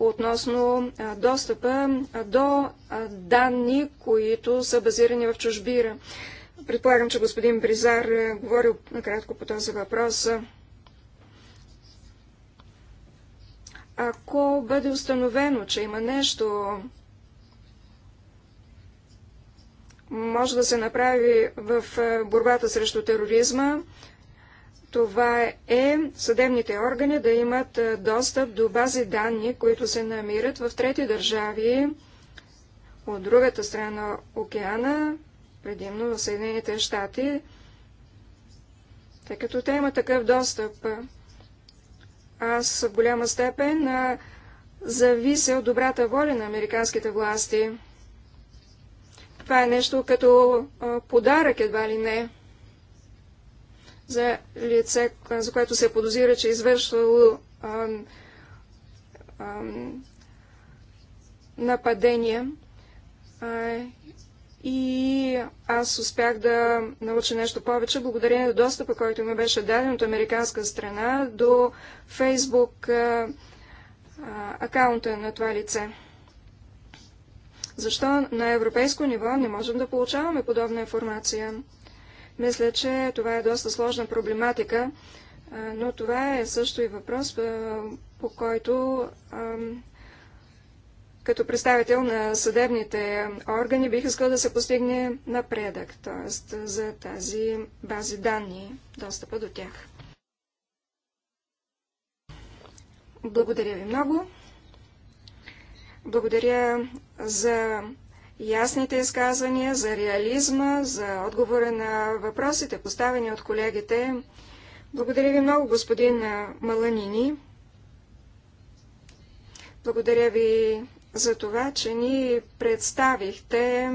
относно достъпа до данни, които са базирани в чужбира. Предполагам, че господин Бризар е говорил накратко по този въпрос. Ако бъде установено, че има нещо, може да се направи в е, борбата срещу тероризма, това е съдебните органи да имат е, достъп до бази данни, които се намират в трети държави от другата страна океана, предимно в Съединените щати, тъй като те имат такъв достъп. Аз в голяма степен завися от добрата воля на американските власти. Това е нещо като подарък, едва ли не, за лице, за което се подозира, че е извършвало ам, ам, нападения. А, и аз успях да науча нещо повече благодарение на достъпа, който ми беше даден от американска страна до Фейсбук акаунта на това лице. Защо на европейско ниво не можем да получаваме подобна информация? Мисля, че това е доста сложна проблематика, но това е също и въпрос, по който като представител на съдебните органи бих искал да се постигне напредък, т.е. за тази бази данни, достъпа до тях. Благодаря ви много. Благодаря за ясните изказвания, за реализма, за отговора на въпросите, поставени от колегите. Благодаря ви много, господин Маланини. Благодаря ви за това, че ни представихте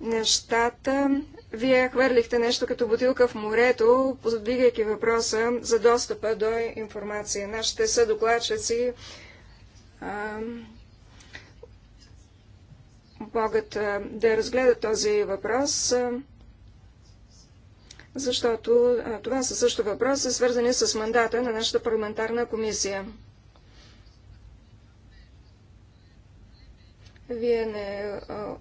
нещата. Вие хвърлихте нещо като бутилка в морето, подвигайки въпроса за достъпа до информация. Нашите са а, могат да разгледат този въпрос, защото това са също въпроси, свързани с мандата на нашата парламентарна комисия. Вие не а,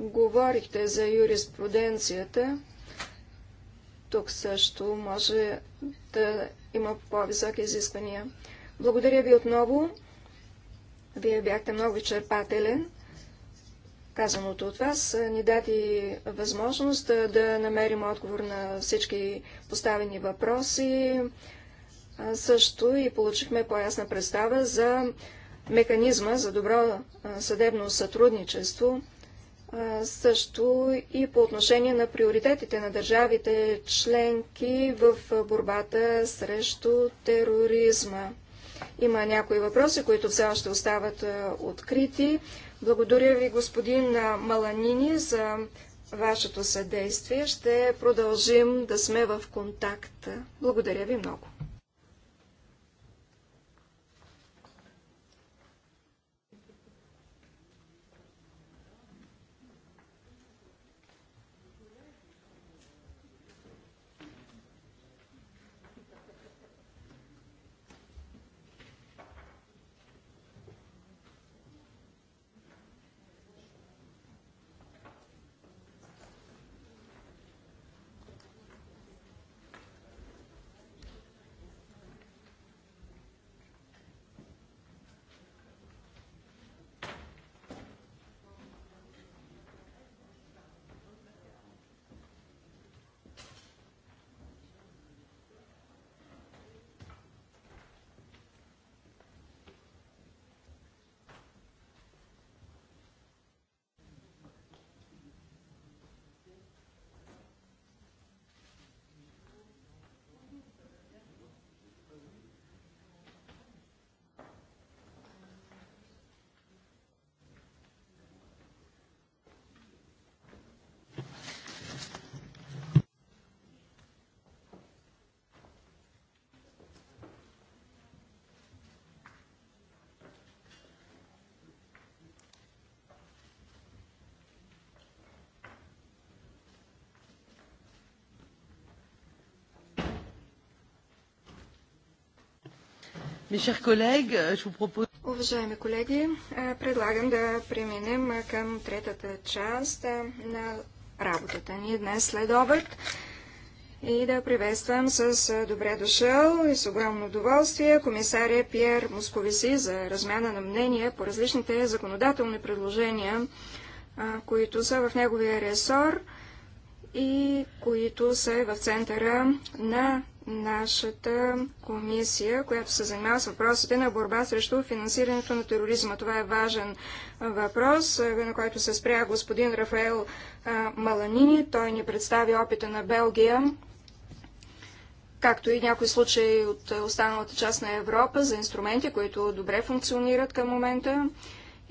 говорихте за юриспруденцията. Тук също може да има по-високи изисквания. Благодаря ви отново. Вие бяхте много изчерпателен. Казаното от вас ни даде възможност да, да намерим отговор на всички поставени въпроси. А също и получихме по-ясна представа за механизма за добро съдебно сътрудничество, също и по отношение на приоритетите на държавите членки в борбата срещу тероризма. Има някои въпроси, които все още остават открити. Благодаря ви, господин Маланини, за вашето съдействие. Ще продължим да сме в контакт. Благодаря ви много. Euh, Уважаеми колеги, е, предлагам да преминем е, към третата част е, на работата ни днес след обед и да приветствам с добре дошъл и с огромно удоволствие комисаря Пьер Московиси за размяна на мнения по различните законодателни предложения, които са в неговия ресор и които са в центъра на нашата комисия, която се занимава с въпросите на борба срещу финансирането на тероризма. Това е важен въпрос, на който се спря господин Рафаел Маланини. Той ни представи опита на Белгия, както и някои случаи от останалата част на Европа за инструменти, които добре функционират към момента.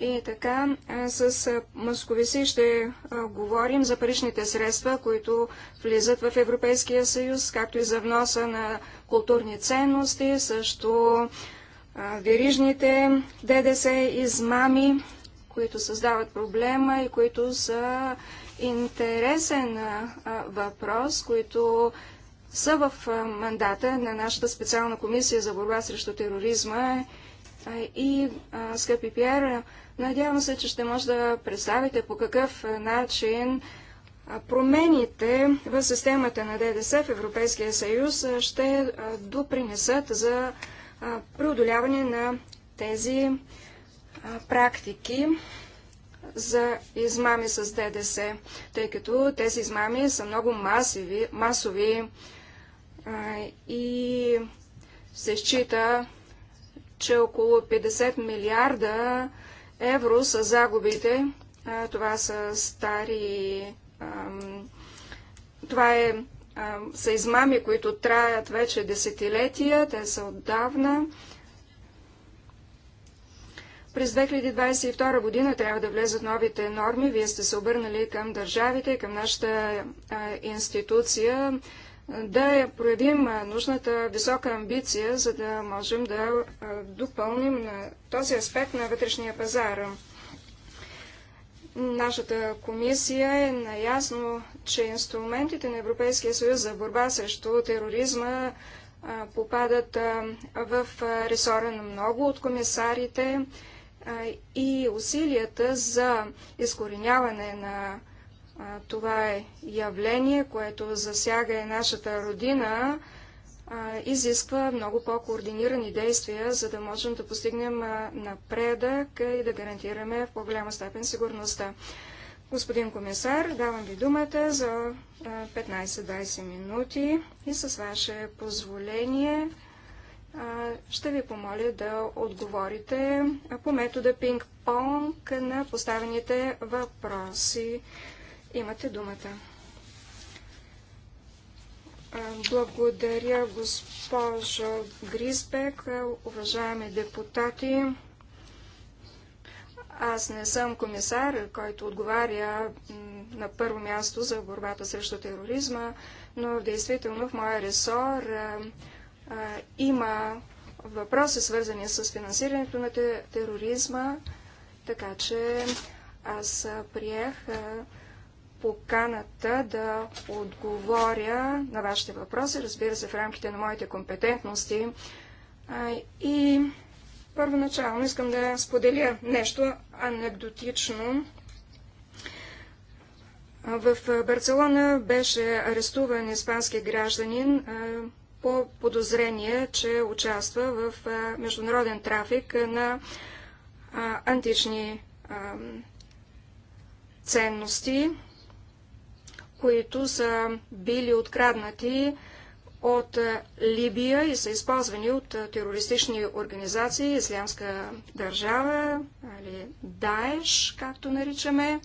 И така с московиси ще говорим за паричните средства, които влизат в Европейския съюз, както и за вноса на културни ценности, също верижните ДДС измами, които създават проблема и които са интересен въпрос, които са в мандата на нашата специална комисия за борба срещу тероризма и, скъпи Пьер, надявам се, че ще може да представите по какъв начин промените в системата на ДДС в Европейския съюз ще допринесат за преодоляване на тези практики за измами с ДДС, тъй като тези измами са много масови, масови и се счита, че около 50 милиарда евро са загубите. това са стари... това е, са измами, които траят вече десетилетия. Те са отдавна. През 2022 година трябва да влезат новите норми. Вие сте се обърнали към държавите, към нашата институция да проявим нужната висока амбиция, за да можем да допълним на този аспект на вътрешния пазар. Нашата комисия е наясно, че инструментите на Европейския съюз за борба срещу тероризма попадат в ресора на много от комисарите и усилията за изкореняване на това е явление, което засяга и нашата родина, изисква много по-координирани действия, за да можем да постигнем напредък и да гарантираме в по-голяма степен сигурността. Господин комисар, давам ви думата за 15-20 минути и с ваше позволение ще ви помоля да отговорите по метода пинг-понг на поставените въпроси. Имате думата. Благодаря, госпожо Гризбек, уважаеми депутати. Аз не съм комисар, който отговаря на първо място за борбата срещу тероризма, но действително в моя ресор а, а, има въпроси, свързани с финансирането на тероризма, така че аз приех а, поканата да отговоря на вашите въпроси, разбира се, в рамките на моите компетентности. И първоначално искам да споделя нещо анекдотично. В Барселона беше арестуван испански гражданин по подозрение, че участва в международен трафик на антични ценности които са били откраднати от е, Либия и са използвани от е, терористични организации, Ислямска държава, или нали, Даеш, както наричаме,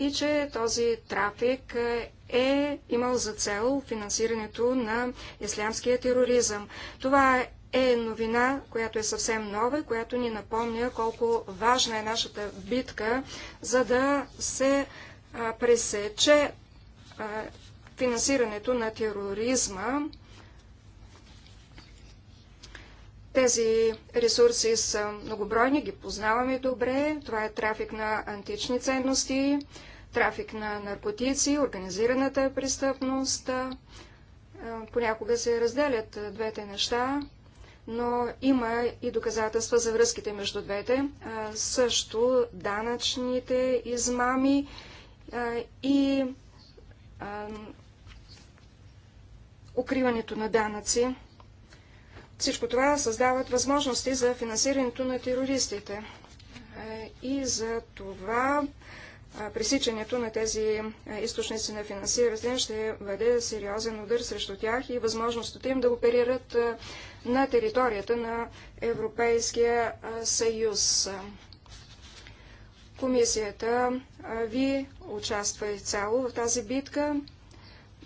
и че този трафик е, е имал за цел финансирането на ислямския тероризъм. Това е новина, която е съвсем нова и която ни напомня колко важна е нашата битка, за да се пресече финансирането на тероризма. Тези ресурси са многобройни, ги познаваме добре. Това е трафик на антични ценности, трафик на наркотици, организираната престъпност. Понякога се разделят двете неща, но има и доказателства за връзките между двете. Също данъчните измами и укриването на данъци. Всичко това създават възможности за финансирането на терористите е, и за това пресичането на тези източници на финансиране ще бъде сериозен удар срещу тях и възможността им да оперират на територията на Европейския съюз. Комисията ви участва цяло в тази битка.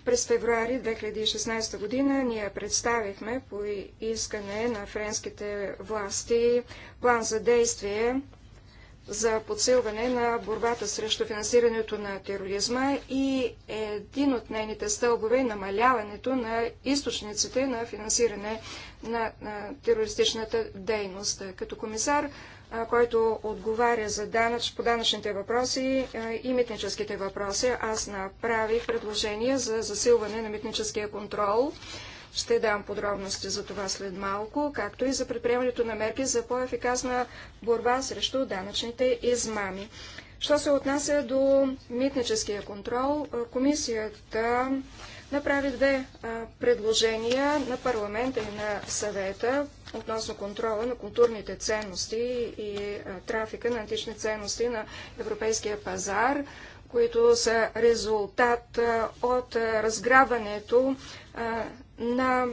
През февруари 2016 година ние представихме по искане на френските власти план за действие за подсилване на борбата срещу финансирането на тероризма и един от нейните стълбове е намаляването на източниците на финансиране на, на терористичната дейност. Като комисар който отговаря за данъч, по данъчните въпроси и митническите въпроси. Аз направих предложение за засилване на митническия контрол. Ще дам подробности за това след малко, както и за предприемането на мерки за по-ефикасна борба срещу данъчните измами. Що се отнася до митническия контрол, комисията направи две предложения на парламента и на съвета относно контрола на културните ценности и е, трафика на антични ценности на европейския пазар, които са резултат е, от е, разграбването на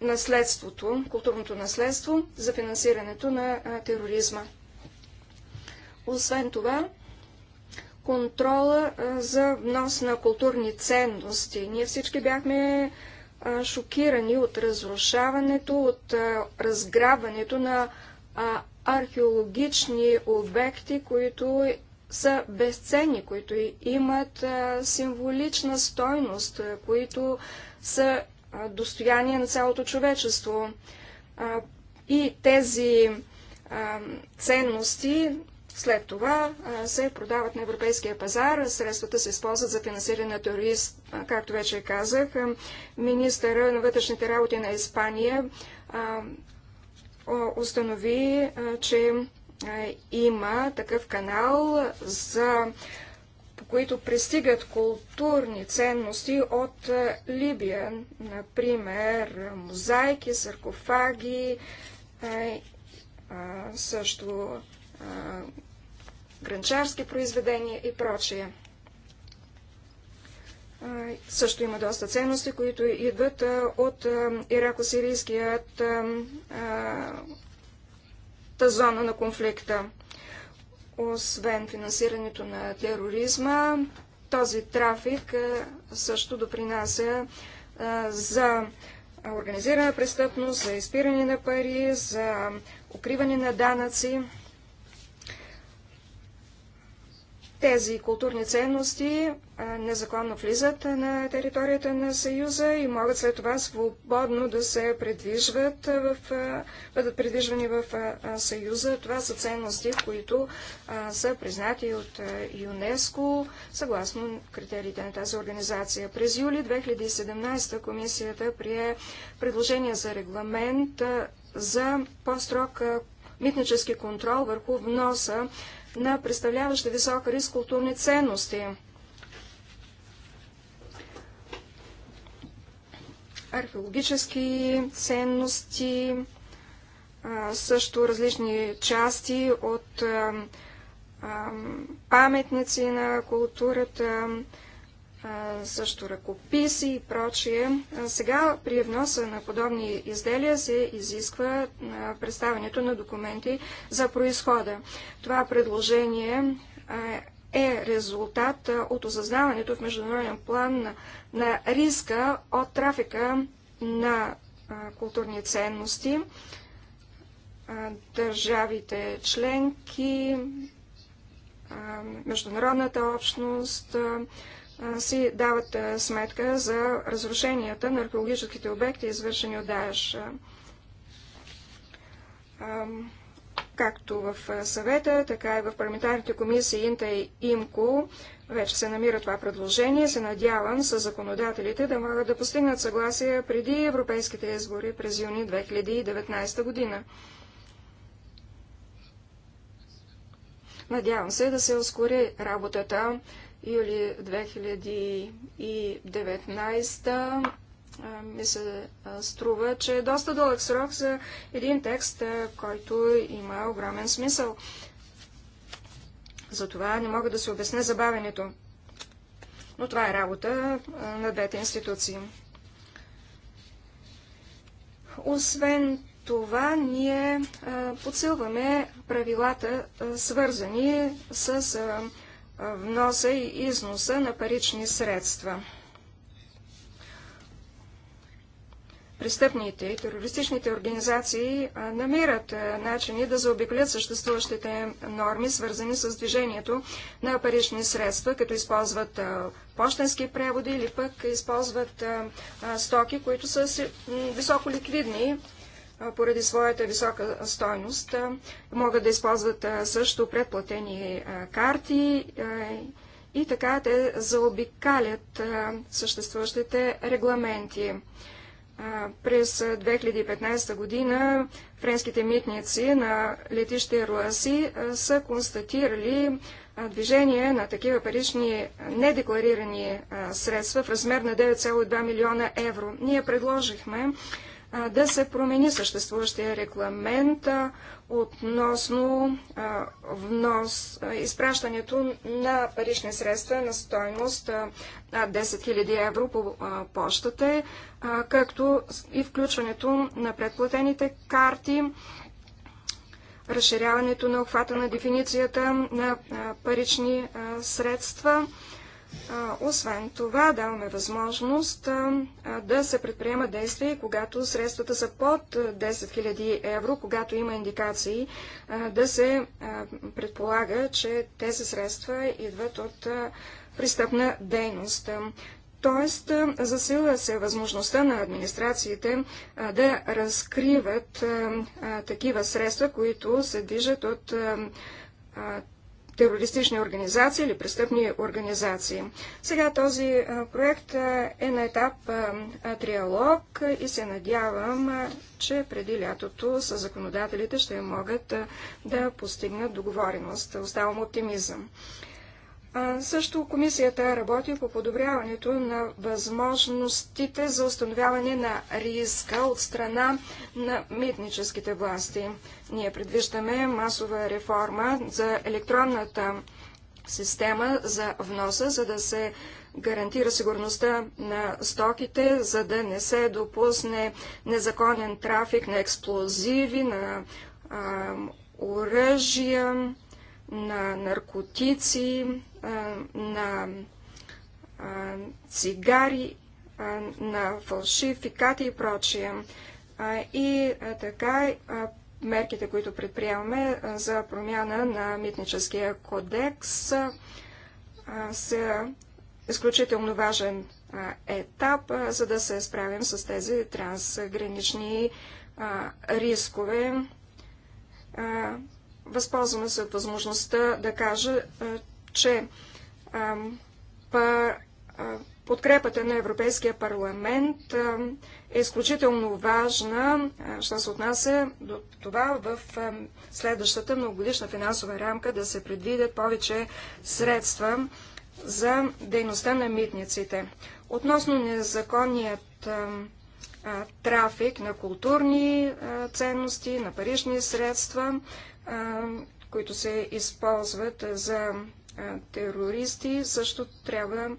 наследството, културното наследство за финансирането на тероризма. Освен това, контрола за внос на културни ценности. Ние всички бяхме шокирани от разрушаването, от разграбването на археологични обекти, които са безценни, които имат символична стойност, които са достояние на цялото човечество. И тези ценности след това се продават на европейския пазар, средствата се използват за финансиране на турист, както вече казах. Министъра на вътрешните работи на Испания установи, че има такъв канал за по които пристигат културни ценности от Либия, например мозайки, саркофаги, също гранчарски произведения и прочие. Също има доста ценности, които идват от ирако-сирийският зона на конфликта. Освен финансирането на тероризма, този трафик също допринася за организирана престъпност, за изпиране на пари, за укриване на данъци. Тези културни ценности незаконно влизат на територията на Съюза и могат след това свободно да се предвижват, в, бъдат предвижвани в Съюза. Това са ценности, които са признати от ЮНЕСКО, съгласно критериите на тази организация. През юли 2017 комисията прие предложение за регламент за по-строг митнически контрол върху вноса на представляващи висок риск културни ценности. Археологически ценности, също различни части от паметници на културата, също ръкописи и прочие. Сега при вноса на подобни изделия се изисква представянето на документи за происхода. Това предложение е резултат от осъзнаването в международен план на риска от трафика на културни ценности. Държавите членки, международната общност, си дават сметка за разрушенията на археологическите обекти, извършени от Даеш. Както в съвета, така и в парламентарните комисии Инта и ИМКО вече се намира това предложение. Се надявам с законодателите да могат да постигнат съгласие преди европейските избори през юни 2019 година. Надявам се да се ускори работата юли 2019 ми се струва, че е доста дълъг срок за един текст, който има огромен смисъл. Затова не мога да се обясня забавенето. Но това е работа на двете институции. Освен това, ние подсилваме правилата, свързани с вноса и износа на парични средства. Престъпните и терористичните организации намират начини да заобиклят съществуващите норми, свързани с движението на парични средства, като използват почтенски преводи или пък използват стоки, които са високо ликвидни поради своята висока стойност, могат да използват също предплатени карти и така те заобикалят съществуващите регламенти. През 2015 година френските митници на летище Руаси са констатирали движение на такива парични недекларирани средства в размер на 9,2 милиона евро. Ние предложихме да се промени съществуващия регламент относно внос, изпращането на парични средства на стойност над 10 000 евро по почтата, както и включването на предплатените карти, разширяването на охвата на дефиницията на парични средства – освен това, даваме възможност да се предприема действие, когато средствата са под 10 000 евро, когато има индикации да се предполага, че тези средства идват от престъпна дейност. Тоест, засила се възможността на администрациите да разкриват такива средства, които се движат от терористични организации или престъпни организации. Сега този проект е на етап триалог и се надявам, че преди лятото с законодателите ще могат да постигнат договореност. Оставам оптимизъм. Също комисията работи по подобряването на възможностите за установяване на риска от страна на митническите власти. Ние предвиждаме масова реформа за електронната система за вноса, за да се гарантира сигурността на стоките, за да не се допусне незаконен трафик на експлозиви, на оръжия, на наркотици, на цигари, на фалшификати и прочие. И така мерките, които предприемаме за промяна на митническия кодекс са изключително важен етап, за да се справим с тези трансгранични рискове. Възползваме се от възможността да кажа, че па, а, подкрепата на Европейския парламент е изключително важна, що се отнася до това в следващата многогодишна финансова рамка да се предвидят повече средства за дейността на митниците. Относно незаконният трафик на културни ценности, на парични средства, които се използват за терористи, също трябва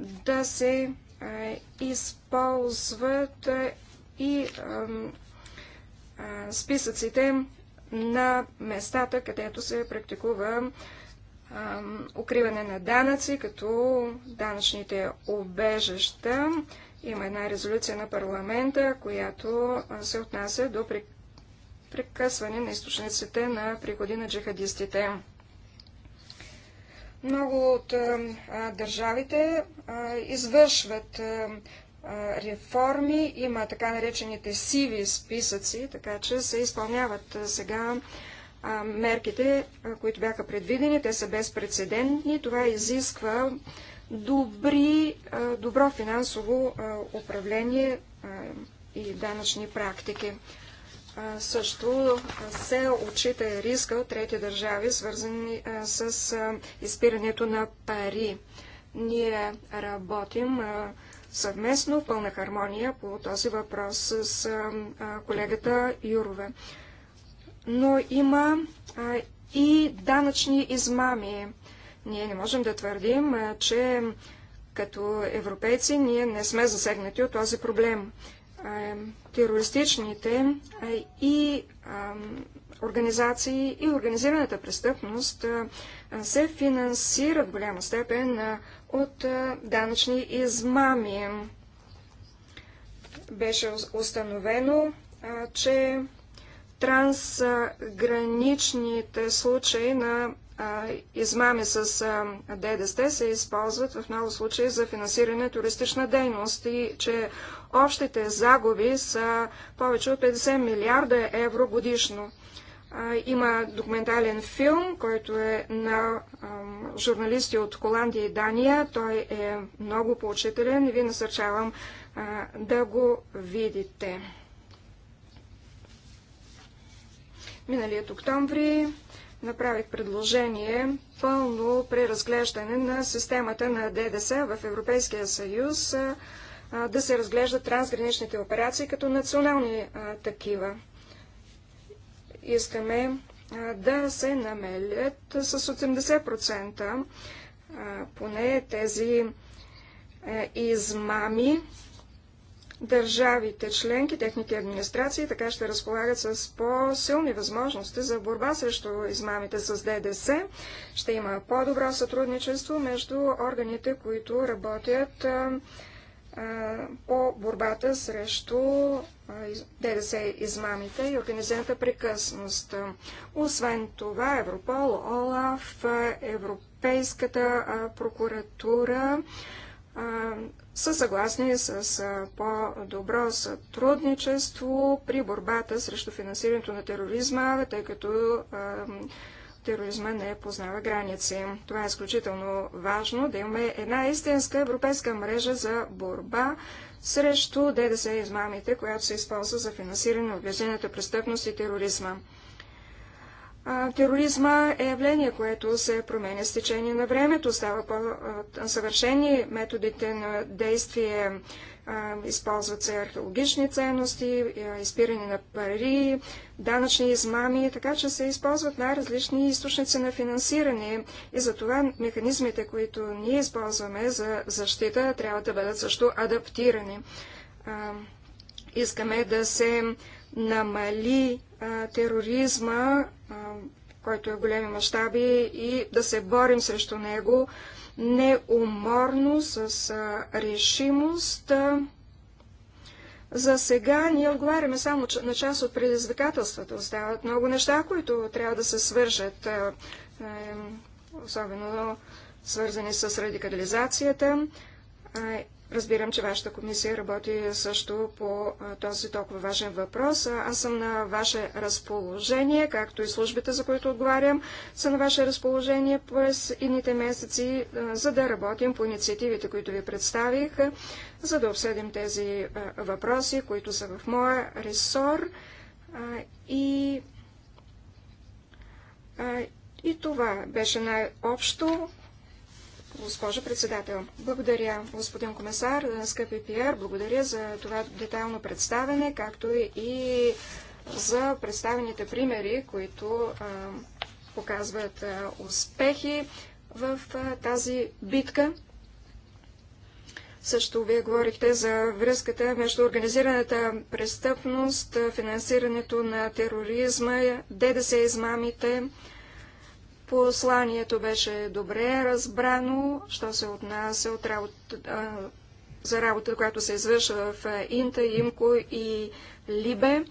да се използват и списъците на местата, където се практикува укриване на данъци, като данъчните обежища. Има една резолюция на парламента, която се отнася до прекъсване на източниците на приходи на джихадистите. Много от държавите извършват реформи, има така наречените сиви списъци, така че се изпълняват сега мерките, които бяха предвидени. Те са безпредседентни. Това изисква добри, добро финансово управление и данъчни практики също се отчита риска от трети държави, свързани с изпирането на пари. Ние работим съвместно в пълна хармония по този въпрос с колегата Юрове. Но има и данъчни измами. Ние не можем да твърдим, че като европейци ние не сме засегнати от този проблем терористичните и организации и организираната престъпност се финансират в голяма степен от данъчни измами. Беше установено, че трансграничните случаи на измами с ДДС се използват в много случаи за финансиране на туристична дейност и че общите загуби са повече от 50 милиарда евро годишно. Има документален филм, който е на журналисти от Холандия и Дания. Той е много поучителен и ви насърчавам да го видите. Миналият октомври направих предложение пълно преразглеждане на системата на ДДС в Европейския съюз да се разглеждат трансграничните операции като национални такива. Искаме да се намелят с 80% поне тези е, измами Държавите членки, техните администрации така ще разполагат с по-силни възможности за борба срещу измамите с ДДС. Ще има по-добро сътрудничество между органите, които работят по борбата срещу ДДС измамите и организираната прекъсност. Освен това, Европол, ОЛАФ, Европейската прокуратура, са съгласни с по-добро сътрудничество при борбата срещу финансирането на тероризма, тъй като тероризма не познава граници. Това е изключително важно, да имаме една истинска европейска мрежа за борба срещу ДДС измамите, която се използва за финансиране на организираната престъпност и тероризма тероризма е явление, което се променя с течение на времето, става по-съвършени методите на действие, използват се археологични ценности, изпиране на пари, данъчни измами, така че се използват най-различни източници на финансиране и затова механизмите, които ние използваме за защита, трябва да бъдат също адаптирани. Искаме да се намали тероризма който е големи мащаби и да се борим срещу него неуморно, с решимост. За сега ние отговаряме само на част от предизвикателствата. Остават много неща, които трябва да се свържат, особено свързани с радикализацията Разбирам, че вашата комисия работи също по този толкова важен въпрос. Аз съм на ваше разположение, както и службите, за които отговарям, са на ваше разположение през едните месеци, за да работим по инициативите, които ви представих, за да обсъдим тези въпроси, които са в моя ресор. И, и това беше най-общо госпожа председател. Благодаря, господин комисар, е, скъпи Пиер, благодаря за това детайлно представене, както и за представените примери, които а, е, показват а, е, успехи в а, тази битка. Също вие говорихте за връзката между организираната престъпност, финансирането на тероризма, ДДС измамите, Посланието беше добре разбрано, що се отнася от работа, а, за работа, която се извършва в Инта, Имко и Либе.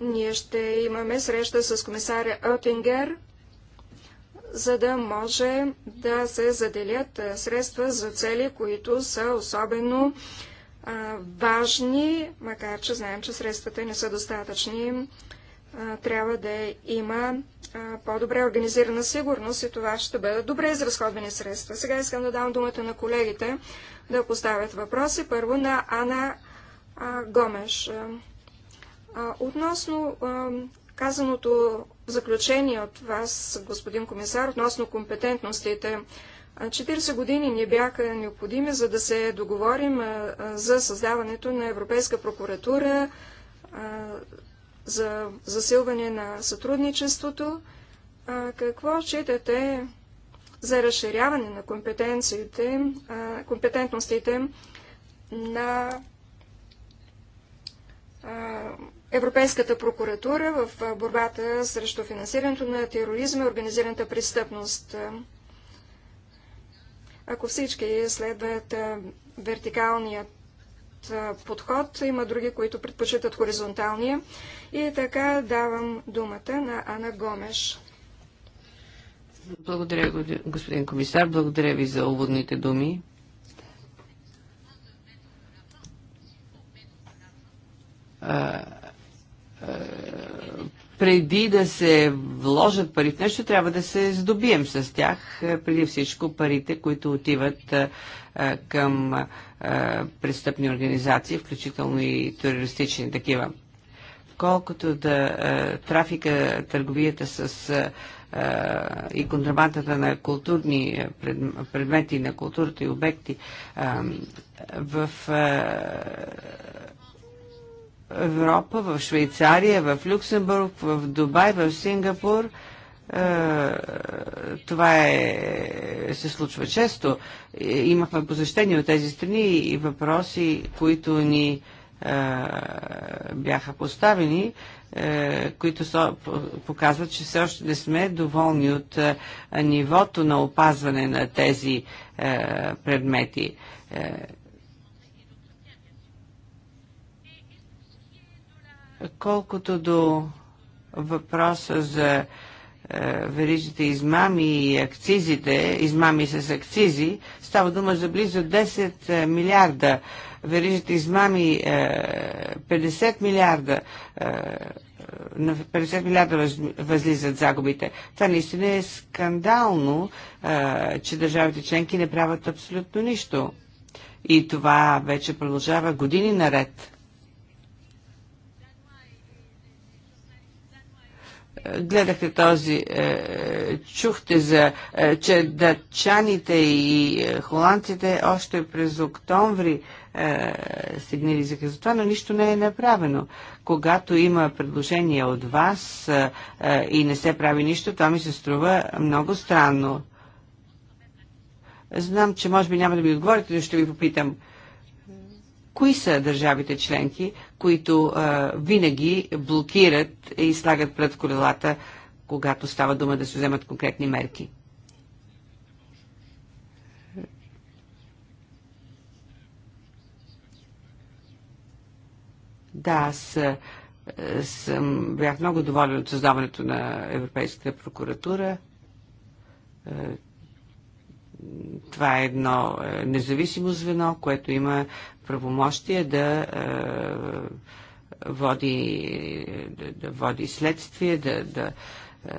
Ние ще имаме среща с комисаря Оттингер, за да може да се заделят средства за цели, които са особено а, важни, макар че знаем, че средствата не са достатъчни трябва да има по-добре организирана сигурност и това ще бъдат добре изразходвани средства. Сега искам да дам думата на колегите да поставят въпроси. Първо на Ана Гомеш. Относно казаното заключение от вас, господин комисар, относно компетентностите, 40 години ни бяха необходими, за да се договорим за създаването на Европейска прокуратура, за засилване на сътрудничеството. А, какво считате за разширяване на компетенциите, а, компетентностите на а, Европейската прокуратура в борбата срещу финансирането на тероризма и организираната престъпност? Ако всички следват вертикалният подход. Има други, които предпочитат хоризонталния. И така давам думата на Ана Гомеш. Благодаря, господин комисар. Благодаря ви за уводните думи. преди да се вложат пари в нещо, трябва да се здобием с тях. Преди всичко парите, които отиват към е, престъпни организации, включително и терористични такива. Колкото да е, трафика, търговията с е, и контрабандата на културни предмети, на културата и обекти в Европа, в Швейцария, в Люксембург, в Дубай, в Сингапур – е, това е, се случва често. Имахме посещения от тези страни и въпроси, които ни е, бяха поставени, е, които показват, че все още не сме доволни от нивото на опазване на тези предмети. Колкото до въпроса за е, верижните измами и акцизите, измами с акцизи, става дума за близо 10 е, милиарда, верижните измами 50 е, милиарда, на 50 милиарда възлизат загубите. Това наистина е скандално, че държавите членки не правят абсолютно нищо. И това вече продължава години наред. гледахте този, е, чухте за, е, че датчаните и е, холандците още през октомври сигнализаха за това, но нищо не е направено. Когато има предложение от вас и не се прави нищо, това ми се струва много странно. Знам, че може би няма да ми отговорите, но ще ви попитам. Кои са държавите членки, които а, винаги блокират и слагат пред колелата, когато става дума да се вземат конкретни мерки. Да, аз съм, бях много доволен от създаването на Европейската прокуратура това е едно е, независимо звено, което има правомощие да е, води, да води следствие, да, да е,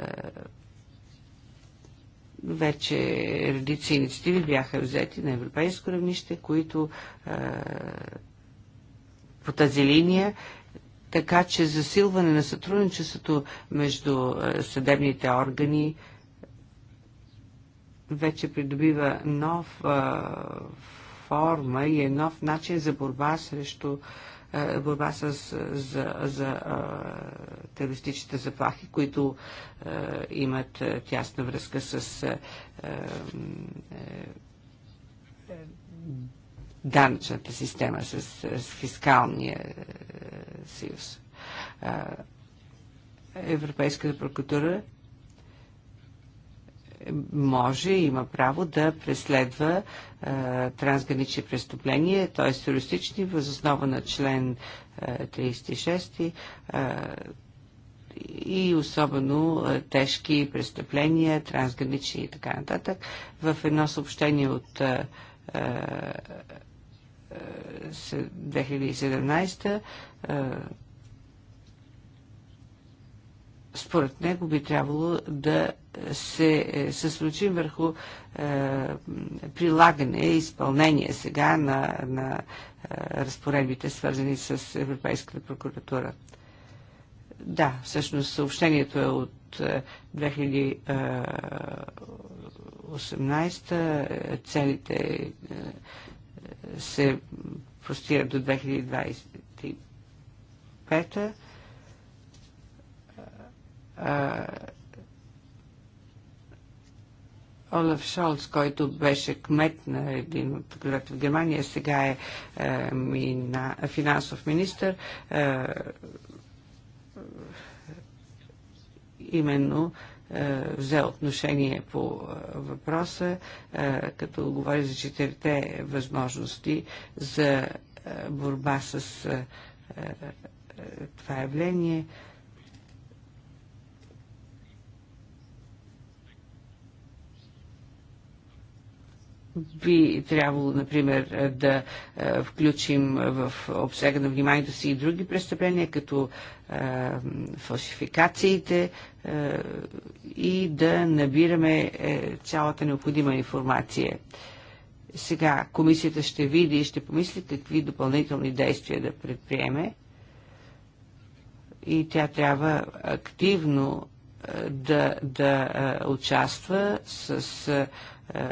вече редици инициативи бяха взети на европейско равнище, които по тази линия така че засилване на сътрудничеството между съдебните органи вече придобива нов а, форма и е нов начин за борба срещу а, борба с, за, за а, терористичните заплахи, които а, имат а, тясна връзка с а, а, данъчната система, с, с фискалния а, съюз. А, Европейската прокуратура може, и има право да преследва е, трансгранични престъпления, т.е. терористични, възоснова на член 36 е, е, и особено тежки престъпления, трансгранични и така нататък. В едно съобщение от а, а, 2017 според него би трябвало да се е, съсредоточим върху е, прилагане и изпълнение сега на, на е, разпоредбите, свързани с Европейската прокуратура. Да, всъщност съобщението е от е, 2018, е, целите е, се простират до 2025 Олаф Шолц, който беше кмет на един от градовете в Германия, сега е, е мина, финансов министр. Е, именно е, взе отношение по въпроса, е, като говори за четирите възможности за борба с е, това явление. Е, би трябвало, например, е, да е, включим в обсега на вниманието си и други престъпления, като е, фалшификациите и да набираме цялата необходима информация. Сега комисията ще види и ще помисли какви допълнителни действия да предприеме и тя трябва активно да, да участва с е,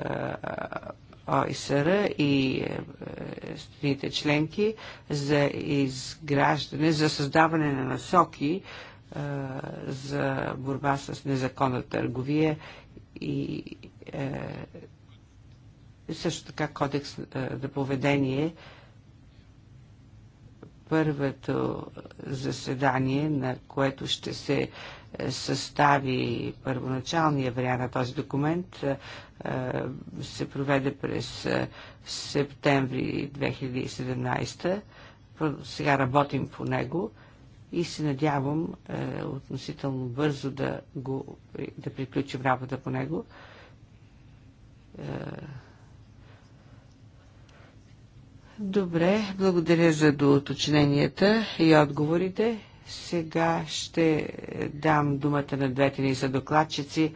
ОИСР и е, е, страните членки за изграждане, за създаване на насоки за борба с незаконна търговия и също така кодекс на поведение. Първото заседание, на което ще се състави първоначалния вариант на този документ, е, се проведе през е, септември 2017. Сега работим по него и се надявам е, относително бързо да, го, да приключим работа по него. Е, добре, благодаря за доуточненията и отговорите. Сега ще дам думата на двете ни за докладчици.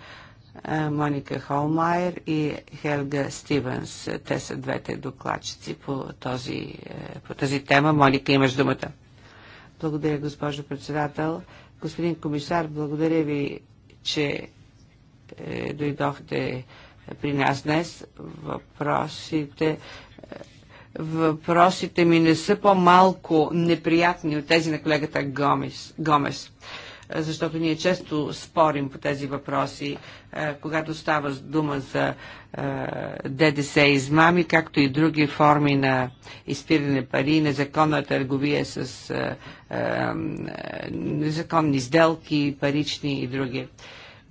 Моника Холмайер и Хелга Стивенс. Те са двете докладчици по, този, е, по тази тема. Моника, имаш думата. Благодаря, госпожо председател. Господин комисар, благодаря ви, че е, дойдохте при нас днес. Въпросите въпросите ми не са по-малко неприятни от тези на колегата Гомес, Гомес защото ние често спорим по тези въпроси, е, когато става дума за е, ДДС измами, както и други форми на изпиране пари, незаконна търговия с е, незаконни сделки, парични и други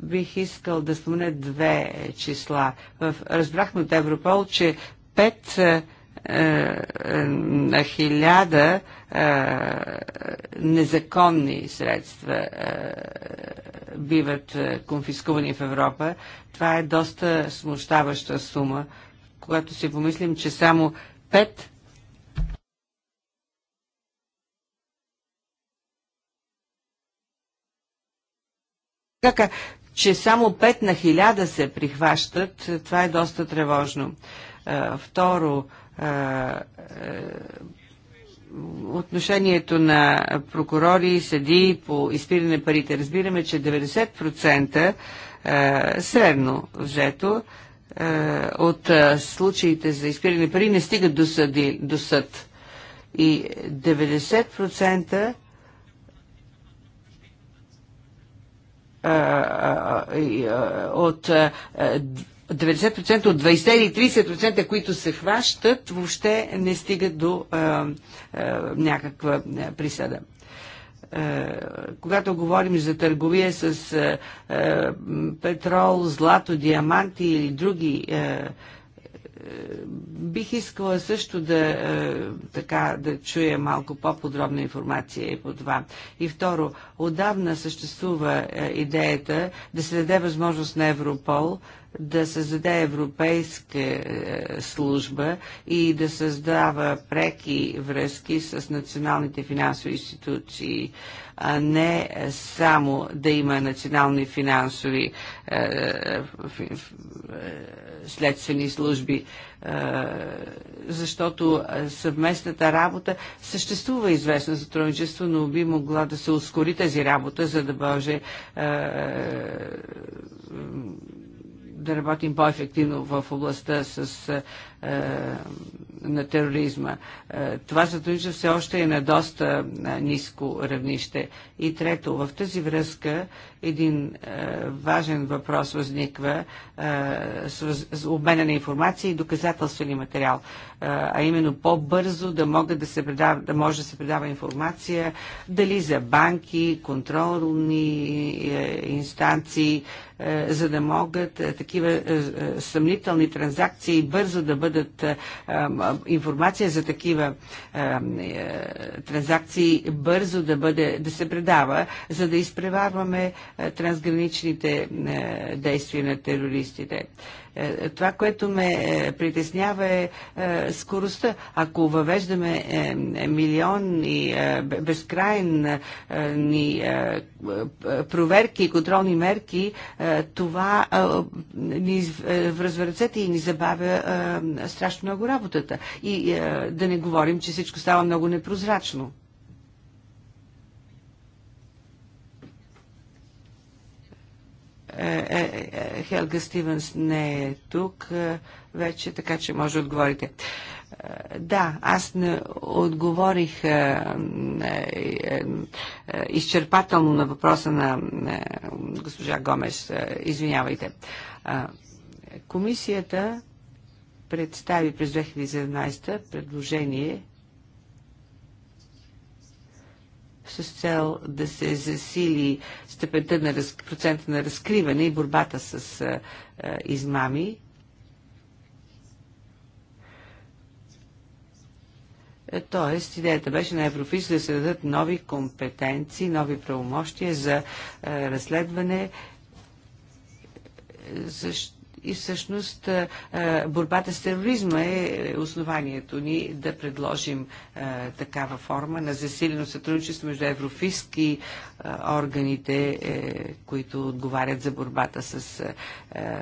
бих искал да спомена две числа. разбрахме от Европол, че пет. Е, е, на хиляда е, незаконни средства биват конфискувани в Европа. Това е доста смущаваща сума, когато си помислим, че само 5 че само 5 на 1000 се прихващат, това е доста тревожно. Второ, е, отношението на прокурори и по изпиране парите. Разбираме, че 90% е, средно взето е, от случаите за изпиране пари не стигат до, съди, до съд. И 90% от 90% от 20 или 30%, които се хващат, въобще не стигат до а, а, някаква присъда когато говорим за търговия с а, петрол, злато, диаманти или други, а, а, бих искала също да, така, да чуя малко по-подробна информация и по това. И второ, отдавна съществува идеята да се даде възможност на Европол да създаде европейска е, служба и да създава преки връзки с националните финансови институции, а не само да има национални финансови е, е, следствени служби, защото съвместната работа съществува известно сътрудничество, но би могла да се ускори тази работа, за да може да работим по-ефективно в областта с е, на тероризма. Е, това сътрудничество все още е на доста е, ниско равнище. И трето, в тази връзка един важен въпрос възниква с обмена на информация и доказателствени материал, а именно по-бързо да, може да, се предава, да може да се предава информация дали за банки, контролни инстанции, за да могат такива съмнителни транзакции бързо да бъдат бъдат информация за такива е, транзакции бързо да, бъде, да се предава, за да изпреварваме трансграничните е, действия на терористите. Е, това, което ме е, притеснява е, е скоростта. Ако въвеждаме милион и безкрайни проверки и контролни мерки, това ни връзва ръцете и ни забавя страшно много работата. И да не говорим, че всичко става много непрозрачно. Е, е, е, Хелга Стивенс не е тук вече, така че може да отговорите. Да, аз не отговорих изчерпателно на въпроса на госпожа Гомес. Извинявайте. Комисията представи през 2017 предложение с цел да се засили степента на раз... процента на разкриване и борбата с а, а, измами. Е, тоест, идеята беше на Еврофис да се дадат нови компетенции, нови правомощия за а, разследване, е, защото и всъщност борбата с тероризма е, е основанието ни да предложим такава форма на засилено сътрудничество между Еврофиск и органите, е, които отговарят за борбата с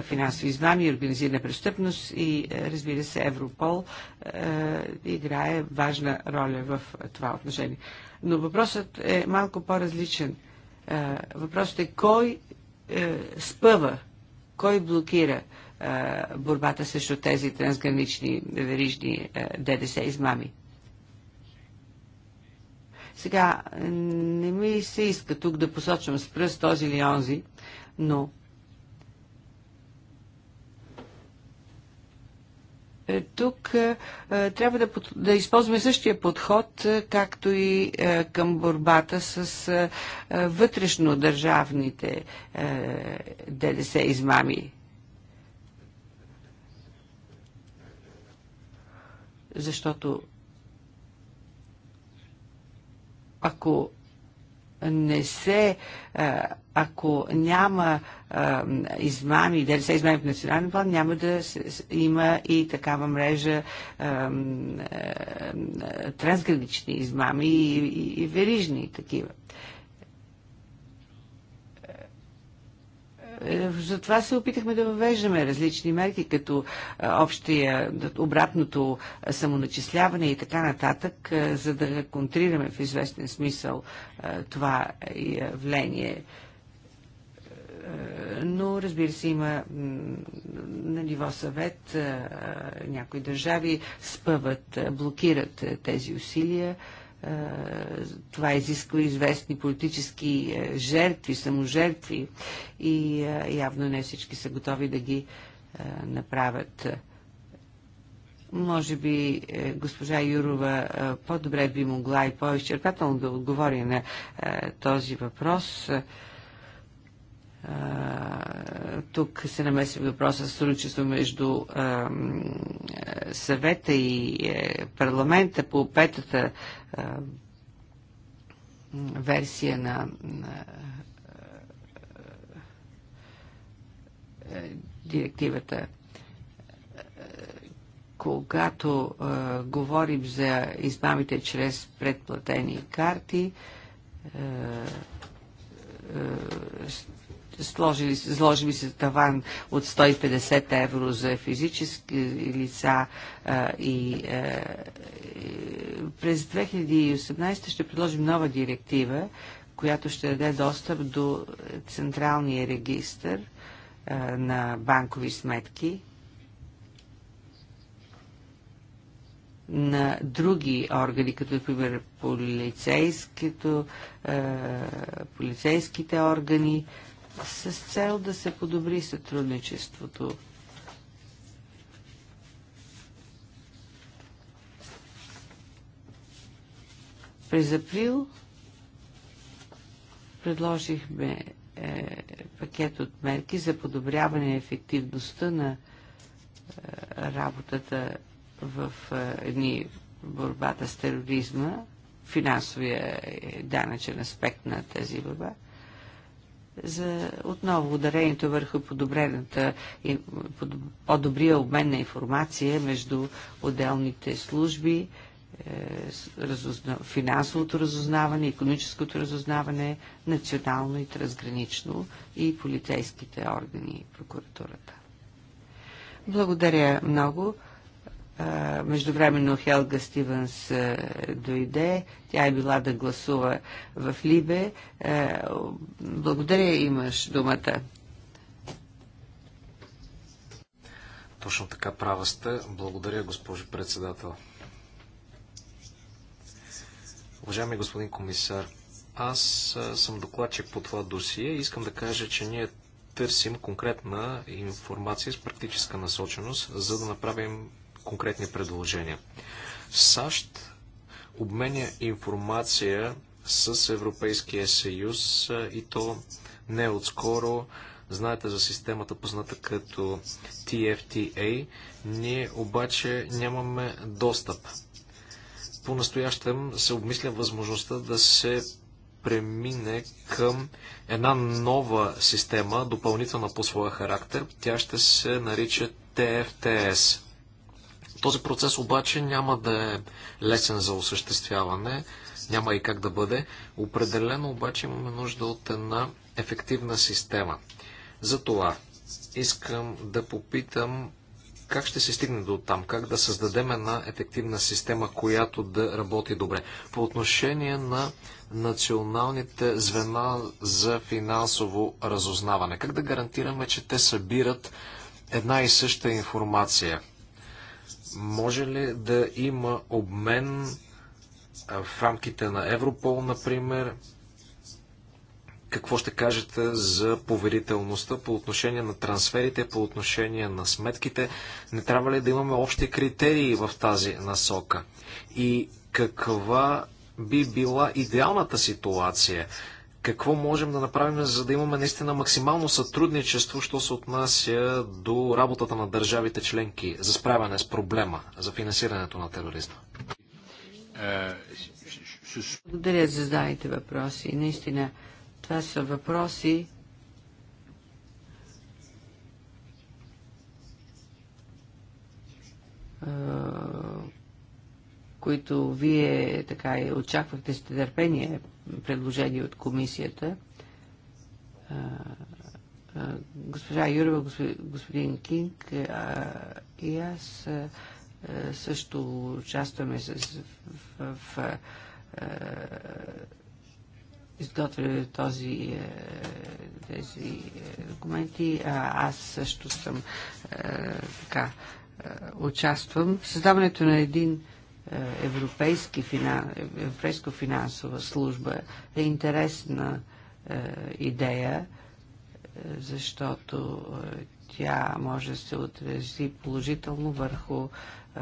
финансови измами, организирана престъпност и е, разбира се Европол играе важна роля в това отношение. Но въпросът е малко по-различен. Въпросът е кой спъва кой блокира борбата срещу тези трансгранични верижни ДДС измами? Сега, не ми се иска тук да посочвам с пръст този или онзи, но Е, тук е, е, трябва да, да използваме същия подход, както и към борбата с вътрешно държавните ДДС измами. Защото ако не се а, ако няма а, измами, се измами в национален план, няма да има и такава мрежа а, а, трансгранични измами и, и, и верижни такива. Затова се опитахме да въвеждаме различни мерки, като общия, обратното самоначисляване и така нататък, за да контрираме в известен смисъл това явление е, но разбира се има на ниво съвет е, е, някои държави спъват, блокират тези усилия. Това изисква известни политически жертви, саможертви и явно не всички са готови да ги направят. Може би госпожа Юрова по-добре би могла и по-изчерпателно да отговори на този въпрос тук се намеси въпроса с сътрудничество между а, съвета и е, парламента по петата а, версия на, на е, директивата. Когато а, е, говорим за избавите чрез предплатени карти, а, сложили, сложили се таван от 150 евро за физически лица а, и а, през 2018 ще предложим нова директива, която ще даде достъп до централния регистр а, на банкови сметки на други органи, като например полицейските органи, с цел да се подобри сътрудничеството. През април предложихме е, пакет от мерки за подобряване на ефективността на е, работата в е, ни, борбата с тероризма, финансовия е, данъчен аспект на тази борба за отново ударението върху подобрената и по-добрия обмен на информация между отделните служби, е, финансовото разузнаване, економическото разузнаване, национално и трансгранично и полицейските органи и прокуратурата. Благодаря много. Междувременно Хелга Стивенс дойде. Тя е била да гласува в Либе. Благодаря, имаш думата. Точно така права сте. Благодаря, госпожо председател. Уважаеми господин комисар, аз съм докладчик по това досие и искам да кажа, че ние търсим конкретна информация с практическа насоченост, за да направим конкретни предложения. САЩ обменя информация с Европейския съюз и то не отскоро. Знаете за системата, позната като TFTA. Ние обаче нямаме достъп. По-настоящем се обмисля възможността да се премине към една нова система, допълнителна по своя характер. Тя ще се нарича TFTS. Този процес обаче няма да е лесен за осъществяване, няма и как да бъде. Определено обаче имаме нужда от една ефективна система. Затова искам да попитам как ще се стигне до там, как да създадем една ефективна система, която да работи добре. По отношение на националните звена за финансово разузнаване, как да гарантираме, че те събират една и съща информация може ли да има обмен в рамките на Европол, например? Какво ще кажете за поверителността по отношение на трансферите, по отношение на сметките? Не трябва ли да имаме общи критерии в тази насока? И каква би била идеалната ситуация? какво можем да направим, за да имаме наистина максимално сътрудничество, що се отнася до работата на държавите членки за справяне с проблема за финансирането на тероризма? Благодаря за зададените въпроси. Наистина, това са въпроси, които вие така и очаквахте с търпение предложение от комисията. Госпожа Юрова, господин Кинг и аз също участваме с, в, изготвяне този, тези документи. А, аз също съм така участвам. Създаването на един е, европейски, европейско финансова служба е интересна е, идея, е, защото е, тя може да се отрази положително върху е,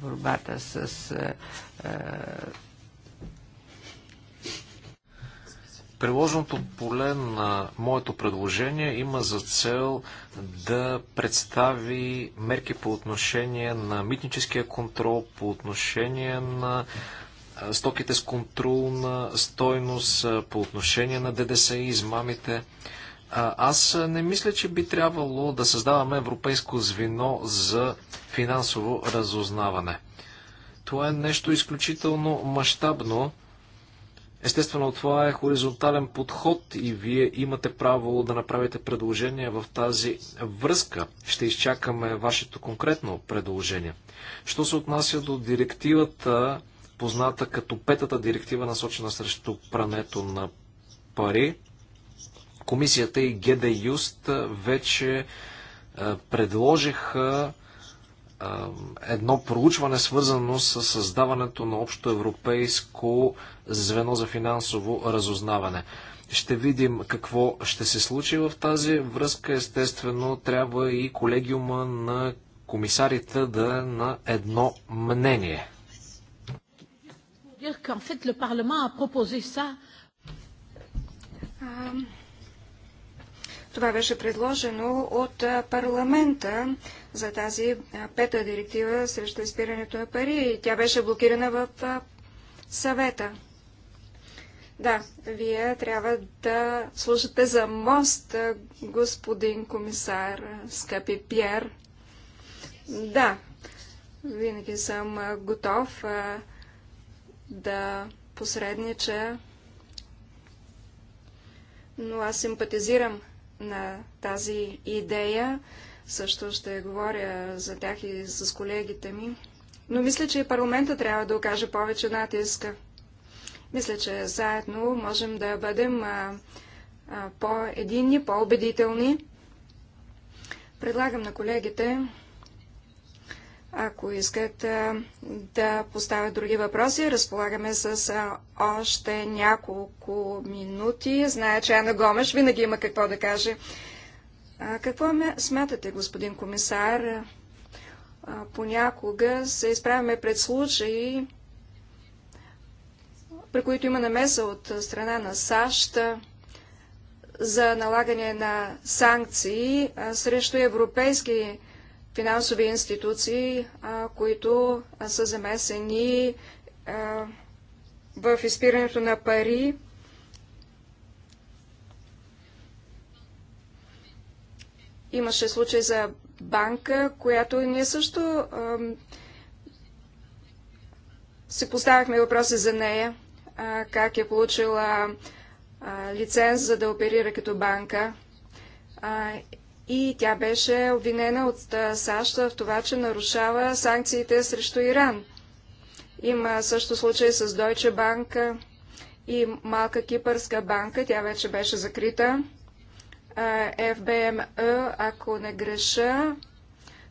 борбата с е, Приложеното поле на моето предложение има за цел да представи мерки по отношение на митническия контрол, по отношение на стоките с контролна стойност, по отношение на ДДС и измамите. Аз не мисля, че би трябвало да създаваме европейско звено за финансово разузнаване. Това е нещо изключително мащабно Естествено, това е хоризонтален подход и вие имате право да направите предложение в тази връзка. Ще изчакаме вашето конкретно предложение. Що се отнася до директивата, позната като петата директива, насочена срещу прането на пари, комисията и ГДЮСТ Юст вече е, предложиха едно проучване, свързано с създаването на общо европейско звено за финансово разузнаване. Ще видим какво ще се случи в тази връзка. Естествено, трябва и колегиума на комисарите да е на едно мнение. Това беше предложено от парламента за тази пета директива срещу изпирането на пари и тя беше блокирана в съвета. Да, вие трябва да служите за мост, господин комисар, скъпи Пьер. Да, винаги съм готов да посреднича, но аз симпатизирам на тази идея също ще говоря за тях и с колегите ми. Но мисля, че и парламента трябва да окаже повече натиска. Мисля, че заедно можем да бъдем по-единни, по-убедителни. Предлагам на колегите, ако искат да поставят други въпроси, разполагаме с още няколко минути. Зная, че Ана Гомеш винаги има какво да каже. Какво смятате, господин комисар? Понякога се изправяме пред случаи, при които има намеса от страна на САЩ за налагане на санкции срещу европейски финансови институции, които са замесени в изпирането на пари Имаше случай за банка, която ние също а, си поставяхме въпроси за нея, а, как е получила а, лиценз за да оперира като банка. А, и тя беше обвинена от САЩ в това, че нарушава санкциите срещу Иран. Има също случай с Deutsche Bank и малка кипърска банка, тя вече беше закрита FBME, ако не греша.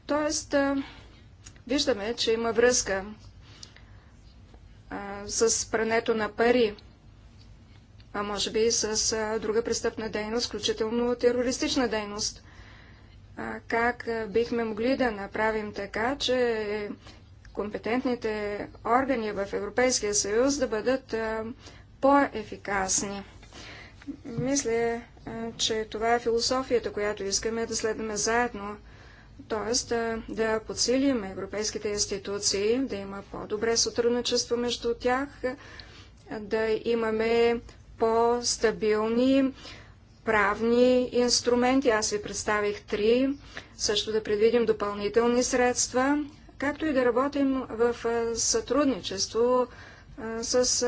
Тоест, виждаме, че има връзка а, с прането на пари, а може би и с а, друга престъпна дейност, включително терористична дейност. А, как бихме могли да направим така, че компетентните органи в Европейския съюз да бъдат по-ефикасни? Мисля, е, че това е философията, която искаме да следваме заедно, т.е. Да, подсилим европейските институции, да има по-добре сътрудничество между тях, е, да имаме по-стабилни правни инструменти. Аз ви представих три. Също да предвидим допълнителни средства, както и да работим в е, сътрудничество с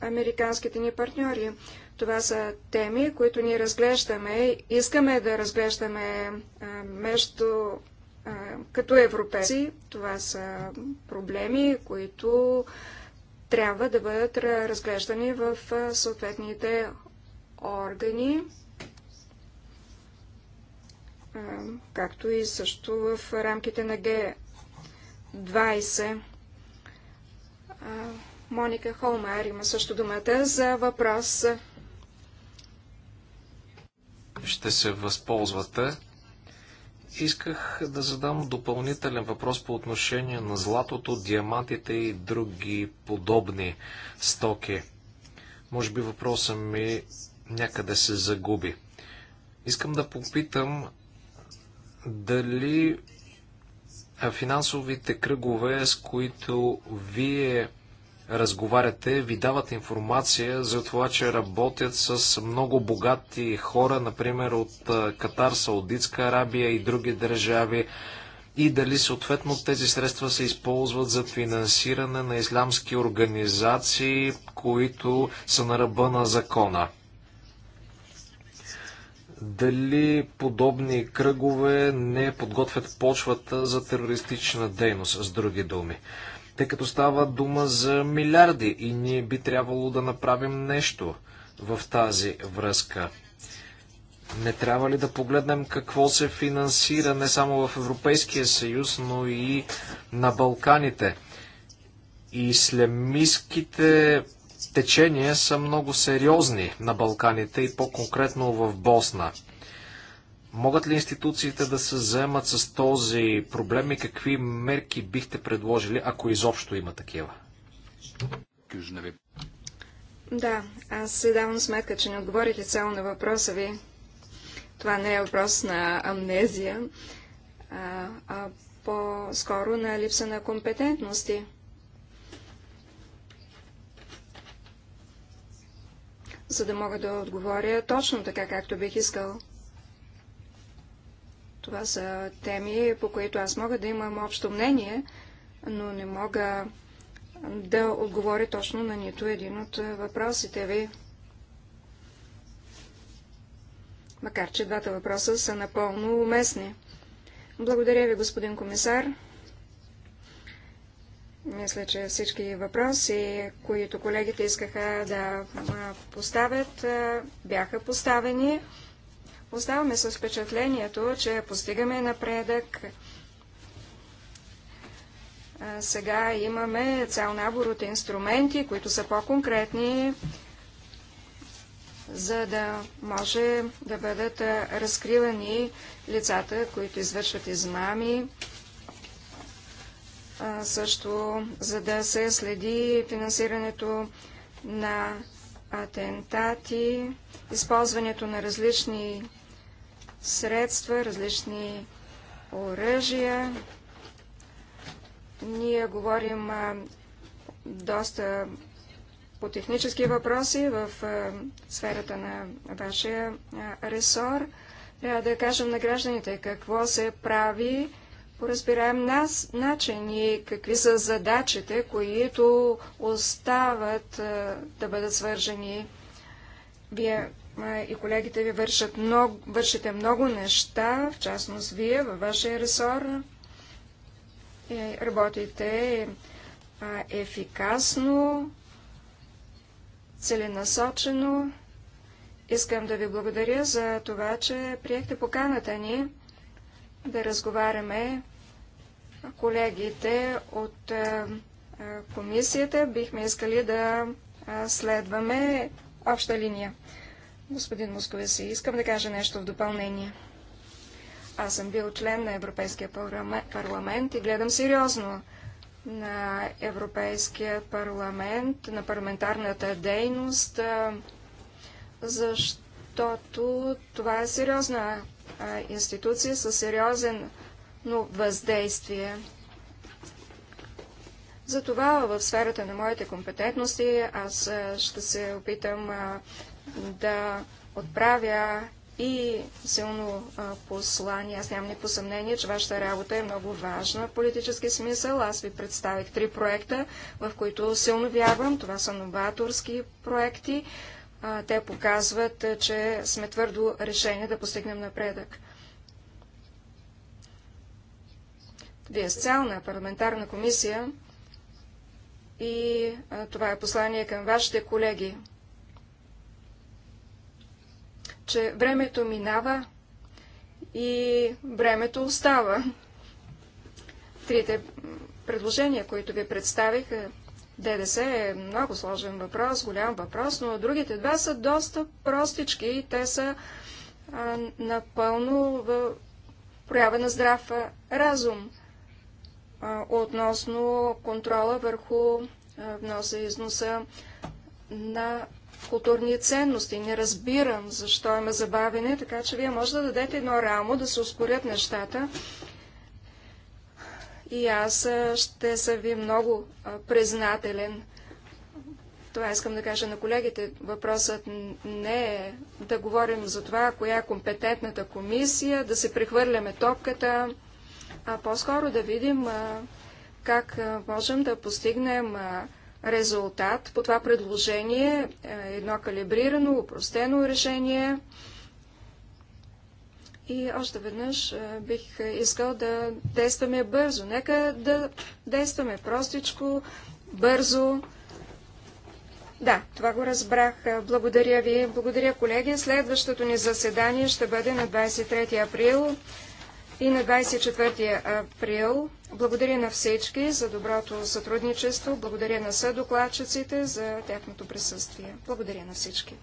американските ни партньори. Това са теми, които ние разглеждаме, искаме да разглеждаме между като европейци. Това са проблеми, които трябва да бъдат разглеждани в съответните органи, както и също в рамките на Г20. Моника Холмар има също думата за въпрос ще се възползвате. Исках да задам допълнителен въпрос по отношение на златото, диамантите и други подобни стоки. Може би въпросът ми някъде се загуби. Искам да попитам дали финансовите кръгове, с които вие разговаряте, ви дават информация за това, че работят с много богати хора, например от Катар, Саудитска Арабия и други държави и дали съответно тези средства се използват за финансиране на ислямски организации, които са на ръба на закона. Дали подобни кръгове не подготвят почвата за терористична дейност, с други думи тъй като става дума за милиарди и ние би трябвало да направим нещо в тази връзка. Не трябва ли да погледнем какво се финансира не само в Европейския съюз, но и на Балканите? Ислямистските течения са много сериозни на Балканите и по-конкретно в Босна. Могат ли институциите да се заемат с този проблем и какви мерки бихте предложили, ако изобщо има такива? Да, аз се давам сметка, че не отговорих цяло на въпроса ви. Това не е въпрос на амнезия, а, а по-скоро на липса на компетентности. За да мога да отговоря точно така, както бих искал. Това са теми, по които аз мога да имам общо мнение, но не мога да отговоря точно на нито един от въпросите ви. Макар, че двата въпроса са напълно уместни. Благодаря ви, господин комисар. Мисля, че всички въпроси, които колегите искаха да поставят, бяха поставени оставаме с впечатлението, че постигаме напредък. сега имаме цял набор от инструменти, които са по-конкретни, за да може да бъдат разкривани лицата, които извършват измами, също за да се следи финансирането на атентати, използването на различни средства, различни оръжия. Ние говорим а, доста по технически въпроси в а, сферата на вашия а, ресор. Трябва да кажем на гражданите какво се прави по разбираем нас, начин и какви са задачите, които остават а, да бъдат свържени. Вие и колегите ви вършат много, вършите много неща, в частност вие във вашия ресор. И работите ефикасно, целенасочено. Искам да ви благодаря за това, че приехте поканата ни да разговаряме колегите от комисията. Бихме искали да следваме обща линия. Господин Московеси, искам да кажа нещо в допълнение. Аз съм бил член на Европейския парламент и гледам сериозно на Европейския парламент, на парламентарната дейност, защото това е сериозна институция със сериозен но въздействие. Затова в сферата на моите компетентности аз ще се опитам да отправя и силно послание. Аз нямам никакво съмнение, че вашата работа е много важна в политически смисъл. Аз ви представих три проекта, в които силно вярвам. Това са новаторски проекти. А, те показват, че сме твърдо решени да постигнем напредък. Вие с на парламентарна комисия и а, това е послание към вашите колеги че времето минава и времето остава. Трите предложения, които ви представих, е, ДДС е много сложен въпрос, голям въпрос, но другите два са доста простички и те са а, напълно в проява на здрав разум а, относно контрола върху вноса и износа на културни ценности. Не разбирам защо има забавене, така че вие може да дадете едно рамо, да се ускорят нещата. И аз ще съм ви много признателен. Това искам да кажа на колегите. Въпросът не е да говорим за това, коя е компетентната комисия, да се прехвърляме топката, а по-скоро да видим как можем да постигнем резултат по това предложение, е, едно калибрирано, упростено решение. И още веднъж е, бих искал да действаме бързо. Нека да действаме простичко, бързо. Да, това го разбрах. Благодаря ви. Благодаря, колеги. Следващото ни заседание ще бъде на 23 април и на 24 април благодаря на всички за доброто сътрудничество, благодаря на съдокладчиците за тяхното присъствие. Благодаря на всички.